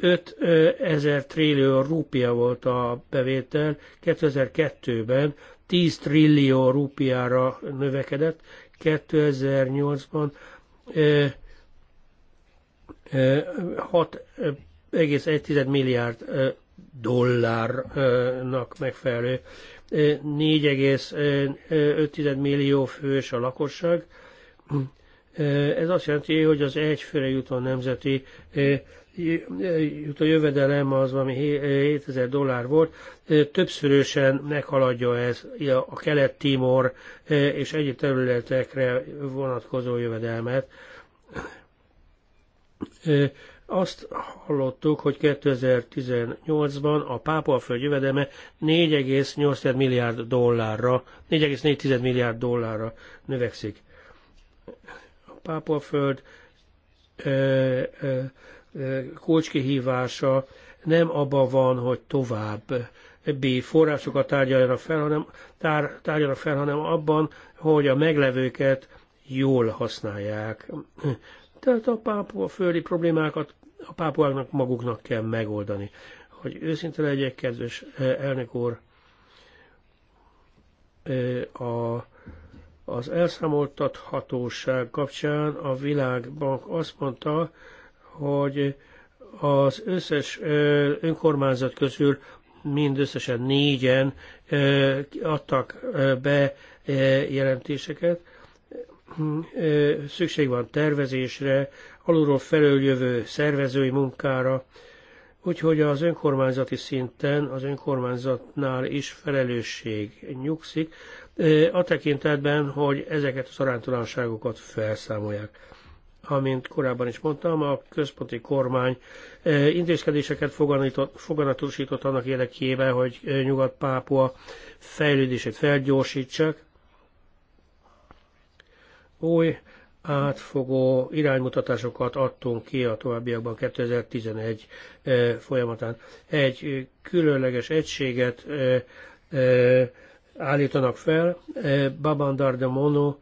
5 ezer trillió rúpia volt a bevétel, 2002-ben 10 trillió rúpiára növekedett, 2008-ban 6,1 milliárd dollárnak megfelelő 4,5 millió fős a lakosság. Ez azt jelenti, hogy az egyfőre jutó nemzeti jut a jövedelem az, ami 7000 dollár volt, többszörösen meghaladja ez a kelet-timor és egyéb területekre vonatkozó jövedelmet. Azt hallottuk, hogy 2018-ban a pápaföld jövedelme 4,8 milliárd dollárra, 4,4 milliárd dollárra növekszik. A pápaföld kulcskihívása nem abban van, hogy tovább B forrásokat tárgyaljanak fel, hanem, tár, tárgyaljanak fel, hanem abban, hogy a meglevőket jól használják. Tehát a pápua földi problémákat a pápuáknak maguknak kell megoldani. Hogy őszinte legyek, kedves elnök úr, a, az elszámoltathatóság kapcsán a világbank azt mondta, hogy az összes önkormányzat közül mindösszesen négyen adtak be jelentéseket. Szükség van tervezésre, alulról felüljövő szervezői munkára, úgyhogy az önkormányzati szinten az önkormányzatnál is felelősség nyugszik, a tekintetben, hogy ezeket a szarántalanságokat felszámolják amint korábban is mondtam, a központi kormány eh, intézkedéseket foganatosított annak érdekében, hogy eh, Nyugat-Pápua fejlődését felgyorsítsák. Új átfogó iránymutatásokat adtunk ki a továbbiakban 2011 eh, folyamatán. Egy különleges egységet állítanak fel, Babandar de Mono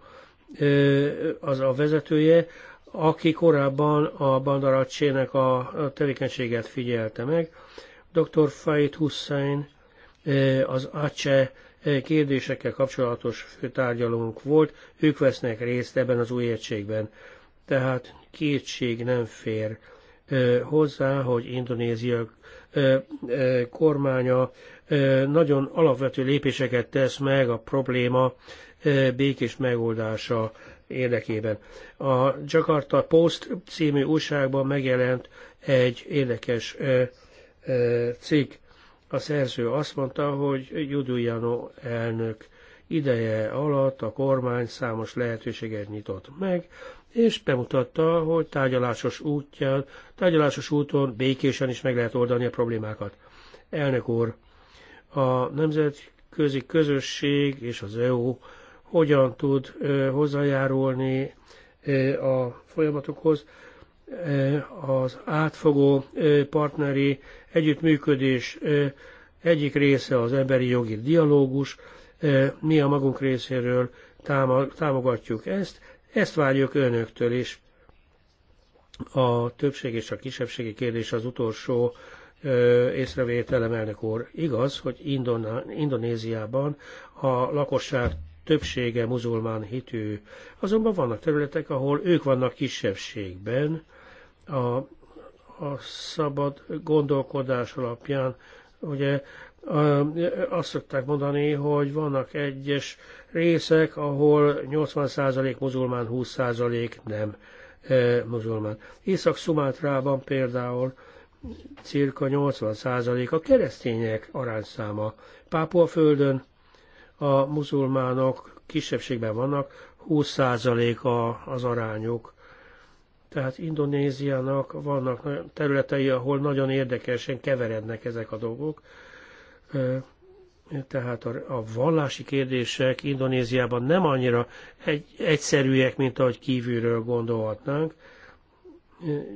az a vezetője, aki korábban a Bandaracsének a tevékenységet figyelte meg. Dr. Fait Hussein az ACE kérdésekkel kapcsolatos főtárgyalónk volt, ők vesznek részt ebben az új egységben. Tehát kétség nem fér hozzá, hogy Indonézia kormánya nagyon alapvető lépéseket tesz meg a probléma békés megoldása érdekében. A Jakarta Post című újságban megjelent egy érdekes cikk. A szerző azt mondta, hogy Juduljano elnök ideje alatt a kormány számos lehetőséget nyitott meg, és bemutatta, hogy tárgyalásos, útján, tárgyalásos úton békésen is meg lehet oldani a problémákat. Elnök úr, a nemzetközi közösség és az EU hogyan tud hozzájárulni a folyamatokhoz. Az átfogó partneri együttműködés egyik része az emberi jogi dialógus, mi a magunk részéről támogatjuk ezt, ezt várjuk önöktől is. A többség és a kisebbségi kérdés az utolsó észrevételem, elnök úr. Igaz, hogy Indoná, Indonéziában a lakosság többsége muzulmán hitű, azonban vannak területek, ahol ők vannak kisebbségben, a, a szabad gondolkodás alapján, ugye azt szokták mondani, hogy vannak egyes részek, ahol 80% muzulmán, 20% nem muzulmán. Észak-Szumátrában például cirka 80% a keresztények arányszáma. Pápua földön a muzulmánok kisebbségben vannak, 20% a, az arányuk. Tehát Indonéziának vannak területei, ahol nagyon érdekesen keverednek ezek a dolgok. Tehát a, a vallási kérdések Indonéziában nem annyira egy, egyszerűek, mint ahogy kívülről gondolhatnánk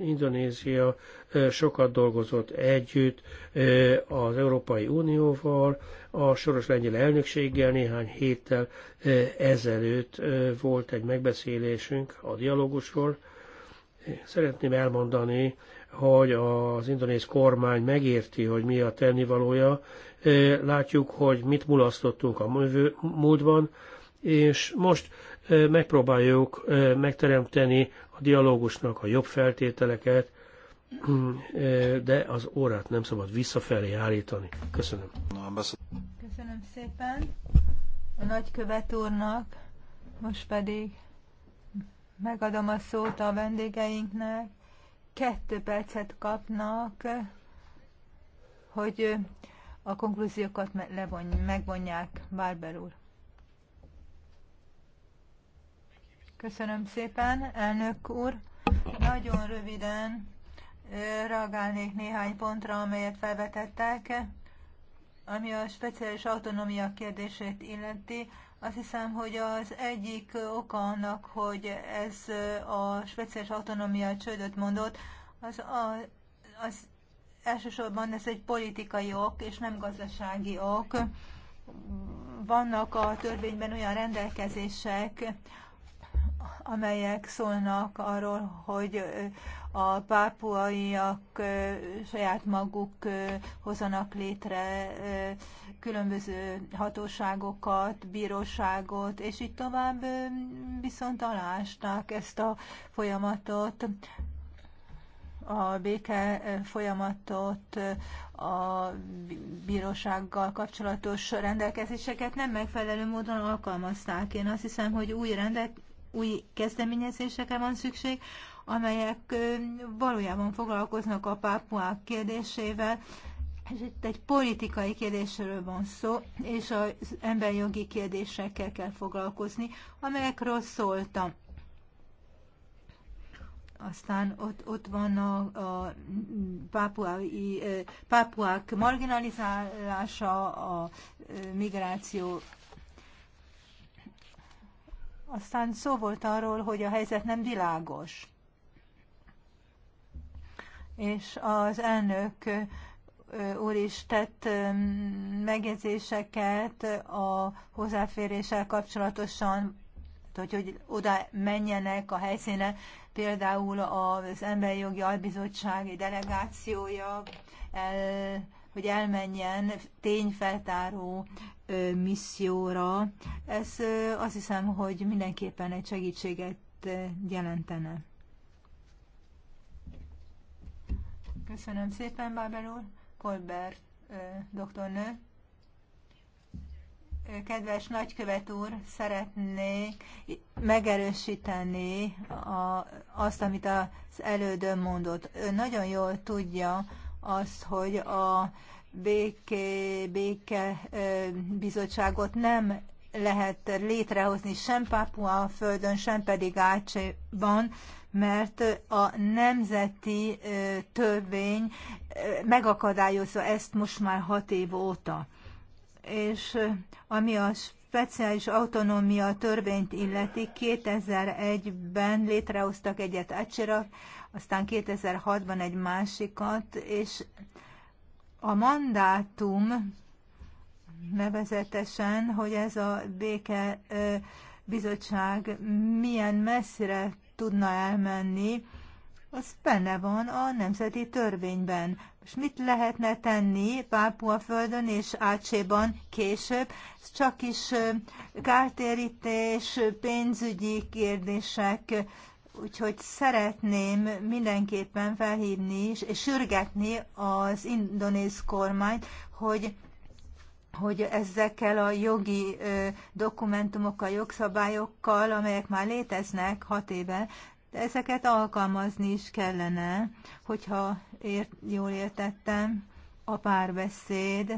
Indonézia sokat dolgozott együtt az Európai Unióval, a soros lengyel elnökséggel néhány héttel ezelőtt volt egy megbeszélésünk a dialógusról. Szeretném elmondani, hogy az indonéz kormány megérti, hogy mi a tennivalója. Látjuk, hogy mit mulasztottunk a múltban, és most megpróbáljuk megteremteni a dialógusnak a jobb feltételeket, de az órát nem szabad visszafelé állítani. Köszönöm. Köszönöm szépen a nagykövet úrnak, most pedig megadom a szót a vendégeinknek. Kettő percet kapnak, hogy a konklúziókat levonj, megvonják, Barber úr. Köszönöm szépen, elnök úr. Nagyon röviden reagálnék néhány pontra, amelyet felvetettek. Ami a speciális autonómia kérdését illeti, azt hiszem, hogy az egyik oka annak, hogy ez a speciális autonómia csődöt mondott, az, a, az elsősorban ez egy politikai ok, és nem gazdasági ok. Vannak a törvényben olyan rendelkezések, amelyek szólnak arról, hogy a pápuaiak saját maguk hozanak létre különböző hatóságokat, bíróságot, és így tovább viszont alásták ezt a folyamatot, a béke folyamatot, a bírósággal kapcsolatos rendelkezéseket nem megfelelő módon alkalmazták. Én azt hiszem, hogy új rendek, új kezdeményezésekre van szükség, amelyek valójában foglalkoznak a pápuák kérdésével, és itt egy politikai kérdésről van szó, és az emberjogi kérdésekkel kell foglalkozni, amelyekről szóltam. Aztán ott, ott van a, a pápuák marginalizálása, a migráció aztán szó volt arról, hogy a helyzet nem világos. És az elnök úr is tett megjegyzéseket a hozzáféréssel kapcsolatosan, hogy, hogy oda menjenek a helyszíne, például az Emberi Jogi Albizottsági delegációja, el, hogy elmenjen tényfeltáró misszióra. Ez azt hiszem, hogy mindenképpen egy segítséget jelentene. Köszönöm szépen, Bábel úr. Kolbert doktornő. Kedves nagykövet úr, szeretnék megerősíteni a, azt, amit az elődöm mondott. Ön nagyon jól tudja azt, hogy a béké, béke bizottságot nem lehet létrehozni sem Papua földön, sem pedig Ácséban, mert a nemzeti törvény megakadályozza ezt most már hat év óta. És ami a speciális autonómia törvényt illeti, 2001-ben létrehoztak egyet Ácsira, aztán 2006-ban egy másikat, és a mandátum nevezetesen, hogy ez a béke bizottság milyen messzire tudna elmenni, az benne van a nemzeti törvényben. És mit lehetne tenni Pápuaföldön és Ácséban később? Ez csak is kártérítés, pénzügyi kérdések Úgyhogy szeretném mindenképpen felhívni és, és sürgetni az indonéz kormányt, hogy hogy ezekkel a jogi ö, dokumentumokkal, jogszabályokkal, amelyek már léteznek hat éve, de ezeket alkalmazni is kellene, hogyha ért, jól értettem, a párbeszéd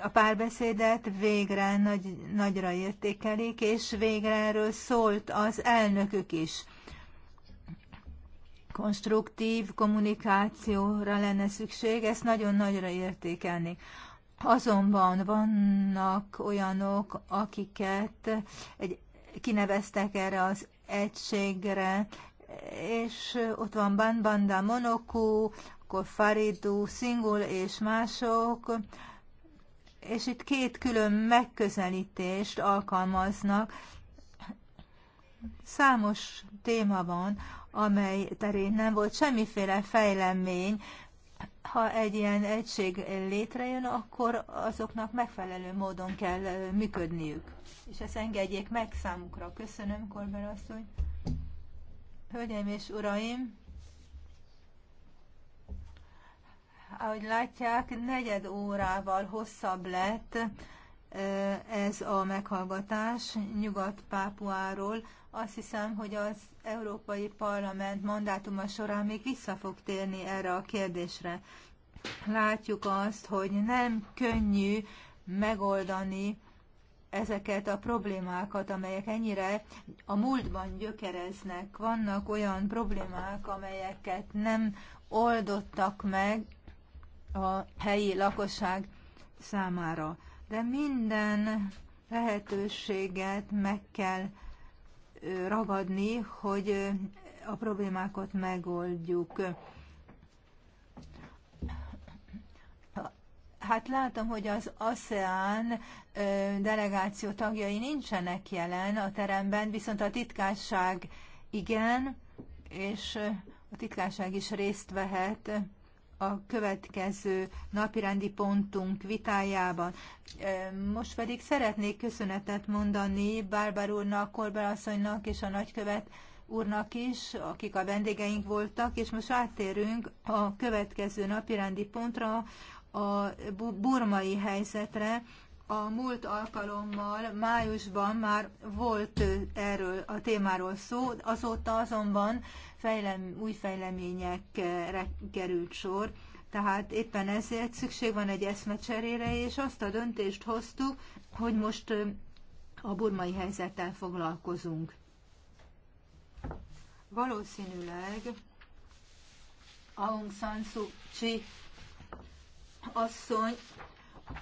a párbeszédet végre nagy, nagyra értékelik, és végre erről szólt az elnökük is. Konstruktív kommunikációra lenne szükség, ezt nagyon nagyra értékelni. Azonban vannak olyanok, akiket egy, kineveztek erre az egységre, és ott van banda Monoku, akkor Faridu Singul és mások, és itt két külön megközelítést alkalmaznak. Számos téma van, amely terén nem volt semmiféle fejlemény. Ha egy ilyen egység létrejön, akkor azoknak megfelelő módon kell működniük. És ezt engedjék meg számukra. Köszönöm, Korbel asszony. Hölgyeim és uraim! ahogy látják, negyed órával hosszabb lett ez a meghallgatás Nyugat-Pápuáról. Azt hiszem, hogy az Európai Parlament mandátuma során még vissza fog térni erre a kérdésre. Látjuk azt, hogy nem könnyű megoldani ezeket a problémákat, amelyek ennyire a múltban gyökereznek. Vannak olyan problémák, amelyeket nem oldottak meg, a helyi lakosság számára. De minden lehetőséget meg kell ragadni, hogy a problémákat megoldjuk. Hát látom, hogy az ASEAN delegáció tagjai nincsenek jelen a teremben, viszont a titkásság igen, és a titkárság is részt vehet a következő napirendi pontunk vitájában. Most pedig szeretnék köszönetet mondani Bárbár úrnak, Korbel asszonynak és a nagykövet úrnak is, akik a vendégeink voltak, és most áttérünk a következő napirendi pontra, a burmai helyzetre a múlt alkalommal májusban már volt erről a témáról szó, azóta azonban fejlem, új fejleményekre került sor. Tehát éppen ezért szükség van egy eszmecserére, és azt a döntést hoztuk, hogy most a burmai helyzettel foglalkozunk. Valószínűleg Aung San Suu Kyi asszony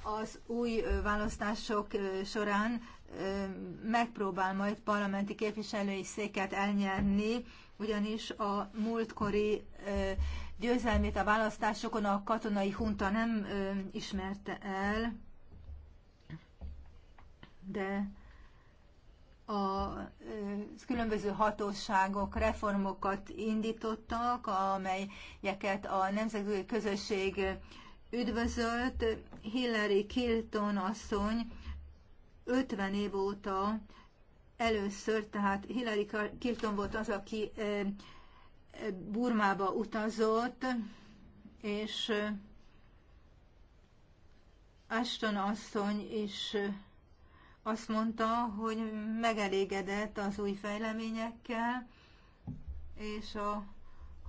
az új választások során megpróbál majd parlamenti képviselői széket elnyerni, ugyanis a múltkori győzelmét a választásokon a katonai hunta nem ismerte el, de a különböző hatóságok reformokat indítottak, amelyeket a nemzetközi közösség üdvözölt Hillary Clinton asszony 50 év óta először, tehát Hillary Clinton volt az, aki eh, Burmába utazott, és eh, Ashton asszony is eh, azt mondta, hogy megelégedett az új fejleményekkel, és a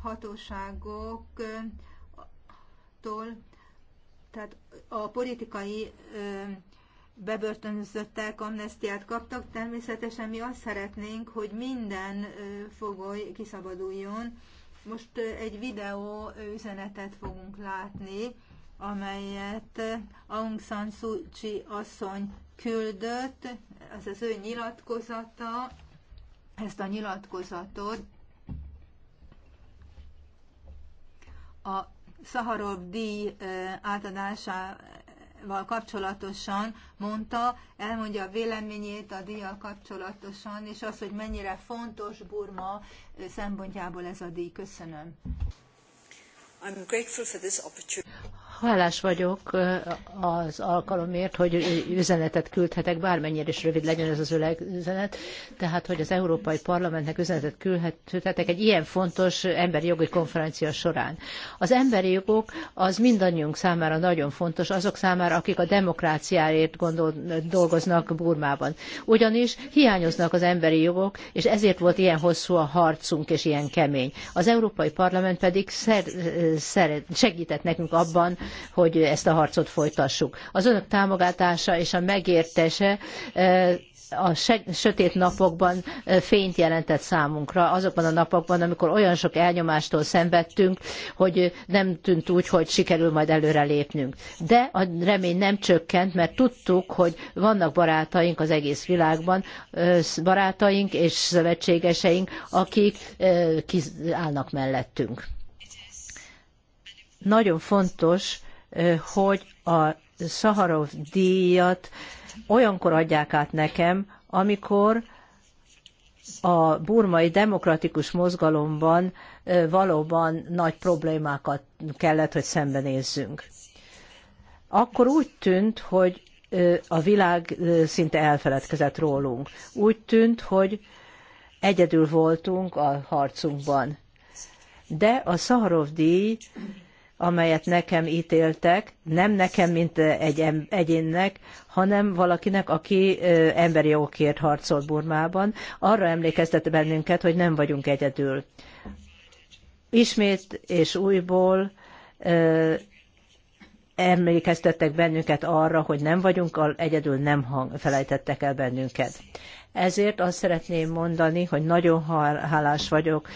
hatóságoktól tehát a politikai bebörtönözöttek amnestiát kaptak. Természetesen mi azt szeretnénk, hogy minden fogoly kiszabaduljon. Most egy videó üzenetet fogunk látni, amelyet Aung San Suu Kyi asszony küldött. Ez az ő nyilatkozata. Ezt a nyilatkozatot a Szaharov díj átadásával kapcsolatosan mondta, elmondja a véleményét a díjjal kapcsolatosan, és az, hogy mennyire fontos Burma szempontjából ez a díj. Köszönöm. Hálás vagyok az alkalomért, hogy üzenetet küldhetek, bármennyire is rövid legyen ez az üzenet, tehát hogy az Európai Parlamentnek üzenetet küldhetek egy ilyen fontos emberi jogi konferencia során. Az emberi jogok az mindannyiunk számára nagyon fontos, azok számára, akik a demokráciáért gondol, dolgoznak Burmában. Ugyanis hiányoznak az emberi jogok, és ezért volt ilyen hosszú a harcunk és ilyen kemény. Az Európai Parlament pedig szer, szer, segített nekünk abban, hogy ezt a harcot folytassuk. Az önök támogatása és a megértése e, a sötét napokban e, fényt jelentett számunkra, azokban a napokban, amikor olyan sok elnyomástól szenvedtünk, hogy nem tűnt úgy, hogy sikerül majd lépnünk. De a remény nem csökkent, mert tudtuk, hogy vannak barátaink az egész világban, e, barátaink és szövetségeseink, akik kiállnak mellettünk nagyon fontos, hogy a Szaharov díjat olyankor adják át nekem, amikor a burmai demokratikus mozgalomban valóban nagy problémákat kellett, hogy szembenézzünk. Akkor úgy tűnt, hogy a világ szinte elfeledkezett rólunk. Úgy tűnt, hogy egyedül voltunk a harcunkban. De a Szaharov díj amelyet nekem ítéltek, nem nekem, mint egy egyénnek, hanem valakinek, aki emberi jogokért harcolt Burmában, arra emlékeztet bennünket, hogy nem vagyunk egyedül. Ismét és újból emlékeztettek bennünket arra, hogy nem vagyunk, egyedül nem hang, felejtettek el bennünket. Ezért azt szeretném mondani, hogy nagyon hálás vagyok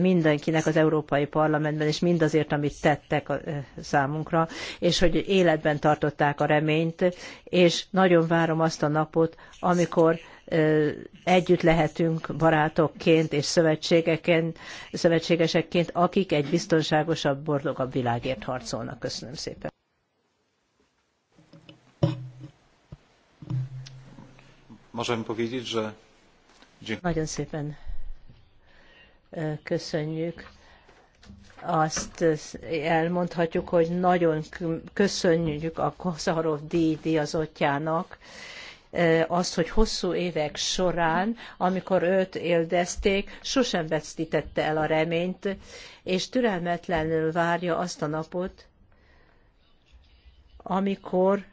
mindenkinek az Európai Parlamentben, és mindazért, amit tettek a számunkra, és hogy életben tartották a reményt, és nagyon várom azt a napot, amikor együtt lehetünk barátokként és szövetségeken, szövetségesekként, akik egy biztonságosabb, boldogabb világért harcolnak. Köszönöm szépen. możemy powiedzieć, że... Nagyon szépen e, köszönjük. Azt e, elmondhatjuk, hogy nagyon köszönjük a Koszarov díj díjazottjának, e, azt, hogy hosszú évek során, amikor őt éldezték, sosem vesztítette el a reményt, és türelmetlenül várja azt a napot, amikor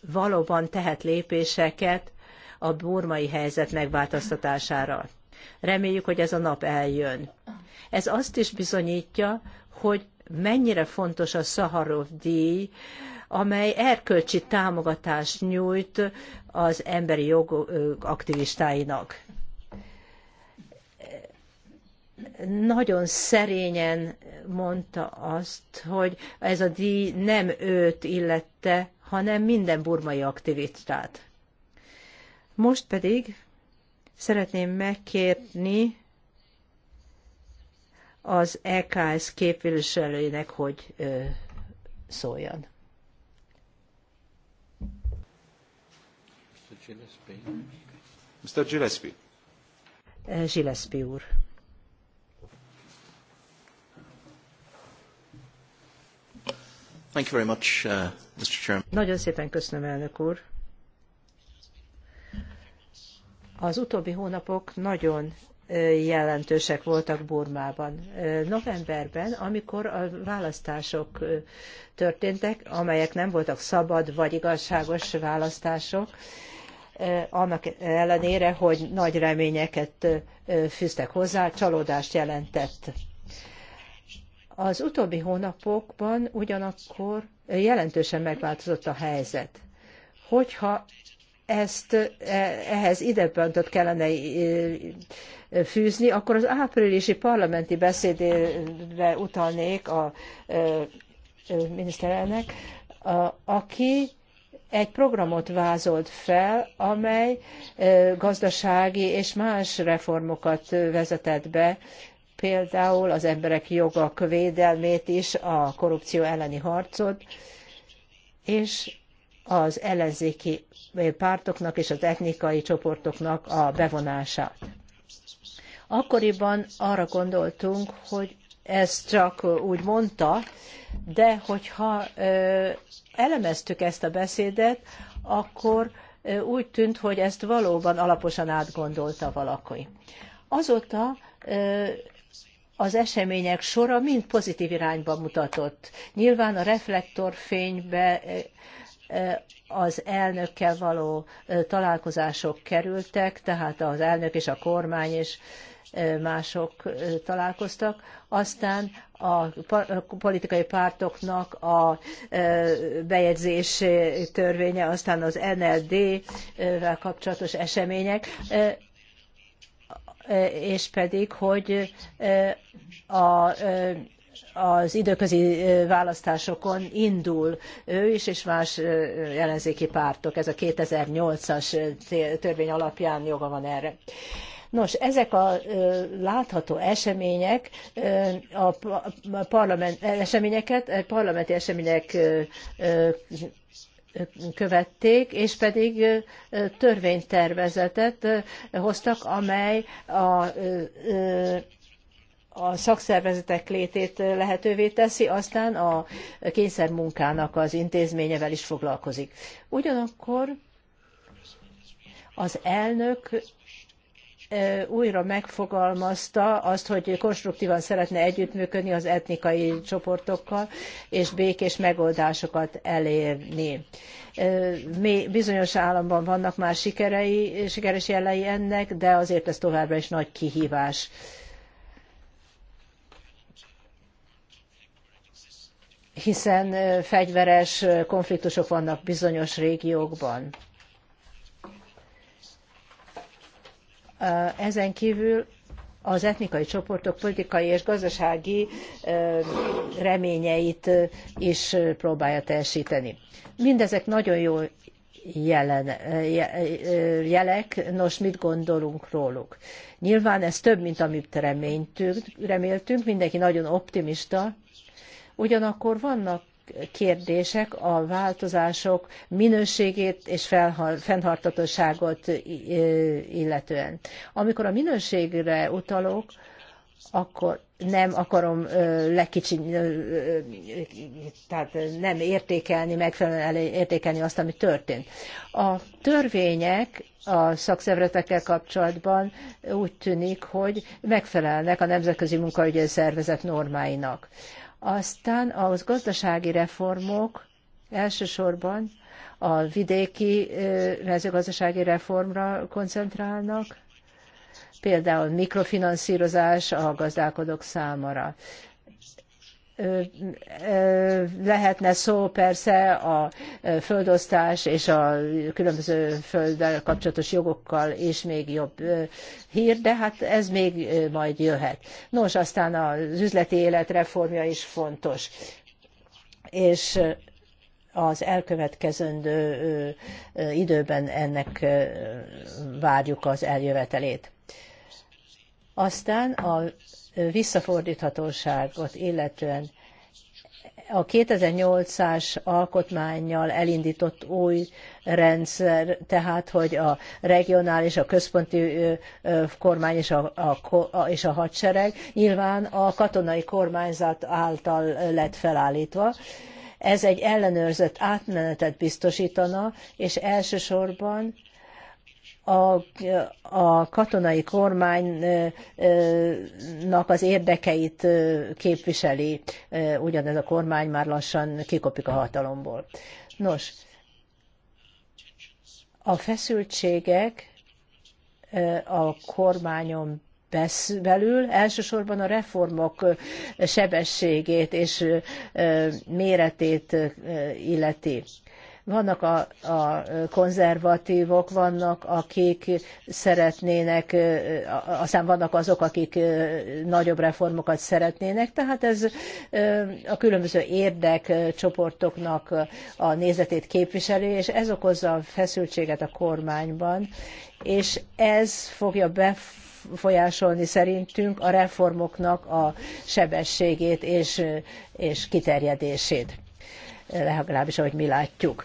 valóban tehet lépéseket a burmai helyzet megváltoztatására. Reméljük, hogy ez a nap eljön. Ez azt is bizonyítja, hogy mennyire fontos a Szaharov díj, amely erkölcsi támogatást nyújt az emberi jogok aktivistáinak. Nagyon szerényen mondta azt, hogy ez a díj nem őt illette, hanem minden burmai aktivistát. Most pedig szeretném megkérni az EKS képviselőjének, hogy ö, szóljon. Mr. Gillespie. Gillespie úr. Thank you very much, uh, Mr. Chairman. Nagyon szépen köszönöm, elnök úr. Az utóbbi hónapok nagyon jelentősek voltak Burmában. Novemberben, amikor a választások történtek, amelyek nem voltak szabad vagy igazságos választások, annak ellenére, hogy nagy reményeket fűztek hozzá, csalódást jelentett az utóbbi hónapokban ugyanakkor jelentősen megváltozott a helyzet. Hogyha ezt e, ehhez idepöntöt kellene e, fűzni, akkor az áprilisi parlamenti beszédére utalnék a e, miniszterelnök, aki egy programot vázolt fel, amely gazdasági és más reformokat vezetett be például az emberek joga védelmét is, a korrupció elleni harcot, és az ellenzéki pártoknak és az etnikai csoportoknak a bevonását. Akkoriban arra gondoltunk, hogy ez csak úgy mondta, de hogyha elemeztük ezt a beszédet, akkor úgy tűnt, hogy ezt valóban alaposan átgondolta valaki. Azóta az események sora mind pozitív irányba mutatott. Nyilván a reflektorfénybe e, e, az elnökkel való e, találkozások kerültek, tehát az elnök és a kormány és mások találkoztak. Aztán a politikai pártoknak a bejegyzés törvénye, aztán az NLD-vel kapcsolatos események és pedig, hogy a az időközi választásokon indul ő is, és más jelenzéki pártok. Ez a 2008-as törvény alapján joga van erre. Nos, ezek a látható események, a parlament, eseményeket, parlamenti események követték, és pedig törvénytervezetet hoztak, amely a a szakszervezetek létét lehetővé teszi, aztán a kényszermunkának az intézményevel is foglalkozik. Ugyanakkor az elnök újra megfogalmazta azt, hogy konstruktívan szeretne együttműködni az etnikai csoportokkal, és békés megoldásokat elérni. Bizonyos államban vannak már sikerei, sikeres jelei ennek, de azért ez továbbra is nagy kihívás. hiszen fegyveres konfliktusok vannak bizonyos régiókban Ezen kívül az etnikai csoportok politikai és gazdasági reményeit is próbálja teljesíteni. Mindezek nagyon jó jelen, jelek, nos, mit gondolunk róluk. Nyilván ez több, mint amit reméltünk, reméltünk mindenki nagyon optimista, ugyanakkor vannak kérdések a változások minőségét és fenntartatóságot illetően. Amikor a minőségre utalok, akkor nem akarom lekicsin, tehát nem értékelni, megfelelően értékelni azt, ami történt. A törvények a szakszervezetekkel kapcsolatban úgy tűnik, hogy megfelelnek a Nemzetközi Munkaügyi Szervezet normáinak. Aztán az gazdasági reformok elsősorban a vidéki mezőgazdasági reformra koncentrálnak, például mikrofinanszírozás a gazdálkodók számára lehetne szó persze a földosztás és a különböző földdel kapcsolatos jogokkal és még jobb hír, de hát ez még majd jöhet. Nos, aztán az üzleti élet reformja is fontos. És az elkövetkezendő időben ennek várjuk az eljövetelét. Aztán a visszafordíthatóságot illetően a 2008-as alkotmányjal elindított új rendszer, tehát hogy a regionális, a központi kormány és a, a, és a hadsereg nyilván a katonai kormányzat által lett felállítva. Ez egy ellenőrzött átmenetet biztosítana, és elsősorban a, a katonai kormánynak az érdekeit képviseli, ugyanez a kormány már lassan kikopik a hatalomból. Nos, a feszültségek a kormányon belül elsősorban a reformok sebességét és méretét illeti. Vannak a, a konzervatívok, vannak, akik szeretnének, aztán vannak azok, akik nagyobb reformokat szeretnének, tehát ez a különböző érdekcsoportoknak a nézetét képviseli, és ez okozza a feszültséget a kormányban, és ez fogja befolyásolni szerintünk a reformoknak a sebességét és, és kiterjedését legalábbis ahogy mi látjuk.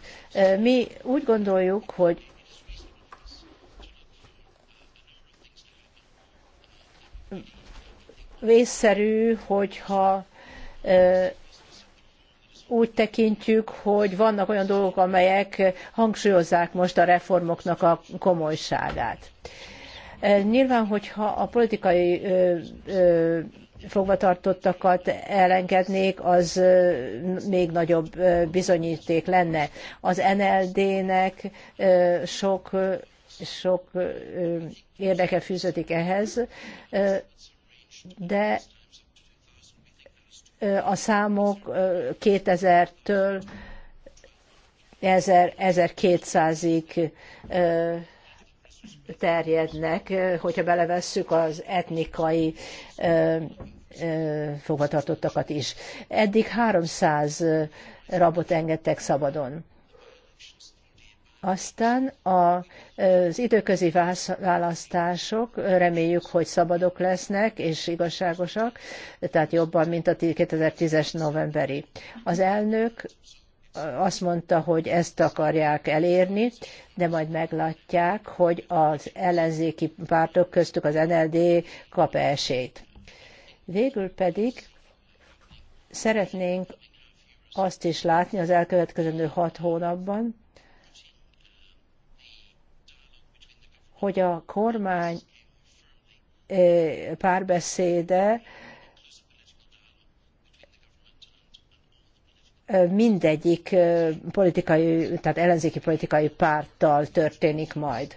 Mi úgy gondoljuk, hogy vészszerű, hogyha úgy tekintjük, hogy vannak olyan dolgok, amelyek hangsúlyozzák most a reformoknak a komolyságát. Nyilván, hogyha a politikai fogvatartottakat elengednék, az még nagyobb bizonyíték lenne. Az NLD-nek sok, sok érdeke fűződik ehhez, de a számok 2000-től 1200-ig terjednek, hogyha belevesszük az etnikai fogvatartottakat is. Eddig 300 rabot engedtek szabadon. Aztán az időközi választások reméljük, hogy szabadok lesznek és igazságosak, tehát jobban, mint a 2010-es novemberi. Az elnök azt mondta, hogy ezt akarják elérni, de majd meglátják, hogy az ellenzéki pártok köztük az NLD kap -e esélyt. Végül pedig szeretnénk azt is látni az elkövetkezendő hat hónapban, hogy a kormány eh, párbeszéde mindegyik politikai, tehát ellenzéki politikai párttal történik majd.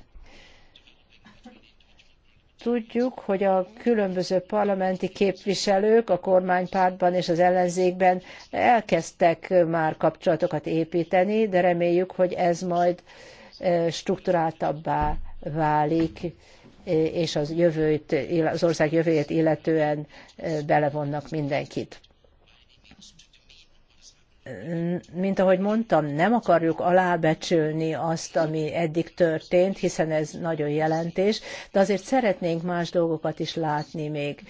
Tudjuk, hogy a különböző parlamenti képviselők a kormánypártban és az ellenzékben elkezdtek már kapcsolatokat építeni, de reméljük, hogy ez majd strukturáltabbá válik, és az, jövőt, az ország jövőjét illetően belevonnak mindenkit mint ahogy mondtam, nem akarjuk alábecsülni azt, ami eddig történt, hiszen ez nagyon jelentés, de azért szeretnénk más dolgokat is látni még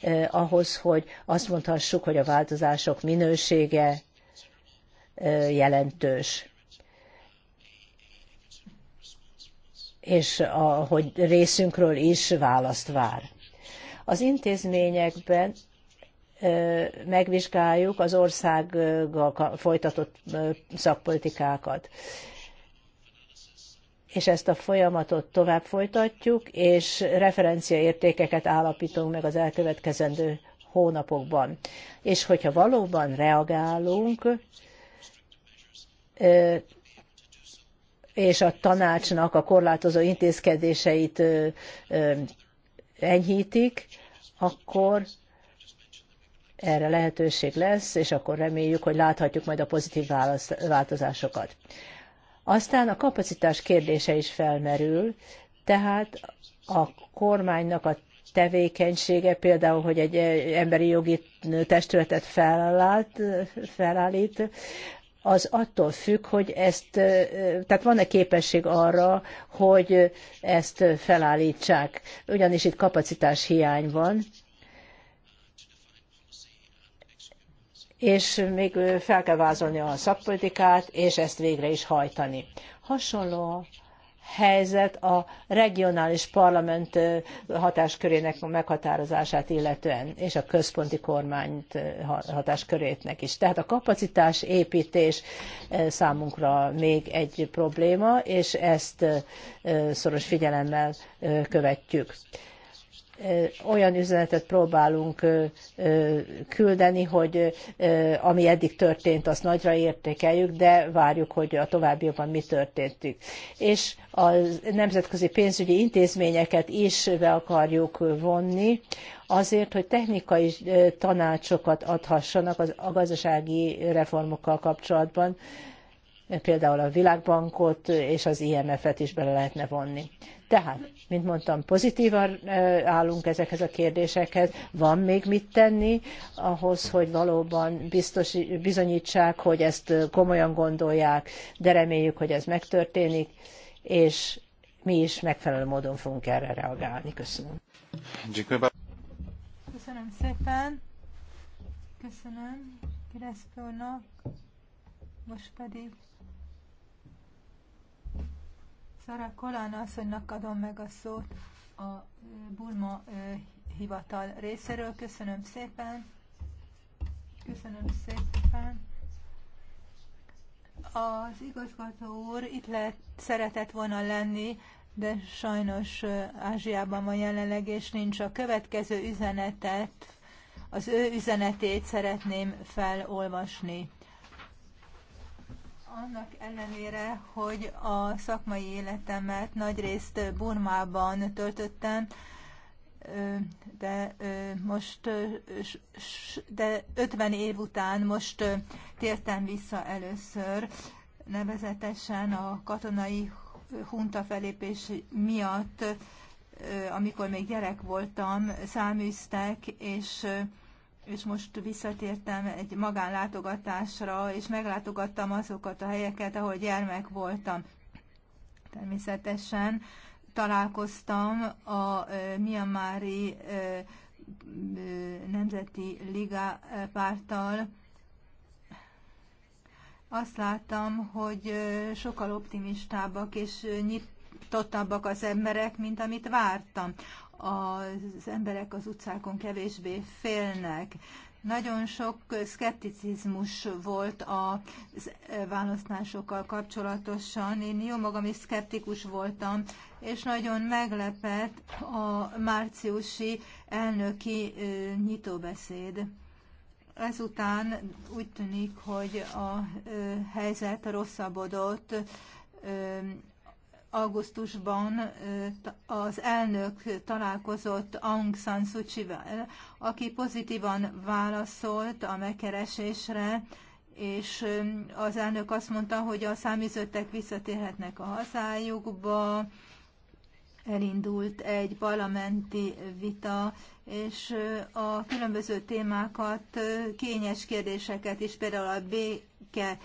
eh, ahhoz, hogy azt mondhassuk, hogy a változások minősége eh, jelentős. És hogy részünkről is választ vár. Az intézményekben megvizsgáljuk az országgal folytatott szakpolitikákat. És ezt a folyamatot tovább folytatjuk, és referenciaértékeket állapítunk meg az elkövetkezendő hónapokban. És hogyha valóban reagálunk, és a tanácsnak a korlátozó intézkedéseit enyhítik, akkor erre lehetőség lesz, és akkor reméljük, hogy láthatjuk majd a pozitív változásokat. Aztán a kapacitás kérdése is felmerül, tehát a kormánynak a tevékenysége, például, hogy egy eh, emberi jogi testületet felállít, felállít az attól függ, hogy ezt, eh, tehát van-e képesség arra, hogy ezt felállítsák. Ugyanis itt kapacitás hiány van, és még fel kell vázolni a szakpolitikát, és ezt végre is hajtani. Hasonló helyzet a regionális parlament hatáskörének a meghatározását illetően, és a központi kormány hatáskörétnek is. Tehát a kapacitás építés számunkra még egy probléma, és ezt szoros figyelemmel követjük olyan üzenetet próbálunk küldeni, hogy ami eddig történt, azt nagyra értékeljük, de várjuk, hogy a továbbiakban mi történtük. És a nemzetközi pénzügyi intézményeket is be akarjuk vonni, azért, hogy technikai tanácsokat adhassanak a gazdasági reformokkal kapcsolatban, például a Világbankot és az IMF-et is bele lehetne vonni. Tehát mint mondtam, pozitívan állunk ezekhez a kérdésekhez. Van még mit tenni ahhoz, hogy valóban biztos, bizonyítsák, hogy ezt komolyan gondolják, de reméljük, hogy ez megtörténik, és mi is megfelelő módon fogunk erre reagálni. Köszönöm. Köszönöm szépen. Köszönöm Kiresztónak. Most pedig Szara Kolán asszonynak adom meg a szót a Burma hivatal részéről. Köszönöm szépen. Köszönöm szépen. Az igazgató úr itt lehet, szeretett volna lenni, de sajnos Ázsiában van jelenleg, és nincs a következő üzenetet. Az ő üzenetét szeretném felolvasni annak ellenére, hogy a szakmai életemet nagyrészt Burmában töltöttem, de most, de 50 év után most tértem vissza először, nevezetesen a katonai hunta felépés miatt, amikor még gyerek voltam, száműztek, és és most visszatértem egy magánlátogatásra, és meglátogattam azokat a helyeket, ahol gyermek voltam. Természetesen találkoztam a Myanmari Nemzeti Liga párttal. Azt láttam, hogy sokkal optimistábbak és nyitottabbak az emberek, mint amit vártam az emberek az utcákon kevésbé félnek. Nagyon sok szkepticizmus volt a választásokkal kapcsolatosan. Én jó magam is szkeptikus voltam, és nagyon meglepett a márciusi elnöki nyitóbeszéd. Ezután úgy tűnik, hogy a helyzet rosszabbodott, augusztusban az elnök találkozott Aung San Suu Kyi-vel, aki pozitívan válaszolt a megkeresésre, és az elnök azt mondta, hogy a száműzöttek visszatérhetnek a hazájukba, elindult egy parlamenti vita, és a különböző témákat, kényes kérdéseket is, például a béke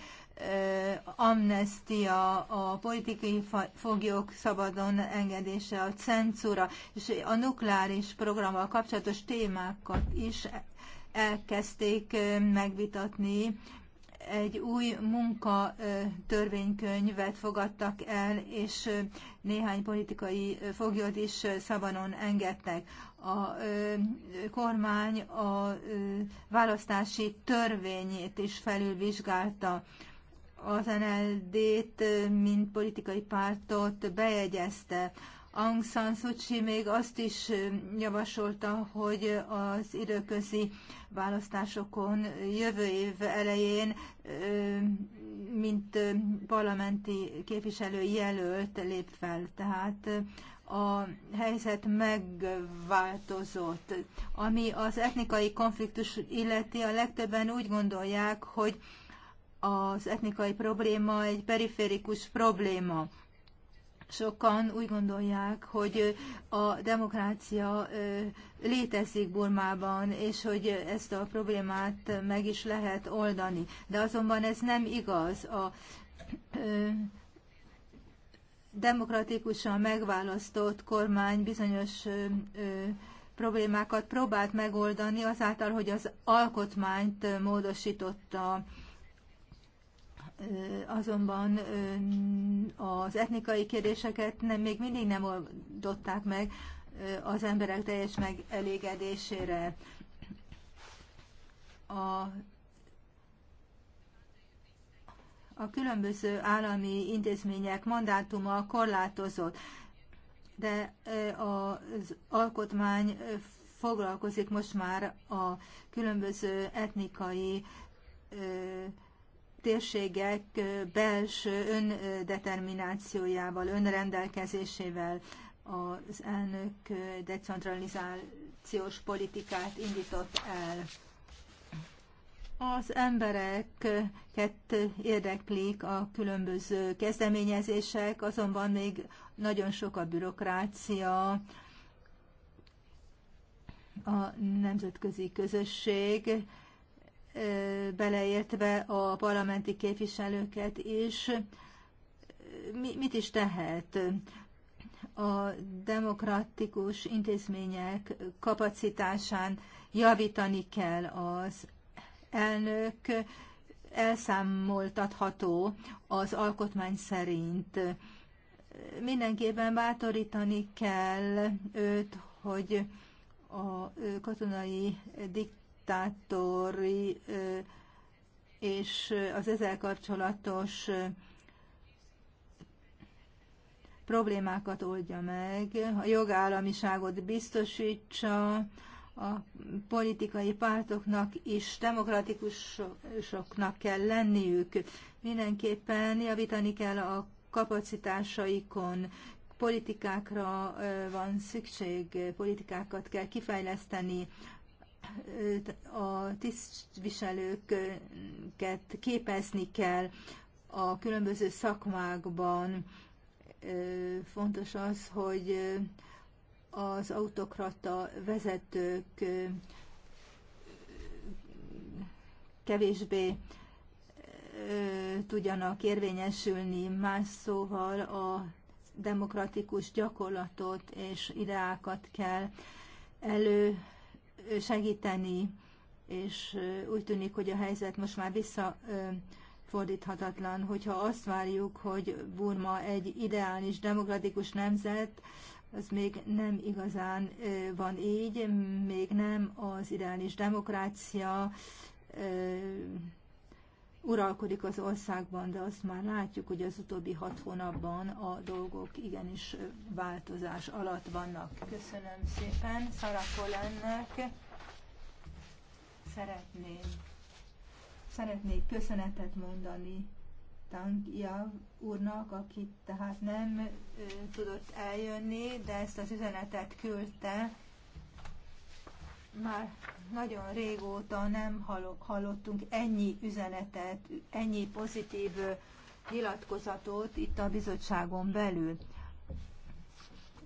amnestia, a politikai foglyok szabadon engedése, a cenzúra és a nukleáris programmal kapcsolatos témákat is elkezdték megvitatni. Egy új munkatörvénykönyvet fogadtak el, és néhány politikai foglyot is szabadon engedtek. A kormány a választási törvényét is felülvizsgálta az NLD-t, mint politikai pártot bejegyezte. Aung San Suu Kyi még azt is javasolta, hogy az időközi választásokon jövő év elején, mint parlamenti képviselő jelölt lép fel. Tehát a helyzet megváltozott. Ami az etnikai konfliktus illeti, a legtöbben úgy gondolják, hogy az etnikai probléma egy periférikus probléma. Sokan úgy gondolják, hogy a demokrácia létezik Burmában, és hogy ezt a problémát meg is lehet oldani. De azonban ez nem igaz. A demokratikusan megválasztott kormány bizonyos problémákat próbált megoldani azáltal, hogy az alkotmányt módosította azonban az etnikai kérdéseket nem, még mindig nem oldották meg az emberek teljes megelégedésére. A, a különböző állami intézmények mandátuma korlátozott, de az alkotmány foglalkozik most már a különböző etnikai térségek belső öndeterminációjával, önrendelkezésével az elnök decentralizációs politikát indított el. Az embereket érdeklik a különböző kezdeményezések, azonban még nagyon sok a bürokrácia, a nemzetközi közösség, beleértve a parlamenti képviselőket is, mit is tehet? A demokratikus intézmények kapacitásán javítani kell az elnök elszámoltatható az alkotmány szerint. Mindenképpen bátorítani kell őt, hogy a katonai dikt diktátori és az ezzel kapcsolatos problémákat oldja meg, a jogállamiságot biztosítsa, a politikai pártoknak is demokratikusoknak kell lenniük. Mindenképpen javítani kell a kapacitásaikon, politikákra van szükség, politikákat kell kifejleszteni a tisztviselőket képezni kell a különböző szakmákban. Fontos az, hogy az autokrata vezetők kevésbé tudjanak érvényesülni, más szóval a demokratikus gyakorlatot és ideákat kell elő segíteni, és úgy tűnik, hogy a helyzet most már visszafordíthatatlan. Hogyha azt várjuk, hogy Burma egy ideális, demokratikus nemzet, az még nem igazán van így, még nem az ideális demokrácia uralkodik az országban, de azt már látjuk, hogy az utóbbi hat hónapban a dolgok igenis változás alatt vannak. Köszönöm szépen Szara Kolennek. Szeretném, szeretnék köszönetet mondani Tankja úrnak, aki tehát nem ö, tudott eljönni, de ezt az üzenetet küldte már nagyon régóta nem hallottunk ennyi üzenetet, ennyi pozitív nyilatkozatot itt a bizottságon belül.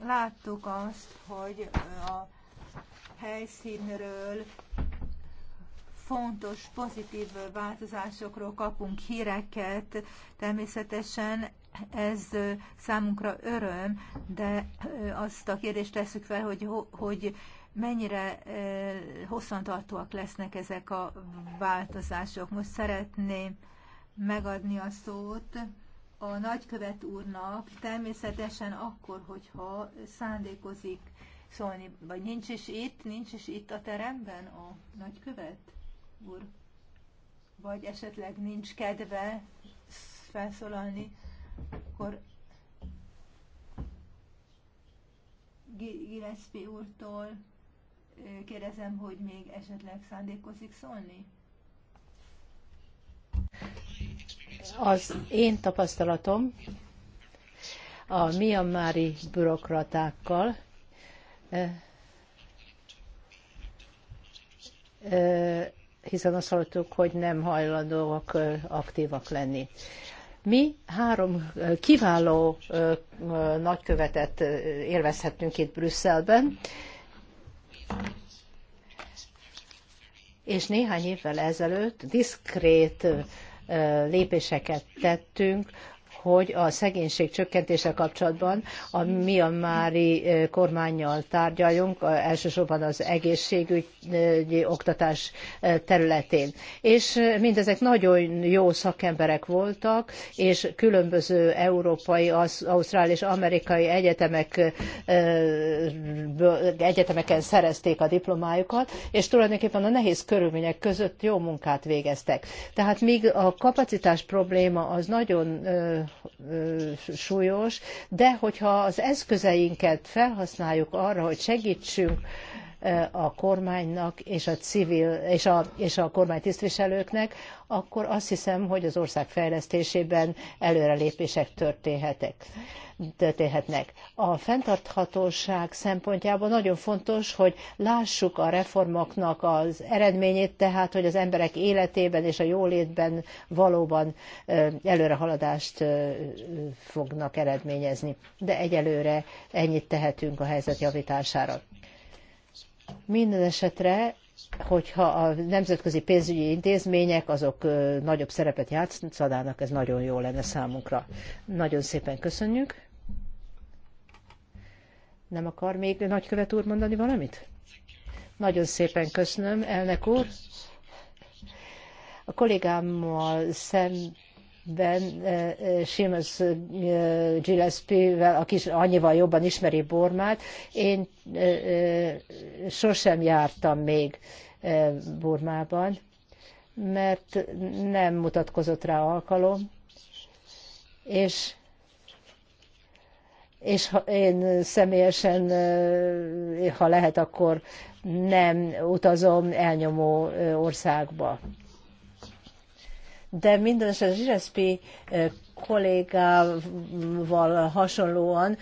Láttuk azt, hogy a helyszínről fontos, pozitív változásokról kapunk híreket. Természetesen ez számunkra öröm, de azt a kérdést tesszük fel, hogy, hogy mennyire hosszantartóak lesznek ezek a változások. Most szeretném megadni a szót a nagykövet úrnak, természetesen akkor, hogyha szándékozik szólni, vagy nincs is itt, nincs is itt a teremben a nagykövet úr, vagy esetleg nincs kedve felszólalni, akkor Gillespie úrtól Kérdezem, hogy még esetleg szándékozik szólni? Az én tapasztalatom a miamári bürokratákkal hiszen azt hallottuk, hogy nem hajlandóak aktívak lenni. Mi három kiváló nagykövetet érvezhettünk itt Brüsszelben, és néhány évvel ezelőtt diszkrét lépéseket tettünk hogy a szegénység csökkentése kapcsolatban a Myanmári kormányjal tárgyaljunk, elsősorban az egészségügyi oktatás területén. És mindezek nagyon jó szakemberek voltak, és különböző európai, ausztrál és amerikai egyetemek, egyetemeken szerezték a diplomájukat, és tulajdonképpen a nehéz körülmények között jó munkát végeztek. Tehát míg a kapacitás probléma az nagyon súlyos, de hogyha az eszközeinket felhasználjuk arra, hogy segítsünk Eh, a kormánynak és a civil és a, és a kormány tisztviselőknek, akkor azt hiszem, hogy az ország fejlesztésében előrelépések történhetek, történhetnek. A fenntarthatóság szempontjából nagyon fontos, hogy lássuk a reformoknak az eredményét, tehát, hogy az emberek életében és a jólétben valóban eh, előrehaladást eh, fognak eredményezni. De egyelőre ennyit tehetünk a helyzet javítására. Mindenesetre, hogyha a nemzetközi pénzügyi intézmények azok nagyobb szerepet játszanának, ez nagyon jó lenne számunkra. Nagyon szépen köszönjük. Nem akar még nagykövet úr mondani valamit? Nagyon szépen köszönöm, elnök úr. A kollégámmal szemben ben eh, eh, Seamus eh, Gillespie-vel, aki annyival jobban ismeri Bormát, én sosem jártam még Burmában, mert nem mutatkozott rá alkalom, és és ha én személyesen, ha lehet, akkor nem utazom elnyomó országba de minden a Zsireszpi kollégával hasonlóan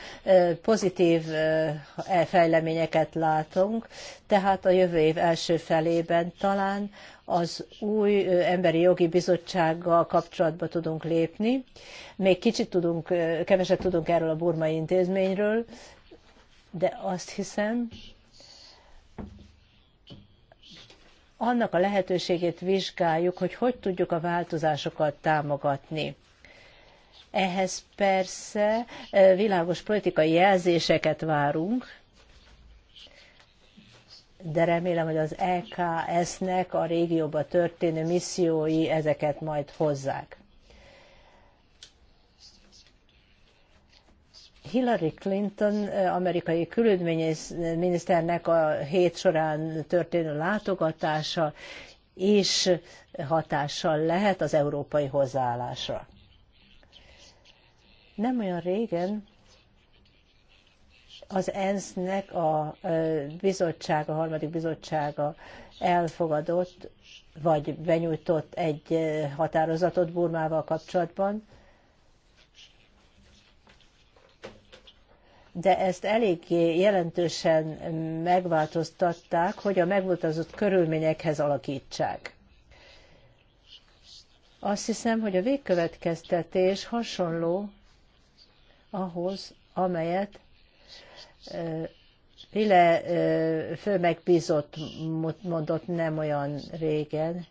pozitív e, fejleményeket látunk, tehát a jövő év első felében talán az új emberi jogi bizottsággal kapcsolatba tudunk lépni. Még kicsit tudunk, keveset tudunk erről a burmai intézményről, de azt hiszem, annak a lehetőségét vizsgáljuk, hogy hogy tudjuk a változásokat támogatni. Ehhez persze e, világos politikai jelzéseket várunk, de remélem, hogy az EKS-nek a régióba történő missziói ezeket majd hozzák. Hillary Clinton eh, amerikai külügyminiszternek a hét során történő látogatása is hatással lehet az európai hozzáállásra. Nem olyan régen az ENSZ-nek a eh, bizottsága, a harmadik bizottsága elfogadott, vagy benyújtott egy eh, határozatot Burmával kapcsolatban, de ezt elég jelentősen megváltoztatták, hogy a megmutatott körülményekhez alakítsák. Azt hiszem, hogy a végkövetkeztetés hasonló ahhoz, amelyet Pile megbízott mondott nem olyan régen,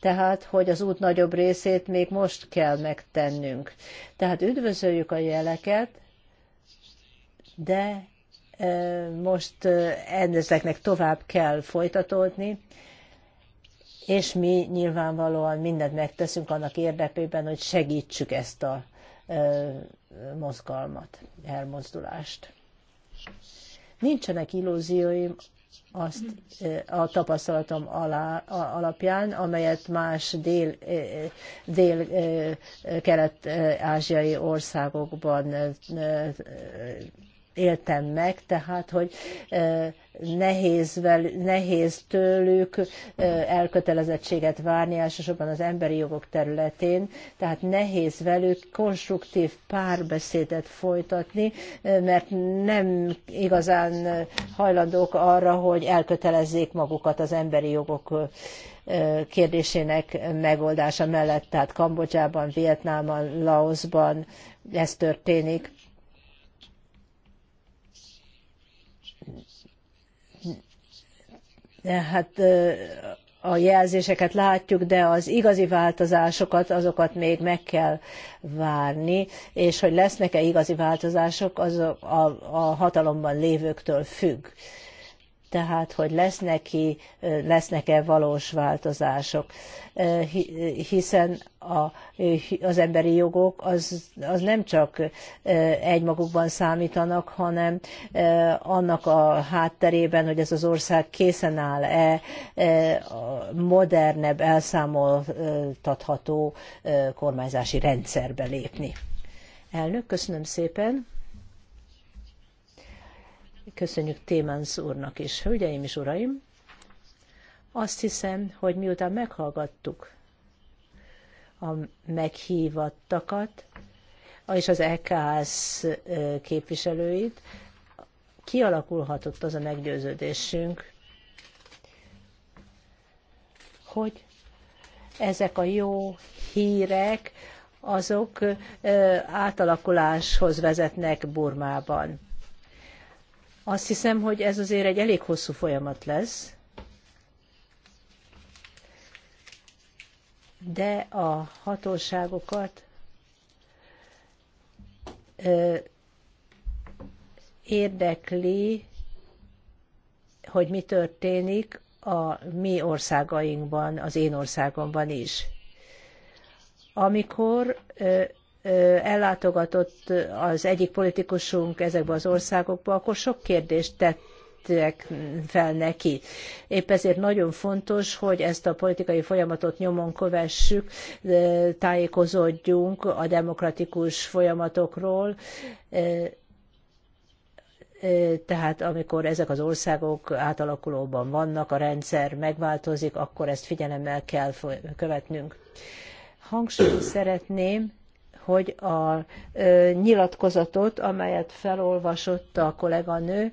tehát, hogy az út nagyobb részét még most kell megtennünk. Tehát üdvözöljük a jeleket, de most ezeknek tovább kell folytatódni, és mi nyilvánvalóan mindent megteszünk annak érdekében, hogy segítsük ezt a mozgalmat, elmozdulást. Nincsenek illúzióim azt a tapasztalatom alá, alapján, amelyet más dél, dél kelet-ázsiai országokban éltem meg, tehát hogy nehéz, vel, nehéz tőlük elkötelezettséget várni, elsősorban az emberi jogok területén, tehát nehéz velük konstruktív párbeszédet folytatni, mert nem igazán hajlandók arra, hogy elkötelezzék magukat az emberi jogok kérdésének megoldása mellett, tehát Kambodzsában, Vietnámban, Laosban ez történik hát a jelzéseket látjuk, de az igazi változásokat, azokat még meg kell várni, és hogy lesznek-e igazi változások, az a, a hatalomban lévőktől függ tehát hogy lesz neki, lesznek-e valós változások, hiszen a, az emberi jogok az, az nem csak egymagukban számítanak, hanem annak a hátterében, hogy ez az ország készen áll-e modernebb, elszámoltatható kormányzási rendszerbe lépni. Elnök, köszönöm szépen! Köszönjük Témánsz úrnak is. Hölgyeim és uraim, azt hiszem, hogy miután meghallgattuk a meghívattakat, és az EKS képviselőit, kialakulhatott az a meggyőződésünk, hogy ezek a jó hírek, azok átalakuláshoz vezetnek Burmában azt hiszem, hogy ez azért egy elég hosszú folyamat lesz, de a hatóságokat érdekli, hogy mi történik a mi országainkban, az én országomban is. Amikor ellátogatott az egyik politikusunk ezekbe az országokba, akkor sok kérdést tettek fel neki. Épp ezért nagyon fontos, hogy ezt a politikai folyamatot nyomon kövessük, tájékozódjunk a demokratikus folyamatokról, tehát amikor ezek az országok átalakulóban vannak, a rendszer megváltozik, akkor ezt figyelemmel kell követnünk. Hangsúlyozni szeretném, hogy a nyilatkozatot, amelyet felolvasott a kolléganő,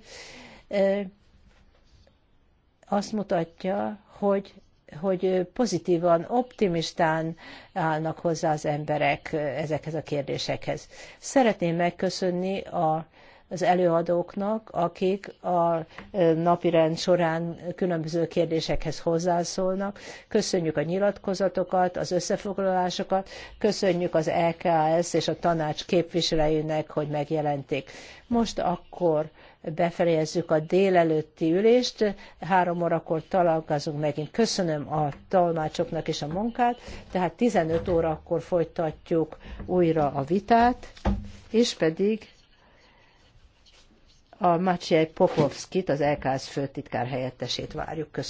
azt mutatja, hogy hogy pozitívan, optimistán állnak hozzá az emberek ezekhez a kérdésekhez. Szeretném megköszönni a az előadóknak, akik a napirend során különböző kérdésekhez hozzászólnak. Köszönjük a nyilatkozatokat, az összefoglalásokat, köszönjük az LKS és a tanács képviselőinek, hogy megjelenték. Most akkor befejezzük a délelőtti ülést, három órakor találkozunk megint. Köszönöm a tolmácsoknak is a munkát, tehát 15 órakor folytatjuk újra a vitát, és pedig a Maciej Popovskit, az LKS főtitkár helyettesét várjuk. Köszönöm.